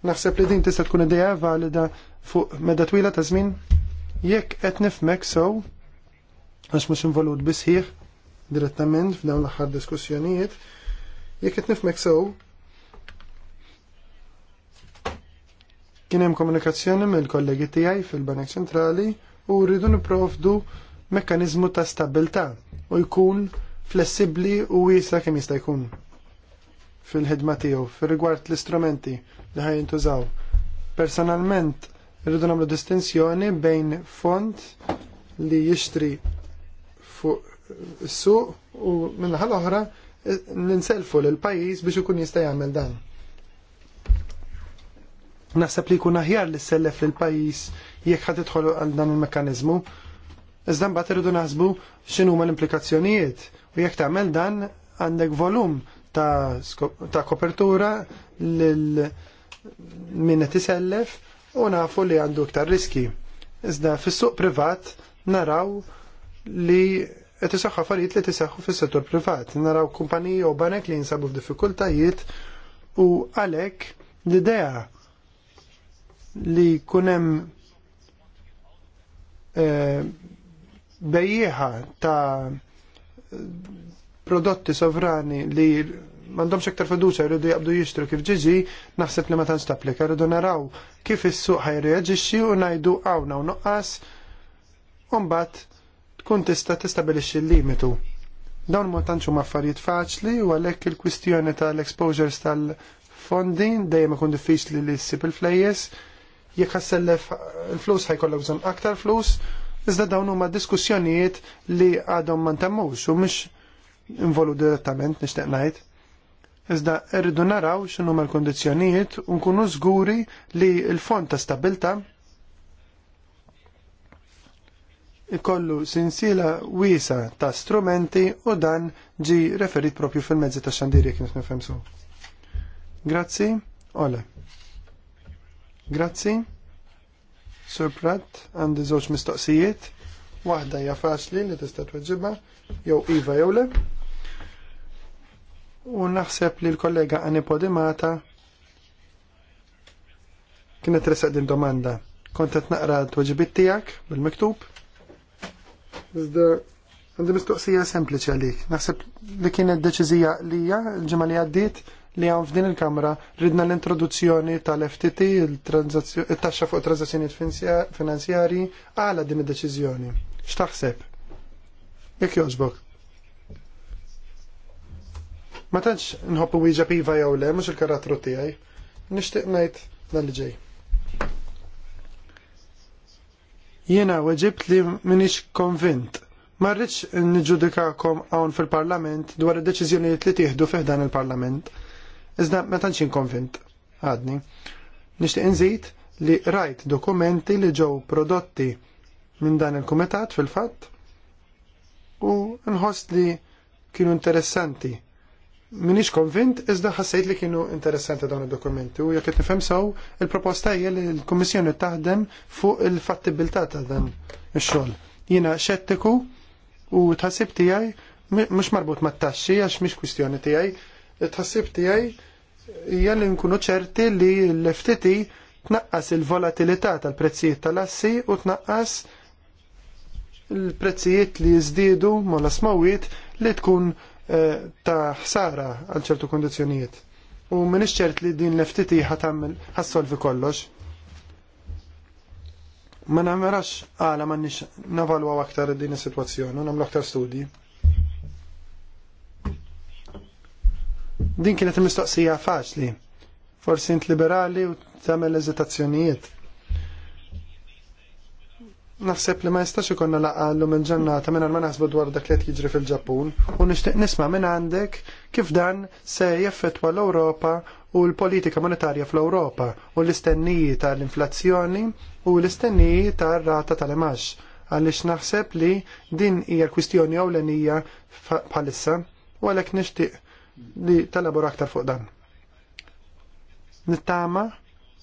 S2: Naħseb li din tista' tkun idea valida fuq medda twila ta' żmien jekk qed nifmek sew għax mhux involut bisħieħ direttament f'dawn l-aħħar diskussjonijiet, jekk qed nifmek sew Kien hemm komunikazzjoni mill-kollegi tiegħi fil-Banek Ċentrali u rridu nipprovdu mekkaniżmu ta' stabilità u jkun flessibbli u wiesa kemm jista' jkun fil-ħidma tiegħu fir-rigward l-istrumenti li ħaj jintużaw. Personalment rridu nagħmlu distinzjoni bejn fond li jixtri fuq is-suq u minnaħa l-oħra eh, ninselfu lill pajjiż biex ikun jista' jagħmel dan. Naħseb li jkun aħjar li sellef lil pajjiż jekk ħad idħol għal dan il-mekkaniżmu. Iżda mbagħad irridu naħsbu x'inhu huma l-implikazzjonijiet u jekk tagħmel dan għandek volum ta', ta kopertura lil min qed isellef u nafu li għandu iktar riski. Iżda fis-suq privat naraw li qed isaħħu affarijiet li tiseħħu fis-settur privat. Naraw kumpaniji u banek li jinsabu f'diffikultajiet u għalhekk l-idea li kunem e, bejjeħa ta' prodotti sovrani li mandom aktar fiduċa jridu jabdu jishtru kif ġiġi, naħseb li ma tantx tapplika, jridu naraw kif is-suq ħajreaġixxi u ngħidu għawna hawn nuqqas u mbagħad tkun tista' tistabilixxi l-limitu. Dawn ma tantx huma affarijiet faċli u għalhekk il-kwistjoni tal-exposures tal-fondi dejjem ikun diffiċli li ssib il-flejjes jekk ħassellef il-flus ħajkollok bżonn aktar flus, iżda dawn huma diskussjonijiet li għadhom ma ntemmux u mhux involu direttament nixtieq ngħid. Iżda rridu naraw x'inhu l kundizzjonijiet u nkunu żguri li l-fond ta' stabilta ikollu sinsila wiesa ta' strumenti u dan ġi referit propju fil-mezzi ta' xandiri kif nifhem Grazzi, Ole. Grazzi. Surprat, Pratt, għandi żewġ mistoqsijiet. Waħda hija faċli li tista' tweġibha jew iva jew le. U naħseb li l-kollega Anipodimata kienet resaq din domanda. Kont qed naqra t-tweġibit tiegħek bil-miktub. Iżda għandi mistoqsija sempliċi għalik. Naħseb li kienet deċiżija lija l-ġimgħa li għaddiet li għan f'din il-Kamra ridna l-introduzzjoni tal-FTT, il-taxxa fuq transazzjonijiet finanzjari, għala din id-deċiżjoni. X'taħseb? Jekk jogħġbok. Ma tantx nħobbu wieġa piva jew le, mhux il-karattru tiegħi. Nixtieq ngħid dan li ġej. Jiena weġibt li minix konvint marriċ niġġudikakom hawn fil-parlament dwar id deċiżjonijiet li tieħdu fiħdan il-parlament iżda ma tantx konvint għadni. Nixtieq inżid li rajt dokumenti li ġew prodotti minn dan il-kumitat fil-fatt u nħoss li kienu interessanti. Minix konvint, iżda ħassejt li kienu interessanti dawn id-dokumenti u jekk nifhem sew il-proposta hija li l-Kummissjoni taħdem fuq il-fattibilità ta' dan ix-xogħol. Jiena xettiku u tħassib tiegħi mhux marbut mat-taxxi għax mhix kwistjoni tiegħi it tħassib tiegħi hija li nkunu ċerti li l-FTT tnaqqas il-volatilità tal-prezzijiet tal-assi u tnaqqas il-prezzijiet li jizdidu ma l li tkun eh, ta' ħsara għal ċertu kondizjonijiet. U minix ċert li din l-FTT ħatamil ħassolvi kollox. Ma namarax għala ma nix navalwa aktar din is-situazzjoni, namlu aktar studji. Din kienet mistoqsija faċli. Forsi int liberali u tagħmel eżitazzjonijiet. Naħseb li ma jistax ikonna laqallu minn ġannata minn ma naħsbu dwar dak li qed jiġri fil-Ġappun u nixtieq nisma' minn għandek kif dan se jaffettwa l-Ewropa u l-politika monetarja fl-Ewropa u l-istenniji tal-inflazzjoni u l-istenniji tar-rata tal-imax għaliex naħseb li din hija kwistjoni ewlenija bħalissa u għalhekk nixtieq li talabor aktar fuq dan. Nittama,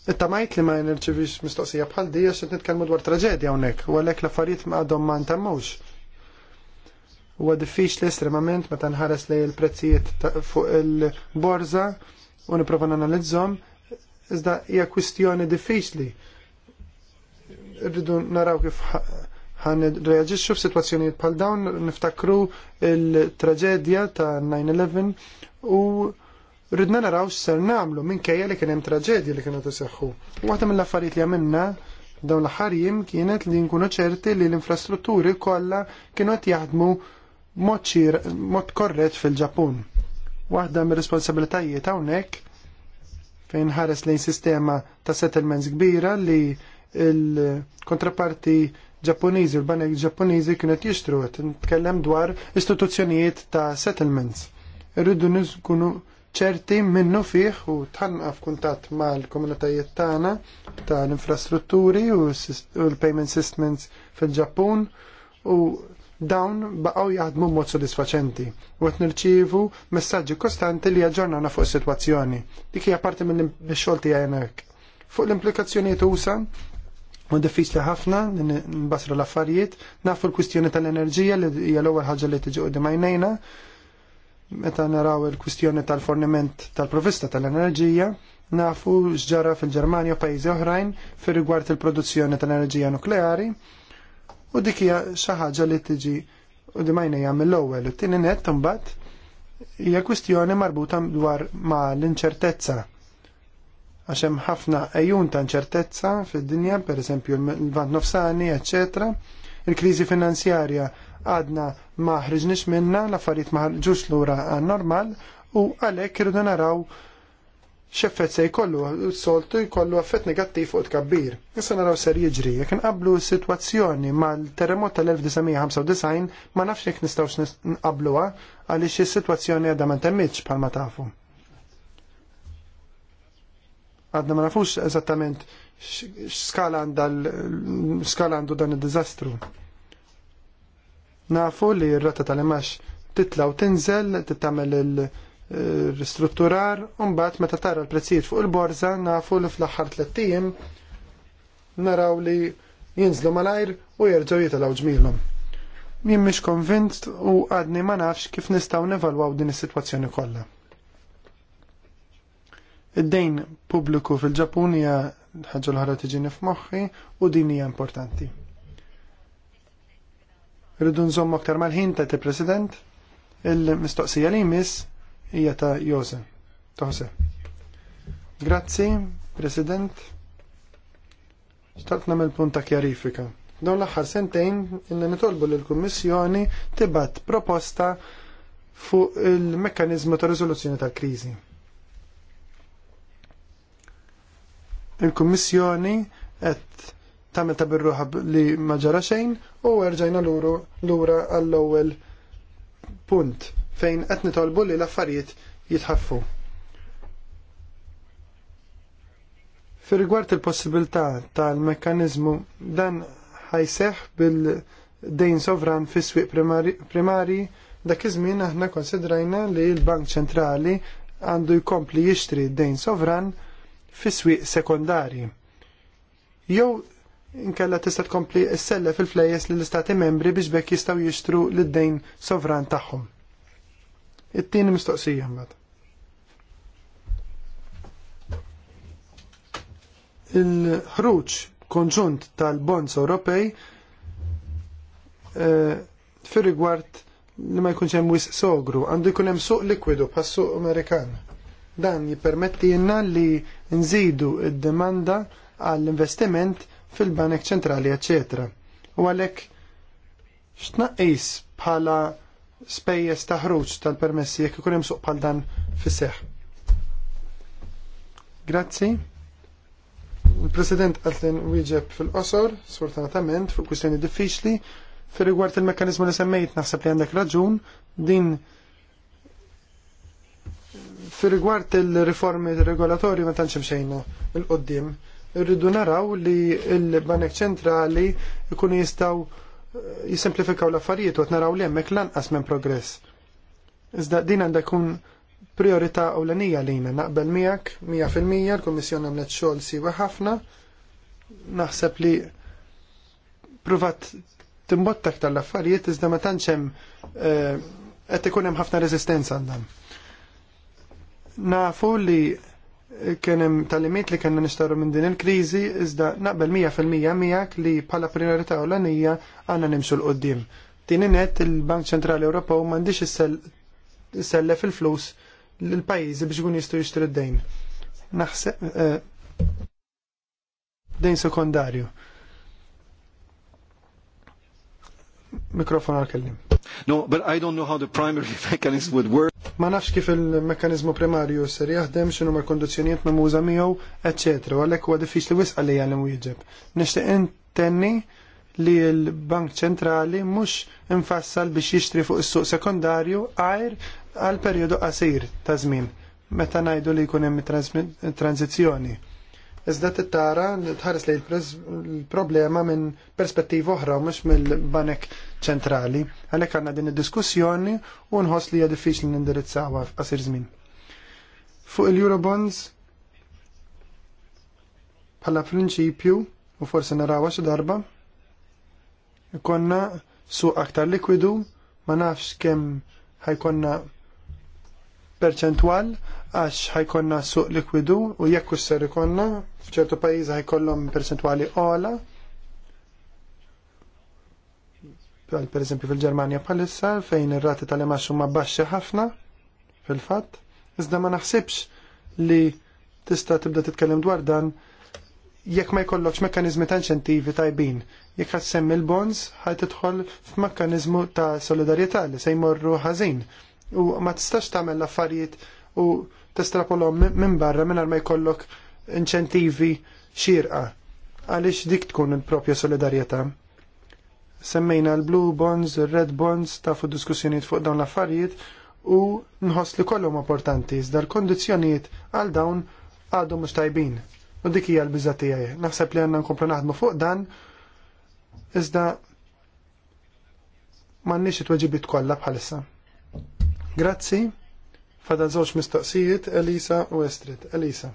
S2: nittamajt li ma nirċivix mistoqsija bħal di jessu nitkellmu dwar traġedja hawnhekk, u għalhekk l-affarijiet ma għadhom ma ntemmux. Huwa diffiċli estremament meta nħares li il-prezzijiet fuq il-borza u nipprova nanalizzhom, iżda hija kwistjoni diffiċli. Rridu naraw kif ħan reagġiċu f-situazzjoniet pal dawn niftakru il-traġedja ta' 9-11 u ridna naraw s ser namlu minn kajja li kienem traġedja li kienu t-seħħu. Waħda mill-affarijiet li għamilna dawn l-ħarjim kienet li nkunu ċerti li l-infrastrutturi kollha kienu għat jaħdmu mod korret fil-Ġapun. Waħda mill responsabilitajiet hawnhekk fejn ħares lejn sistema ta' settlements kbira li il-kontraparti Ġappuniżi, l-banek Ġappuniżi kienet jixtru qed nitkellem dwar istituzzjonijiet ta' settlements. Irridu nkunu ċerti minnu fih u tħanqa f'kuntatt mal-komunitajiet tagħna tal-infrastrutturi u l-payment systems fil-Ġappun u dawn baqgħu jaħdmu mod sodisfaċenti u qed nirċievu messaġġi kostanti li jaġġornana fuq is-sitwazzjoni. Dik hija parti mill-xogħol tiegħi hekk. Fuq l-implikazzjonijiet usa, Mod diffiċli ħafna nbasru l-affarijiet, nafu l-kwistjoni tal-enerġija li hija l-ewwel ħaġa li tiġi qudiem għajnejna. Meta naraw il-kwistjoni tal-forniment tal-provista tal-enerġija, nafu x'ġara fil-Ġermanja u pajjiżi oħrajn fir-rigward il-produzzjoni tal-enerġija nukleari. U dik hija xi ħaġa li tiġi u di mill-ewwel u tieni net imbagħad hija kwistjoni marbuta dwar ma l-inċertezza għax hemm ħafna ejjun ta' nċertezza fid-dinja, pereżempju l-Vant Nofsani, ecc. Il-kriżi finanzjarja għadna ma minna, l-affarijiet ma ħarġux lura għan normal u għalhekk irridu naraw x'effett se jkollu soltu jkollu effett negattiv fuq tkabbir. Issa naraw ser jiġri, jekk nqablu s-sitwazzjoni mal-terremot tal-1995 ma nafx jekk nistgħux nqabluha għaliex is-sitwazzjoni għadha ma temmitx bħalma matafu Għadna ma nafux eżattament skala għandu dan id-diżastru. Nafu li r-rata tal-imax titla u tinżel, titamel il-ristrutturar, un-bat meta tara l-prezzijiet fuq il-borza, nafu li fl-axħar tlettijim naraw li jinżlu malajr u jerġgħu jitalaw ġmilom. Jien mhix konvinst u għadni ma nafx kif nistgħu nevalwaw din is-sitwazzjoni kollha. Id-dejn pubbliku fil-Ġapun hija ħaġa l-ħara tiġini f'moħħi u din hija importanti. Rridu nżommu aktar mal-ħin ta' president il-mistoqsija li jmiss hija ta' Jose. Tose. Grazzi, President. Startna nagħmel punta ta' kjarifika. Dawn l-aħħar sentejn illi nitolbu lill-Kummissjoni tibat proposta fuq il-mekkaniżmu ta' riżoluzzjoni tal-kriżi il-Kummissjoni qed tagħmel ta' birruħa li ma ġara xejn u erġajna luru lura għall-ewwel punt fejn qed nitolbu li l-affarijiet jitħaffu. Fi rigward il-possibilità tal-mekkaniżmu dan ħajseħ bil-dejn sovran fis-swieq primari dak iż-żmien aħna konsidrajna li l-Bank Ċentrali għandu jkompli jixtri d-dejn sovran fis-swieq sekondari. Jew inkella tista' tkompli s-selle fil-flejes li l-istati membri biex bekk jistgħu jixtru l dejn sovran tagħhom. It-tieni mistoqsija mbagħad. Il-ħruġ konġunt tal-bonds Ewropej eh, fir rigward li ma jkunx hemm wisq sogru, għandu jkun hemm suq likwidu bħas suq Amerikan. Dan jippermetti jenna li nżidu id-demanda għall-investiment fil-Banek Ċentrali, ecc. U għalhekk x'tnaqqis bħala spejjeż taħruċ tal-permessi jekk ikun hemm suq bħal dan fis-seħħ. Grazzi. Il-President Atlin wieġeb fil-qosor, sfortunatament, fuq kwistjoni diffiċli, fir rigward il-mekkanizmu li semmejt naħseb li għandek raġun, din Fir-rigward il-riformi regolatorji ma tantx imxejna il-qoddim, irridu naraw li l-Banek Ċentrali jkunu jistgħu eh, jisimplifikaw l-affarijiet u naraw li hemmhekk lanqas minn progress. Iżda din għandha kun priorità ewlenija lina naqbel miegħek 100% l-Kummissjoni għamlet xogħol siwa ħafna. Naħseb li pruvat timbottak tal-affarijiet iżda ma tantx hemm eh, qed ikun hemm ħafna reżistenza għandhom. Nafu li kien hemm tal-limit li kellna nixtaru minn din il-kriżi iżda naqbel 100% miegħek li bħala priorità ewlenija għanna nimxu l qudiem Tini net il-Bank Ċentrali Ewropew m'għandix isellef il-flus l-pajjiżi biex ikun jistgħu jixtru d-dejn. Naħseb eh, dejn sekondarju. Mikrofon għal-kellim.
S3: No, but I don't know how the primary mechanism would work.
S2: Ma nafx kif il-mekkanizmu primarju ser jaħdem xinhuma ma' kondizzjonijiet memuża miegħu, eċċetera, u għalhekk huwa diffiċli wisq għalli jagħlem jiġeb. Nixtieq intenni li l-Bank Ċentrali mhux infassal biex jixtri fuq is-suq sekondarju għajr għal perjodu qasir ta' żmien meta ngħidu li jkun hemm transizzjoni. Iżda tittara li tħares li l-problema minn perspettiva oħra u mhux mill-banek ċentrali. Għalhekk għandna din id-diskussjoni u nħoss li hija diffiċli nindirizzawha għasir żmien. Fuq il-Eurobonds bħala prinċipju u forsi narawa xi darba ikonna suq aktar likwidu ma nafx kemm ħajkonna perċentwal għax ħajkonna suq likwidu u jekk ser ikonna f'ċertu pajiz ħajkollom percentuali ola. per esempio fil-Ġermanja bħalissa fejn ir-rati tal-imax huma baxxi ħafna fil-fatt, iżda ma naħsibx li tista' tibda titkellem dwar dan jekk ma jkollokx mekkaniżmi ta' inċentivi tajbin, jekk ħad semmi l-bonds ħad tidħol f'mekkaniżmu ta' solidarjetà li se jmorru ħażin u ma tistax tagħmel affarijiet u testrapolhom minn barra mingħajr ma jkollok inċentivi xirqa. Għaliex dik tkun il-propja solidarjetà. Semmejna l-blue bonds, red bonds, tafu diskussjonijiet fuq dawn l-affarijiet u nħoss li kollhom importanti iżda l-kondizzjonijiet għal dawn għadhom mhux tajbin. U dik hija l-biża tiegħi. Naħseb li għandna nkomplu naħdmu fuq dan iżda m'għandniex it-tweġibiet kollha bħalissa. Grazzi. Fada żewġ mistoqsijiet, Elisa u Estrid. Elisa.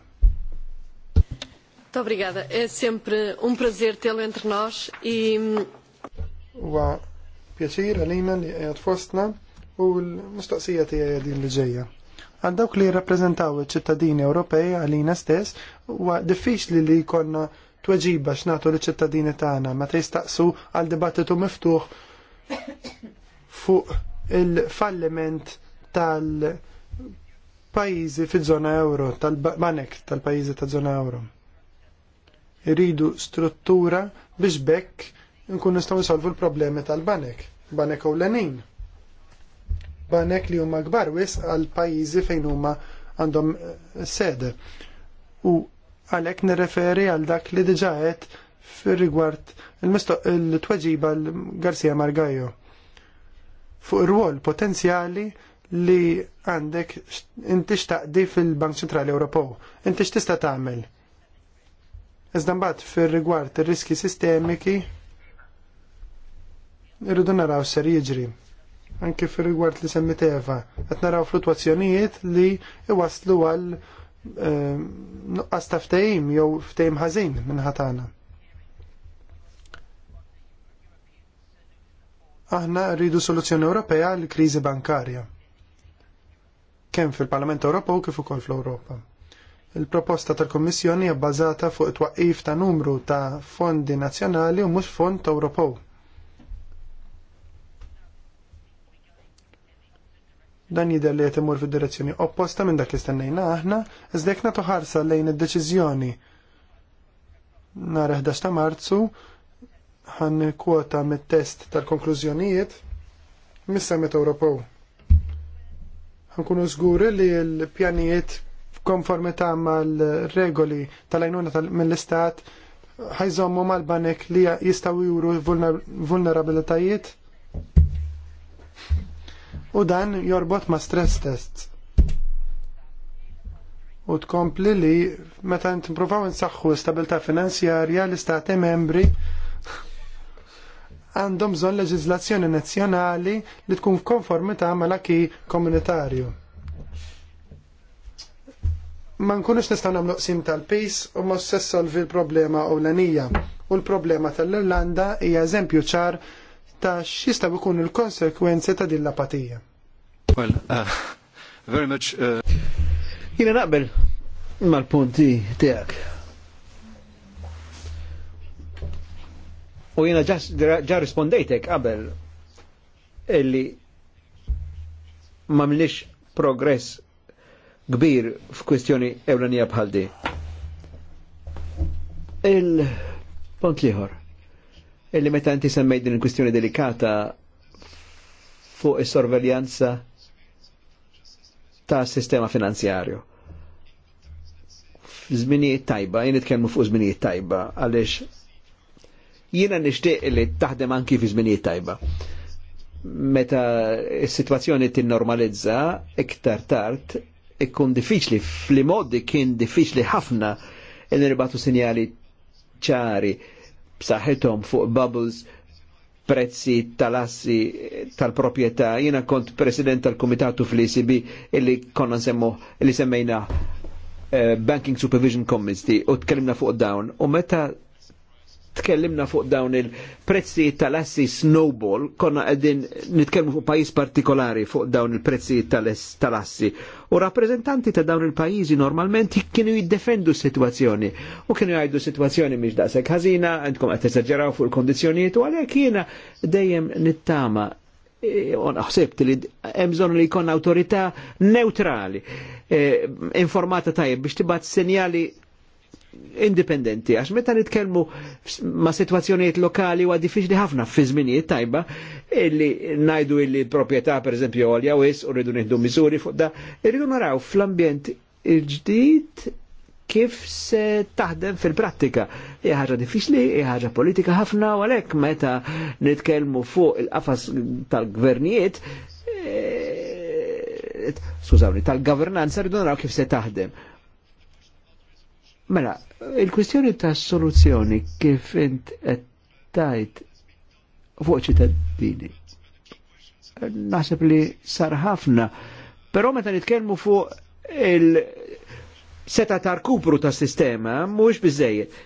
S4: Obrigada. É sempre um prazer tê-lo entre nós e.
S2: pjaċir għalina li għed fostna u l-mistoqsija tiegħi din li ġejja. Għal dawk li rappresentaw iċ-ċittadini Ewropej għalina stess, huwa diffiċli li jkollna tweġiba x'natu l ċittadini tagħna ta' jistaqsu għal dibattitu miftuħ fuq il-falliment tal- pajizi fi zona euro, tal-banek tal-pajizi ta' zona euro. Iridu struttura biex bekk nkun nistgħu nsolvu l-problemi tal-banek, banek ewlenin. Banek li huma kbar wis għal pajjiżi fejn huma għandhom eh, sede. U għalhekk nirreferi għal dak li diġà qed fir-rigward il-tweġiba l-Garsija Margajo fuq ir-rwol potenzjali li għandek inti xtaqdi fil-Bank Centrali Ewropew. Inti x'tista' tagħmel? Iżda mbagħad fir-rigward ir-riski sistemiki irridu naraw ser jiġri. Anke fir-rigward li semmi teva, qed naraw fluttwazzjonijiet li iwaslu għal eh, nuqqas ta' ftehim jew ftehim ħażin minn ħatana. Aħna rridu soluzzjoni Ewropea għall kriżi bankarja kemm fil-Parlament Ewropew kif ukoll fl-Ewropa. Il-proposta tal-Kommissjoni hija bbażata fuq it-twaqqif ta' numru ta' fondi nazzjonali u mhux fond Ewropew. Dan jidher li qed imur fid-direzzjoni opposta minn dak li stennejna aħna, iżda jekk nagħtu ħarsa lejn id-deċiżjoni nhar 11 ta' Marzu ħan kwota mit-test tal-konklużjonijiet mis-Summit Ewropew ħankunu żguri li l-pjanijiet f'konformità mal-regoli tal tal-ajnuna mill-istat ħajżommu mal-banek li jistaw juru vulnerabilitajiet u dan jorbot ma' stress tests. U tkompli li meta n-saxhu stabilta finanzjarja l-istati membri għandhom bżonn leġizlazzjoni nazzjonali li tkun f'konformità mal akki komunitarju ma nkunux nistgħu nagħmlu qsim tal-pis u ma sessolvi l-problema ewlenija. U l-problema tal-Irlanda hija eżempju ċar ta' x'jistgħu jkun il-konsekwenzi ta' din l-apatija.
S3: Well, uh, very much. Jiena uh... naqbel mal-punti tiegħek. U jena ġa rispondejtek qabel illi mamlix progress kbir f'kwestjoni ewlenija bħal di. Il-pont liħor, illi meta inti semmej din il-kwestjoni delikata fuq is-sorveljanza ta' sistema finanzjarju. Zminijiet tajba, jien itkellmu fuq zminijiet tajba, għaliex jiena nishtiq li taħdem anki fi żminijiet tajba. Meta s tinnormalizza iktar tard ikkun diffiċli fli modi kien diffiċli ħafna nirbatu sinjali ċari b'saħħithom fuq bubbles prezzi tal-assi tal-propieta. Jina kont president tal-komitatu fl-ECB illi konna semmu li semmejna uh, Banking Supervision Committee u tkellimna fuq dawn. U meta tkellimna fuq dawn il-prezzi tal-assi snowball, konna għedin nitkellmu fuq pajis partikolari fuq dawn il-prezzi tal-assi. U rappresentanti ta' dawn il-pajizi normalment kienu jiddefendu s-situazzjoni. U kienu jgħidu situazzjoni miex daqseg ħazina, għandkom għed t fuq il-kondizjoniet, u għalek jiena dejjem nittama on e, ħsebt li emżon li jkun autorita neutrali, e, informata tajjeb biex tibat senjali indipendenti, għax meta nitkellmu ma' situazzjonijiet lokali u diffiċli ħafna fi żminijiet tajba illi najdu illi proprjetà pereżempju għolja wis u rridu nieħdu miżuri fuq da, irridu naraw fl-ambjent il-ġdid kif se taħdem fil-prattika. Hija ħaġa diffiċli, hija politika ħafna u għalhekk meta nitkellmu fuq il-qafas tal-gvernijiet e, skużawni, tal-governanza rridu naraw kif se taħdem Mela, il-kwistjoni ta' soluzzjoni kif int tajt fuq ċittadini. Naħseb li sar ħafna, però meta nitkellmu fuq il-seta ta' kupru ta' sistema, mhux biżejjed.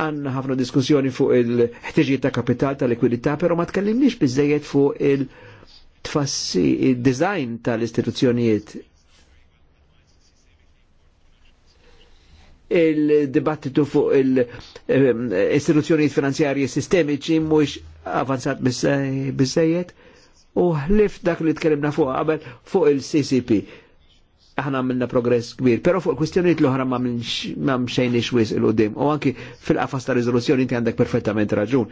S3: Għan ħafna diskussjoni fuq il-ħtiġijiet ta' kapital ta' likwidità, però ma tkellimniex biżejjed fuq il-tfassi, il-design tal-istituzzjonijiet il-dibattitu fuq il-istituzzjonijiet finanzjarji e sistemiċi mux avanzat bizzejiet u ħlif dak li tkellimna fuq qabel fuq il-CCP. Aħna għamilna progress kbir, pero fuq kwistjonijiet l-oħra ma mxejn ix il-qudiem u anki fil-qafas ta' riżoluzzjoni inti għandek perfettament raġun.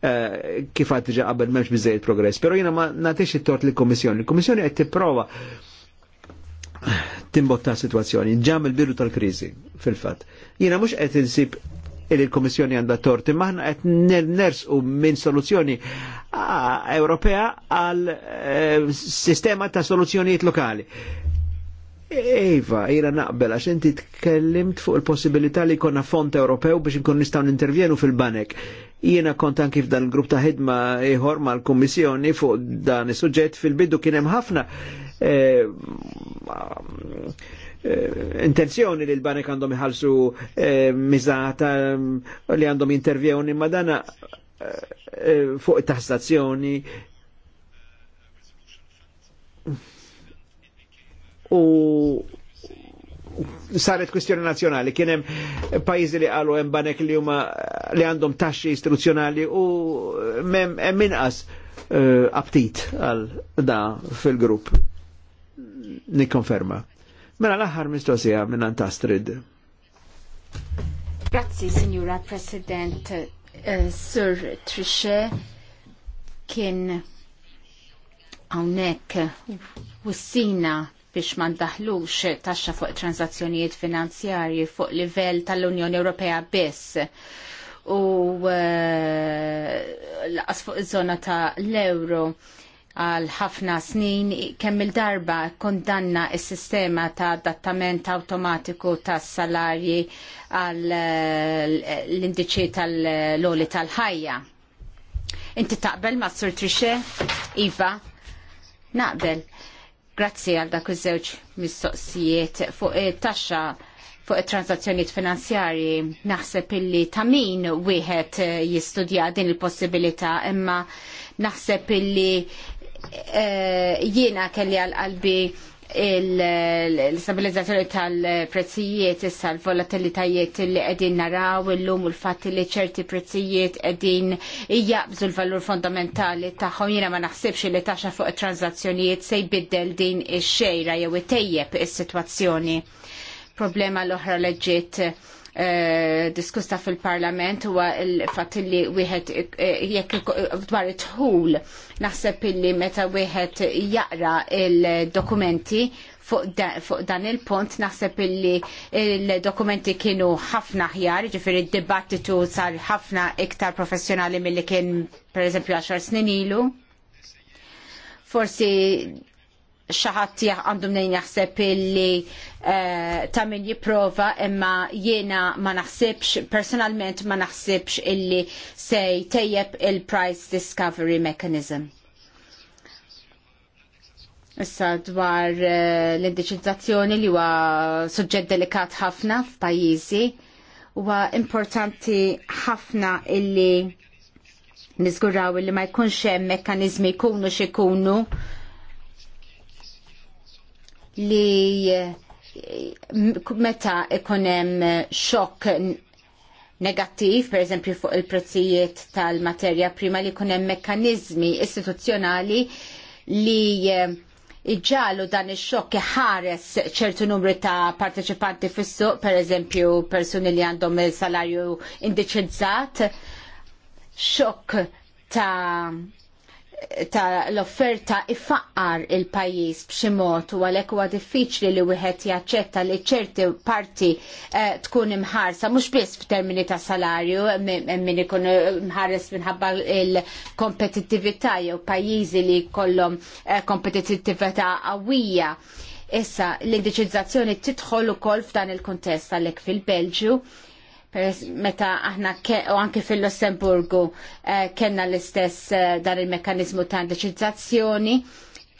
S3: Eh, kif għat ġa qabel memx bizzejiet progress. Pero jina ma natiex it-tort li l-Komissjoni. l kommissjoni għed t-prova timbotta situazzjoni, ġam il-biru tal-krizi, fil-fat. Jina mux qed insib il-Komissjoni għanda tort, imma ħna qed nersqu minn soluzzjoni Ewropea għal eh, sistema ta' soluzzjonijiet lokali. Ejva, jina naqbel, għax inti tkellimt fuq il-possibilità li konna font Ewropew biex nkun nistaw nintervjenu fil-banek. Jiena kont anki f'dan il-grupp ta' ħidma iħor mal-Kummissjoni fuq dan is-suġġett fil-bidu kien hemm ħafna Eh, eh, intenzjoni li l-banek għandhom iħalsu eh, mizata li għandhom intervjoni ma dana fuq tassazzjoni u saret kwestjoni nazjonali, kien hemm pajjiżi li qalu hemm banek li huma li għandhom taxxi istituzzjonali u hemm inqas aptit għal da fil-grupp nikkonferma. Mela l-aħħar mistoqsija minn Antastrid.
S5: Grazzi, Signora President, eh, Sir Trisha kien għawnek wissina biex ma ndaħlux taxxa fuq transazzjonijiet finanzjarji fuq livell tal-Unjoni Ewropea biss u uh, laqas fuq iż-żona ta' l-euro għal ħafna snin kemm il-darba kondanna is sistema ta' adattament automatiku tas salarji għal eh, l-indiċi tal-loli tal-ħajja. Inti taqbel ma' Sur Iva, naqbel. Grazzi għal dak iż-żewġ mistoqsijiet fuq it-taxxa fuq it-transazzjonijiet finanzjarji naħseb illi ta' min wieħed eh, jistudja din il-possibilità imma naħseb illi Eh, jiena kelli għal-qalbi l-stabilizzazzjoni tal-prezzijiet, issa l-volatilitajiet li qegħdin naraw illum u l fat li ċerti prezzijiet qegħdin jgħabżu l-valur fondamentali tagħhom jiena ma naħsibx li taxxa fuq it-transazzjonijiet se jbiddel din ix-xejra jew it-tejjeb is-sitwazzjoni. Problema l-oħra leġġiet Eh, diskusta fil-parlament huwa l-fatt li wieħed eh, jekk dwar it-tħul naħseb illi meta wieħed jaqra il-dokumenti fuq dan il-punt naħseb illi il-dokumenti kienu ħafna ħjar, ġifir id-dibattitu sar ħafna iktar professjonali mill-li kien per eżempju 10 snin ilu. Forsi xaħat għandu mnejn jaħseb illi uh, eh, tamil jiprofa imma jiena ma naħsibx, personalment ma naħsibx illi se tejjeb il-price discovery mechanism. Issa dwar uh, eh, l indicizzazzjoni li huwa suġġett delikat ħafna f'pajjiżi huwa importanti ħafna illi nizguraw illi ma jkunx hemm mekkaniżmi jkunu x'ikunu li eh, meta ikunem xokk negattiv, per eżempju fuq il-prezzijiet tal-materja prima li kunem mekkanizmi istituzzjonali li eh, iġġalu dan ix-xokk ħares ċertu numri ta' parteċipanti fis-suq, per eżempju persuni li għandhom il-salarju indiċizzat, xokk ta' ta' l-offerta ifaqqar il-pajis b'ximot u għalek huwa diffiċli li wieħed jaċċetta li ċerti parti eh, tkun imħarsa mhux biss f'termini ta' salarju min ikun mħares minħabba il-kompetittività jew pajjiżi li jkollhom eh, kompetittività qawwija. Issa l-indiċizzazzjoni tidħol ukoll f'dan il-kuntest għalhekk fil-Belġju meta aħna u anke fil-Lussemburgu eh, kellna l-istess eh, dan il mekanizmu ta' deċizzazzjoni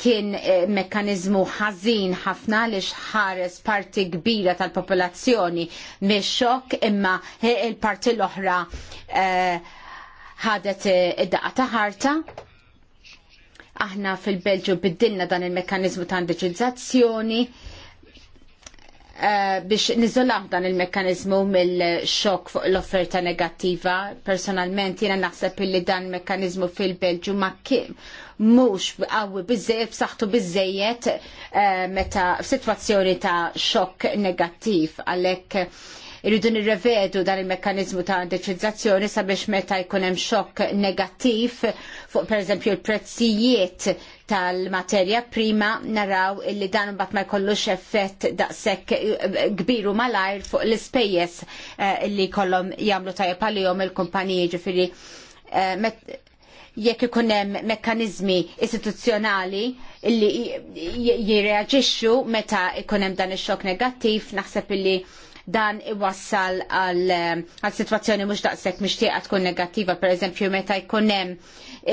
S5: kien eh, mekanizmu ħażin ħafna li ħares parti kbira tal-popolazzjoni miex xok imma il-parti l-oħra ħadet id daqa ta' ħarta aħna fil-Belġu biddilna dan il mekanizmu ta' deċizzazzjoni Eh, biex nizolaw dan il mekanizmu mill-xok fuq l-offerta negattiva. Personalment jiena naħseb illi dan il mekanizmu fil-Belġu ma mux għawi bizzejt, b'saħtu bizzejiet eh, meta f'sitwazzjoni ta' xokk negattiv għalhekk Irridu nirrevedu dan il-mekkanizmu ta' deċizzazzjoni sabiex meta jkun hemm xokk negattiv fuq pereżempju l-prezzijiet tal-materja prima naraw illi dan mbagħad ma jkollux effett daqshekk eh, kbiru malajr fuq l-ispejjeż eh, li jkollhom jagħmlu tajjeb għalihom il-kumpaniji ġifieri eh, jekk ikun hemm mekkaniżmi istituzzjonali illi jirreaġixxu meta ikun hemm dan ix-xokk negattiv naħseb illi dan iwassal eh, għal situazzjoni mhux daqshekk mixtieqa tkun negattiva, pereżempju meta jkun hemm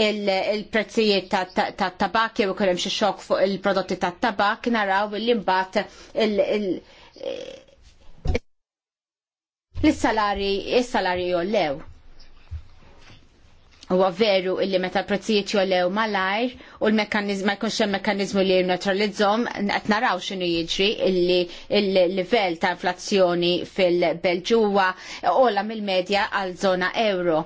S5: il-prezzijiet ta' tabak jew ikun hemm xi xokk fuq il-prodotti tat tabak naraw li mbagħad l-salari jollew. Huwa veru illi meta l-prezzijiet jolew malajr u l-mekkanizmu ma jkunx hemm mekkaniżmu li jneutralizzhom qed naraw x'inhu jiġri illi l-livell ta' inflazzjoni fil-Belġu huwa ola mill-medja għal żona euro.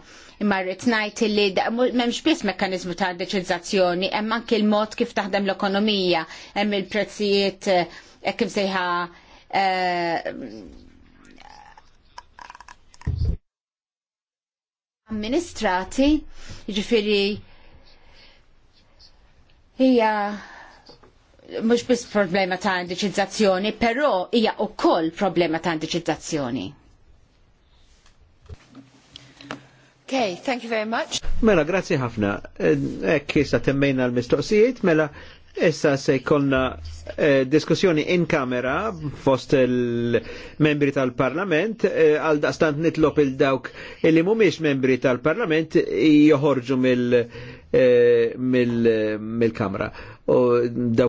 S5: Imma rrid ngħid illi m'hemmx biss mekkaniżmu ta' deċizzazzjoni, hemm anke l-mod kif taħdem l-ekonomija, hemm il-prezzijiet eh, kif sejħa eh, amministrati, ġifiri hija mhux biss problema ta' indiċizzazzjoni, però hija wkoll problema ta' indiċizzazzjoni. Okay, thank you very much.
S3: Mela, grazzi ħafna. Eh, Ekk issa temmejna l-mistoqsijiet, mela Issa se jkollna eh, diskussjoni in kamera fost il-membri tal-parlament eh, għal eh, daqstant nitlob il-dawk il li mumiex membri tal-parlament joħorġu mill-kamra. Eh, mil, mil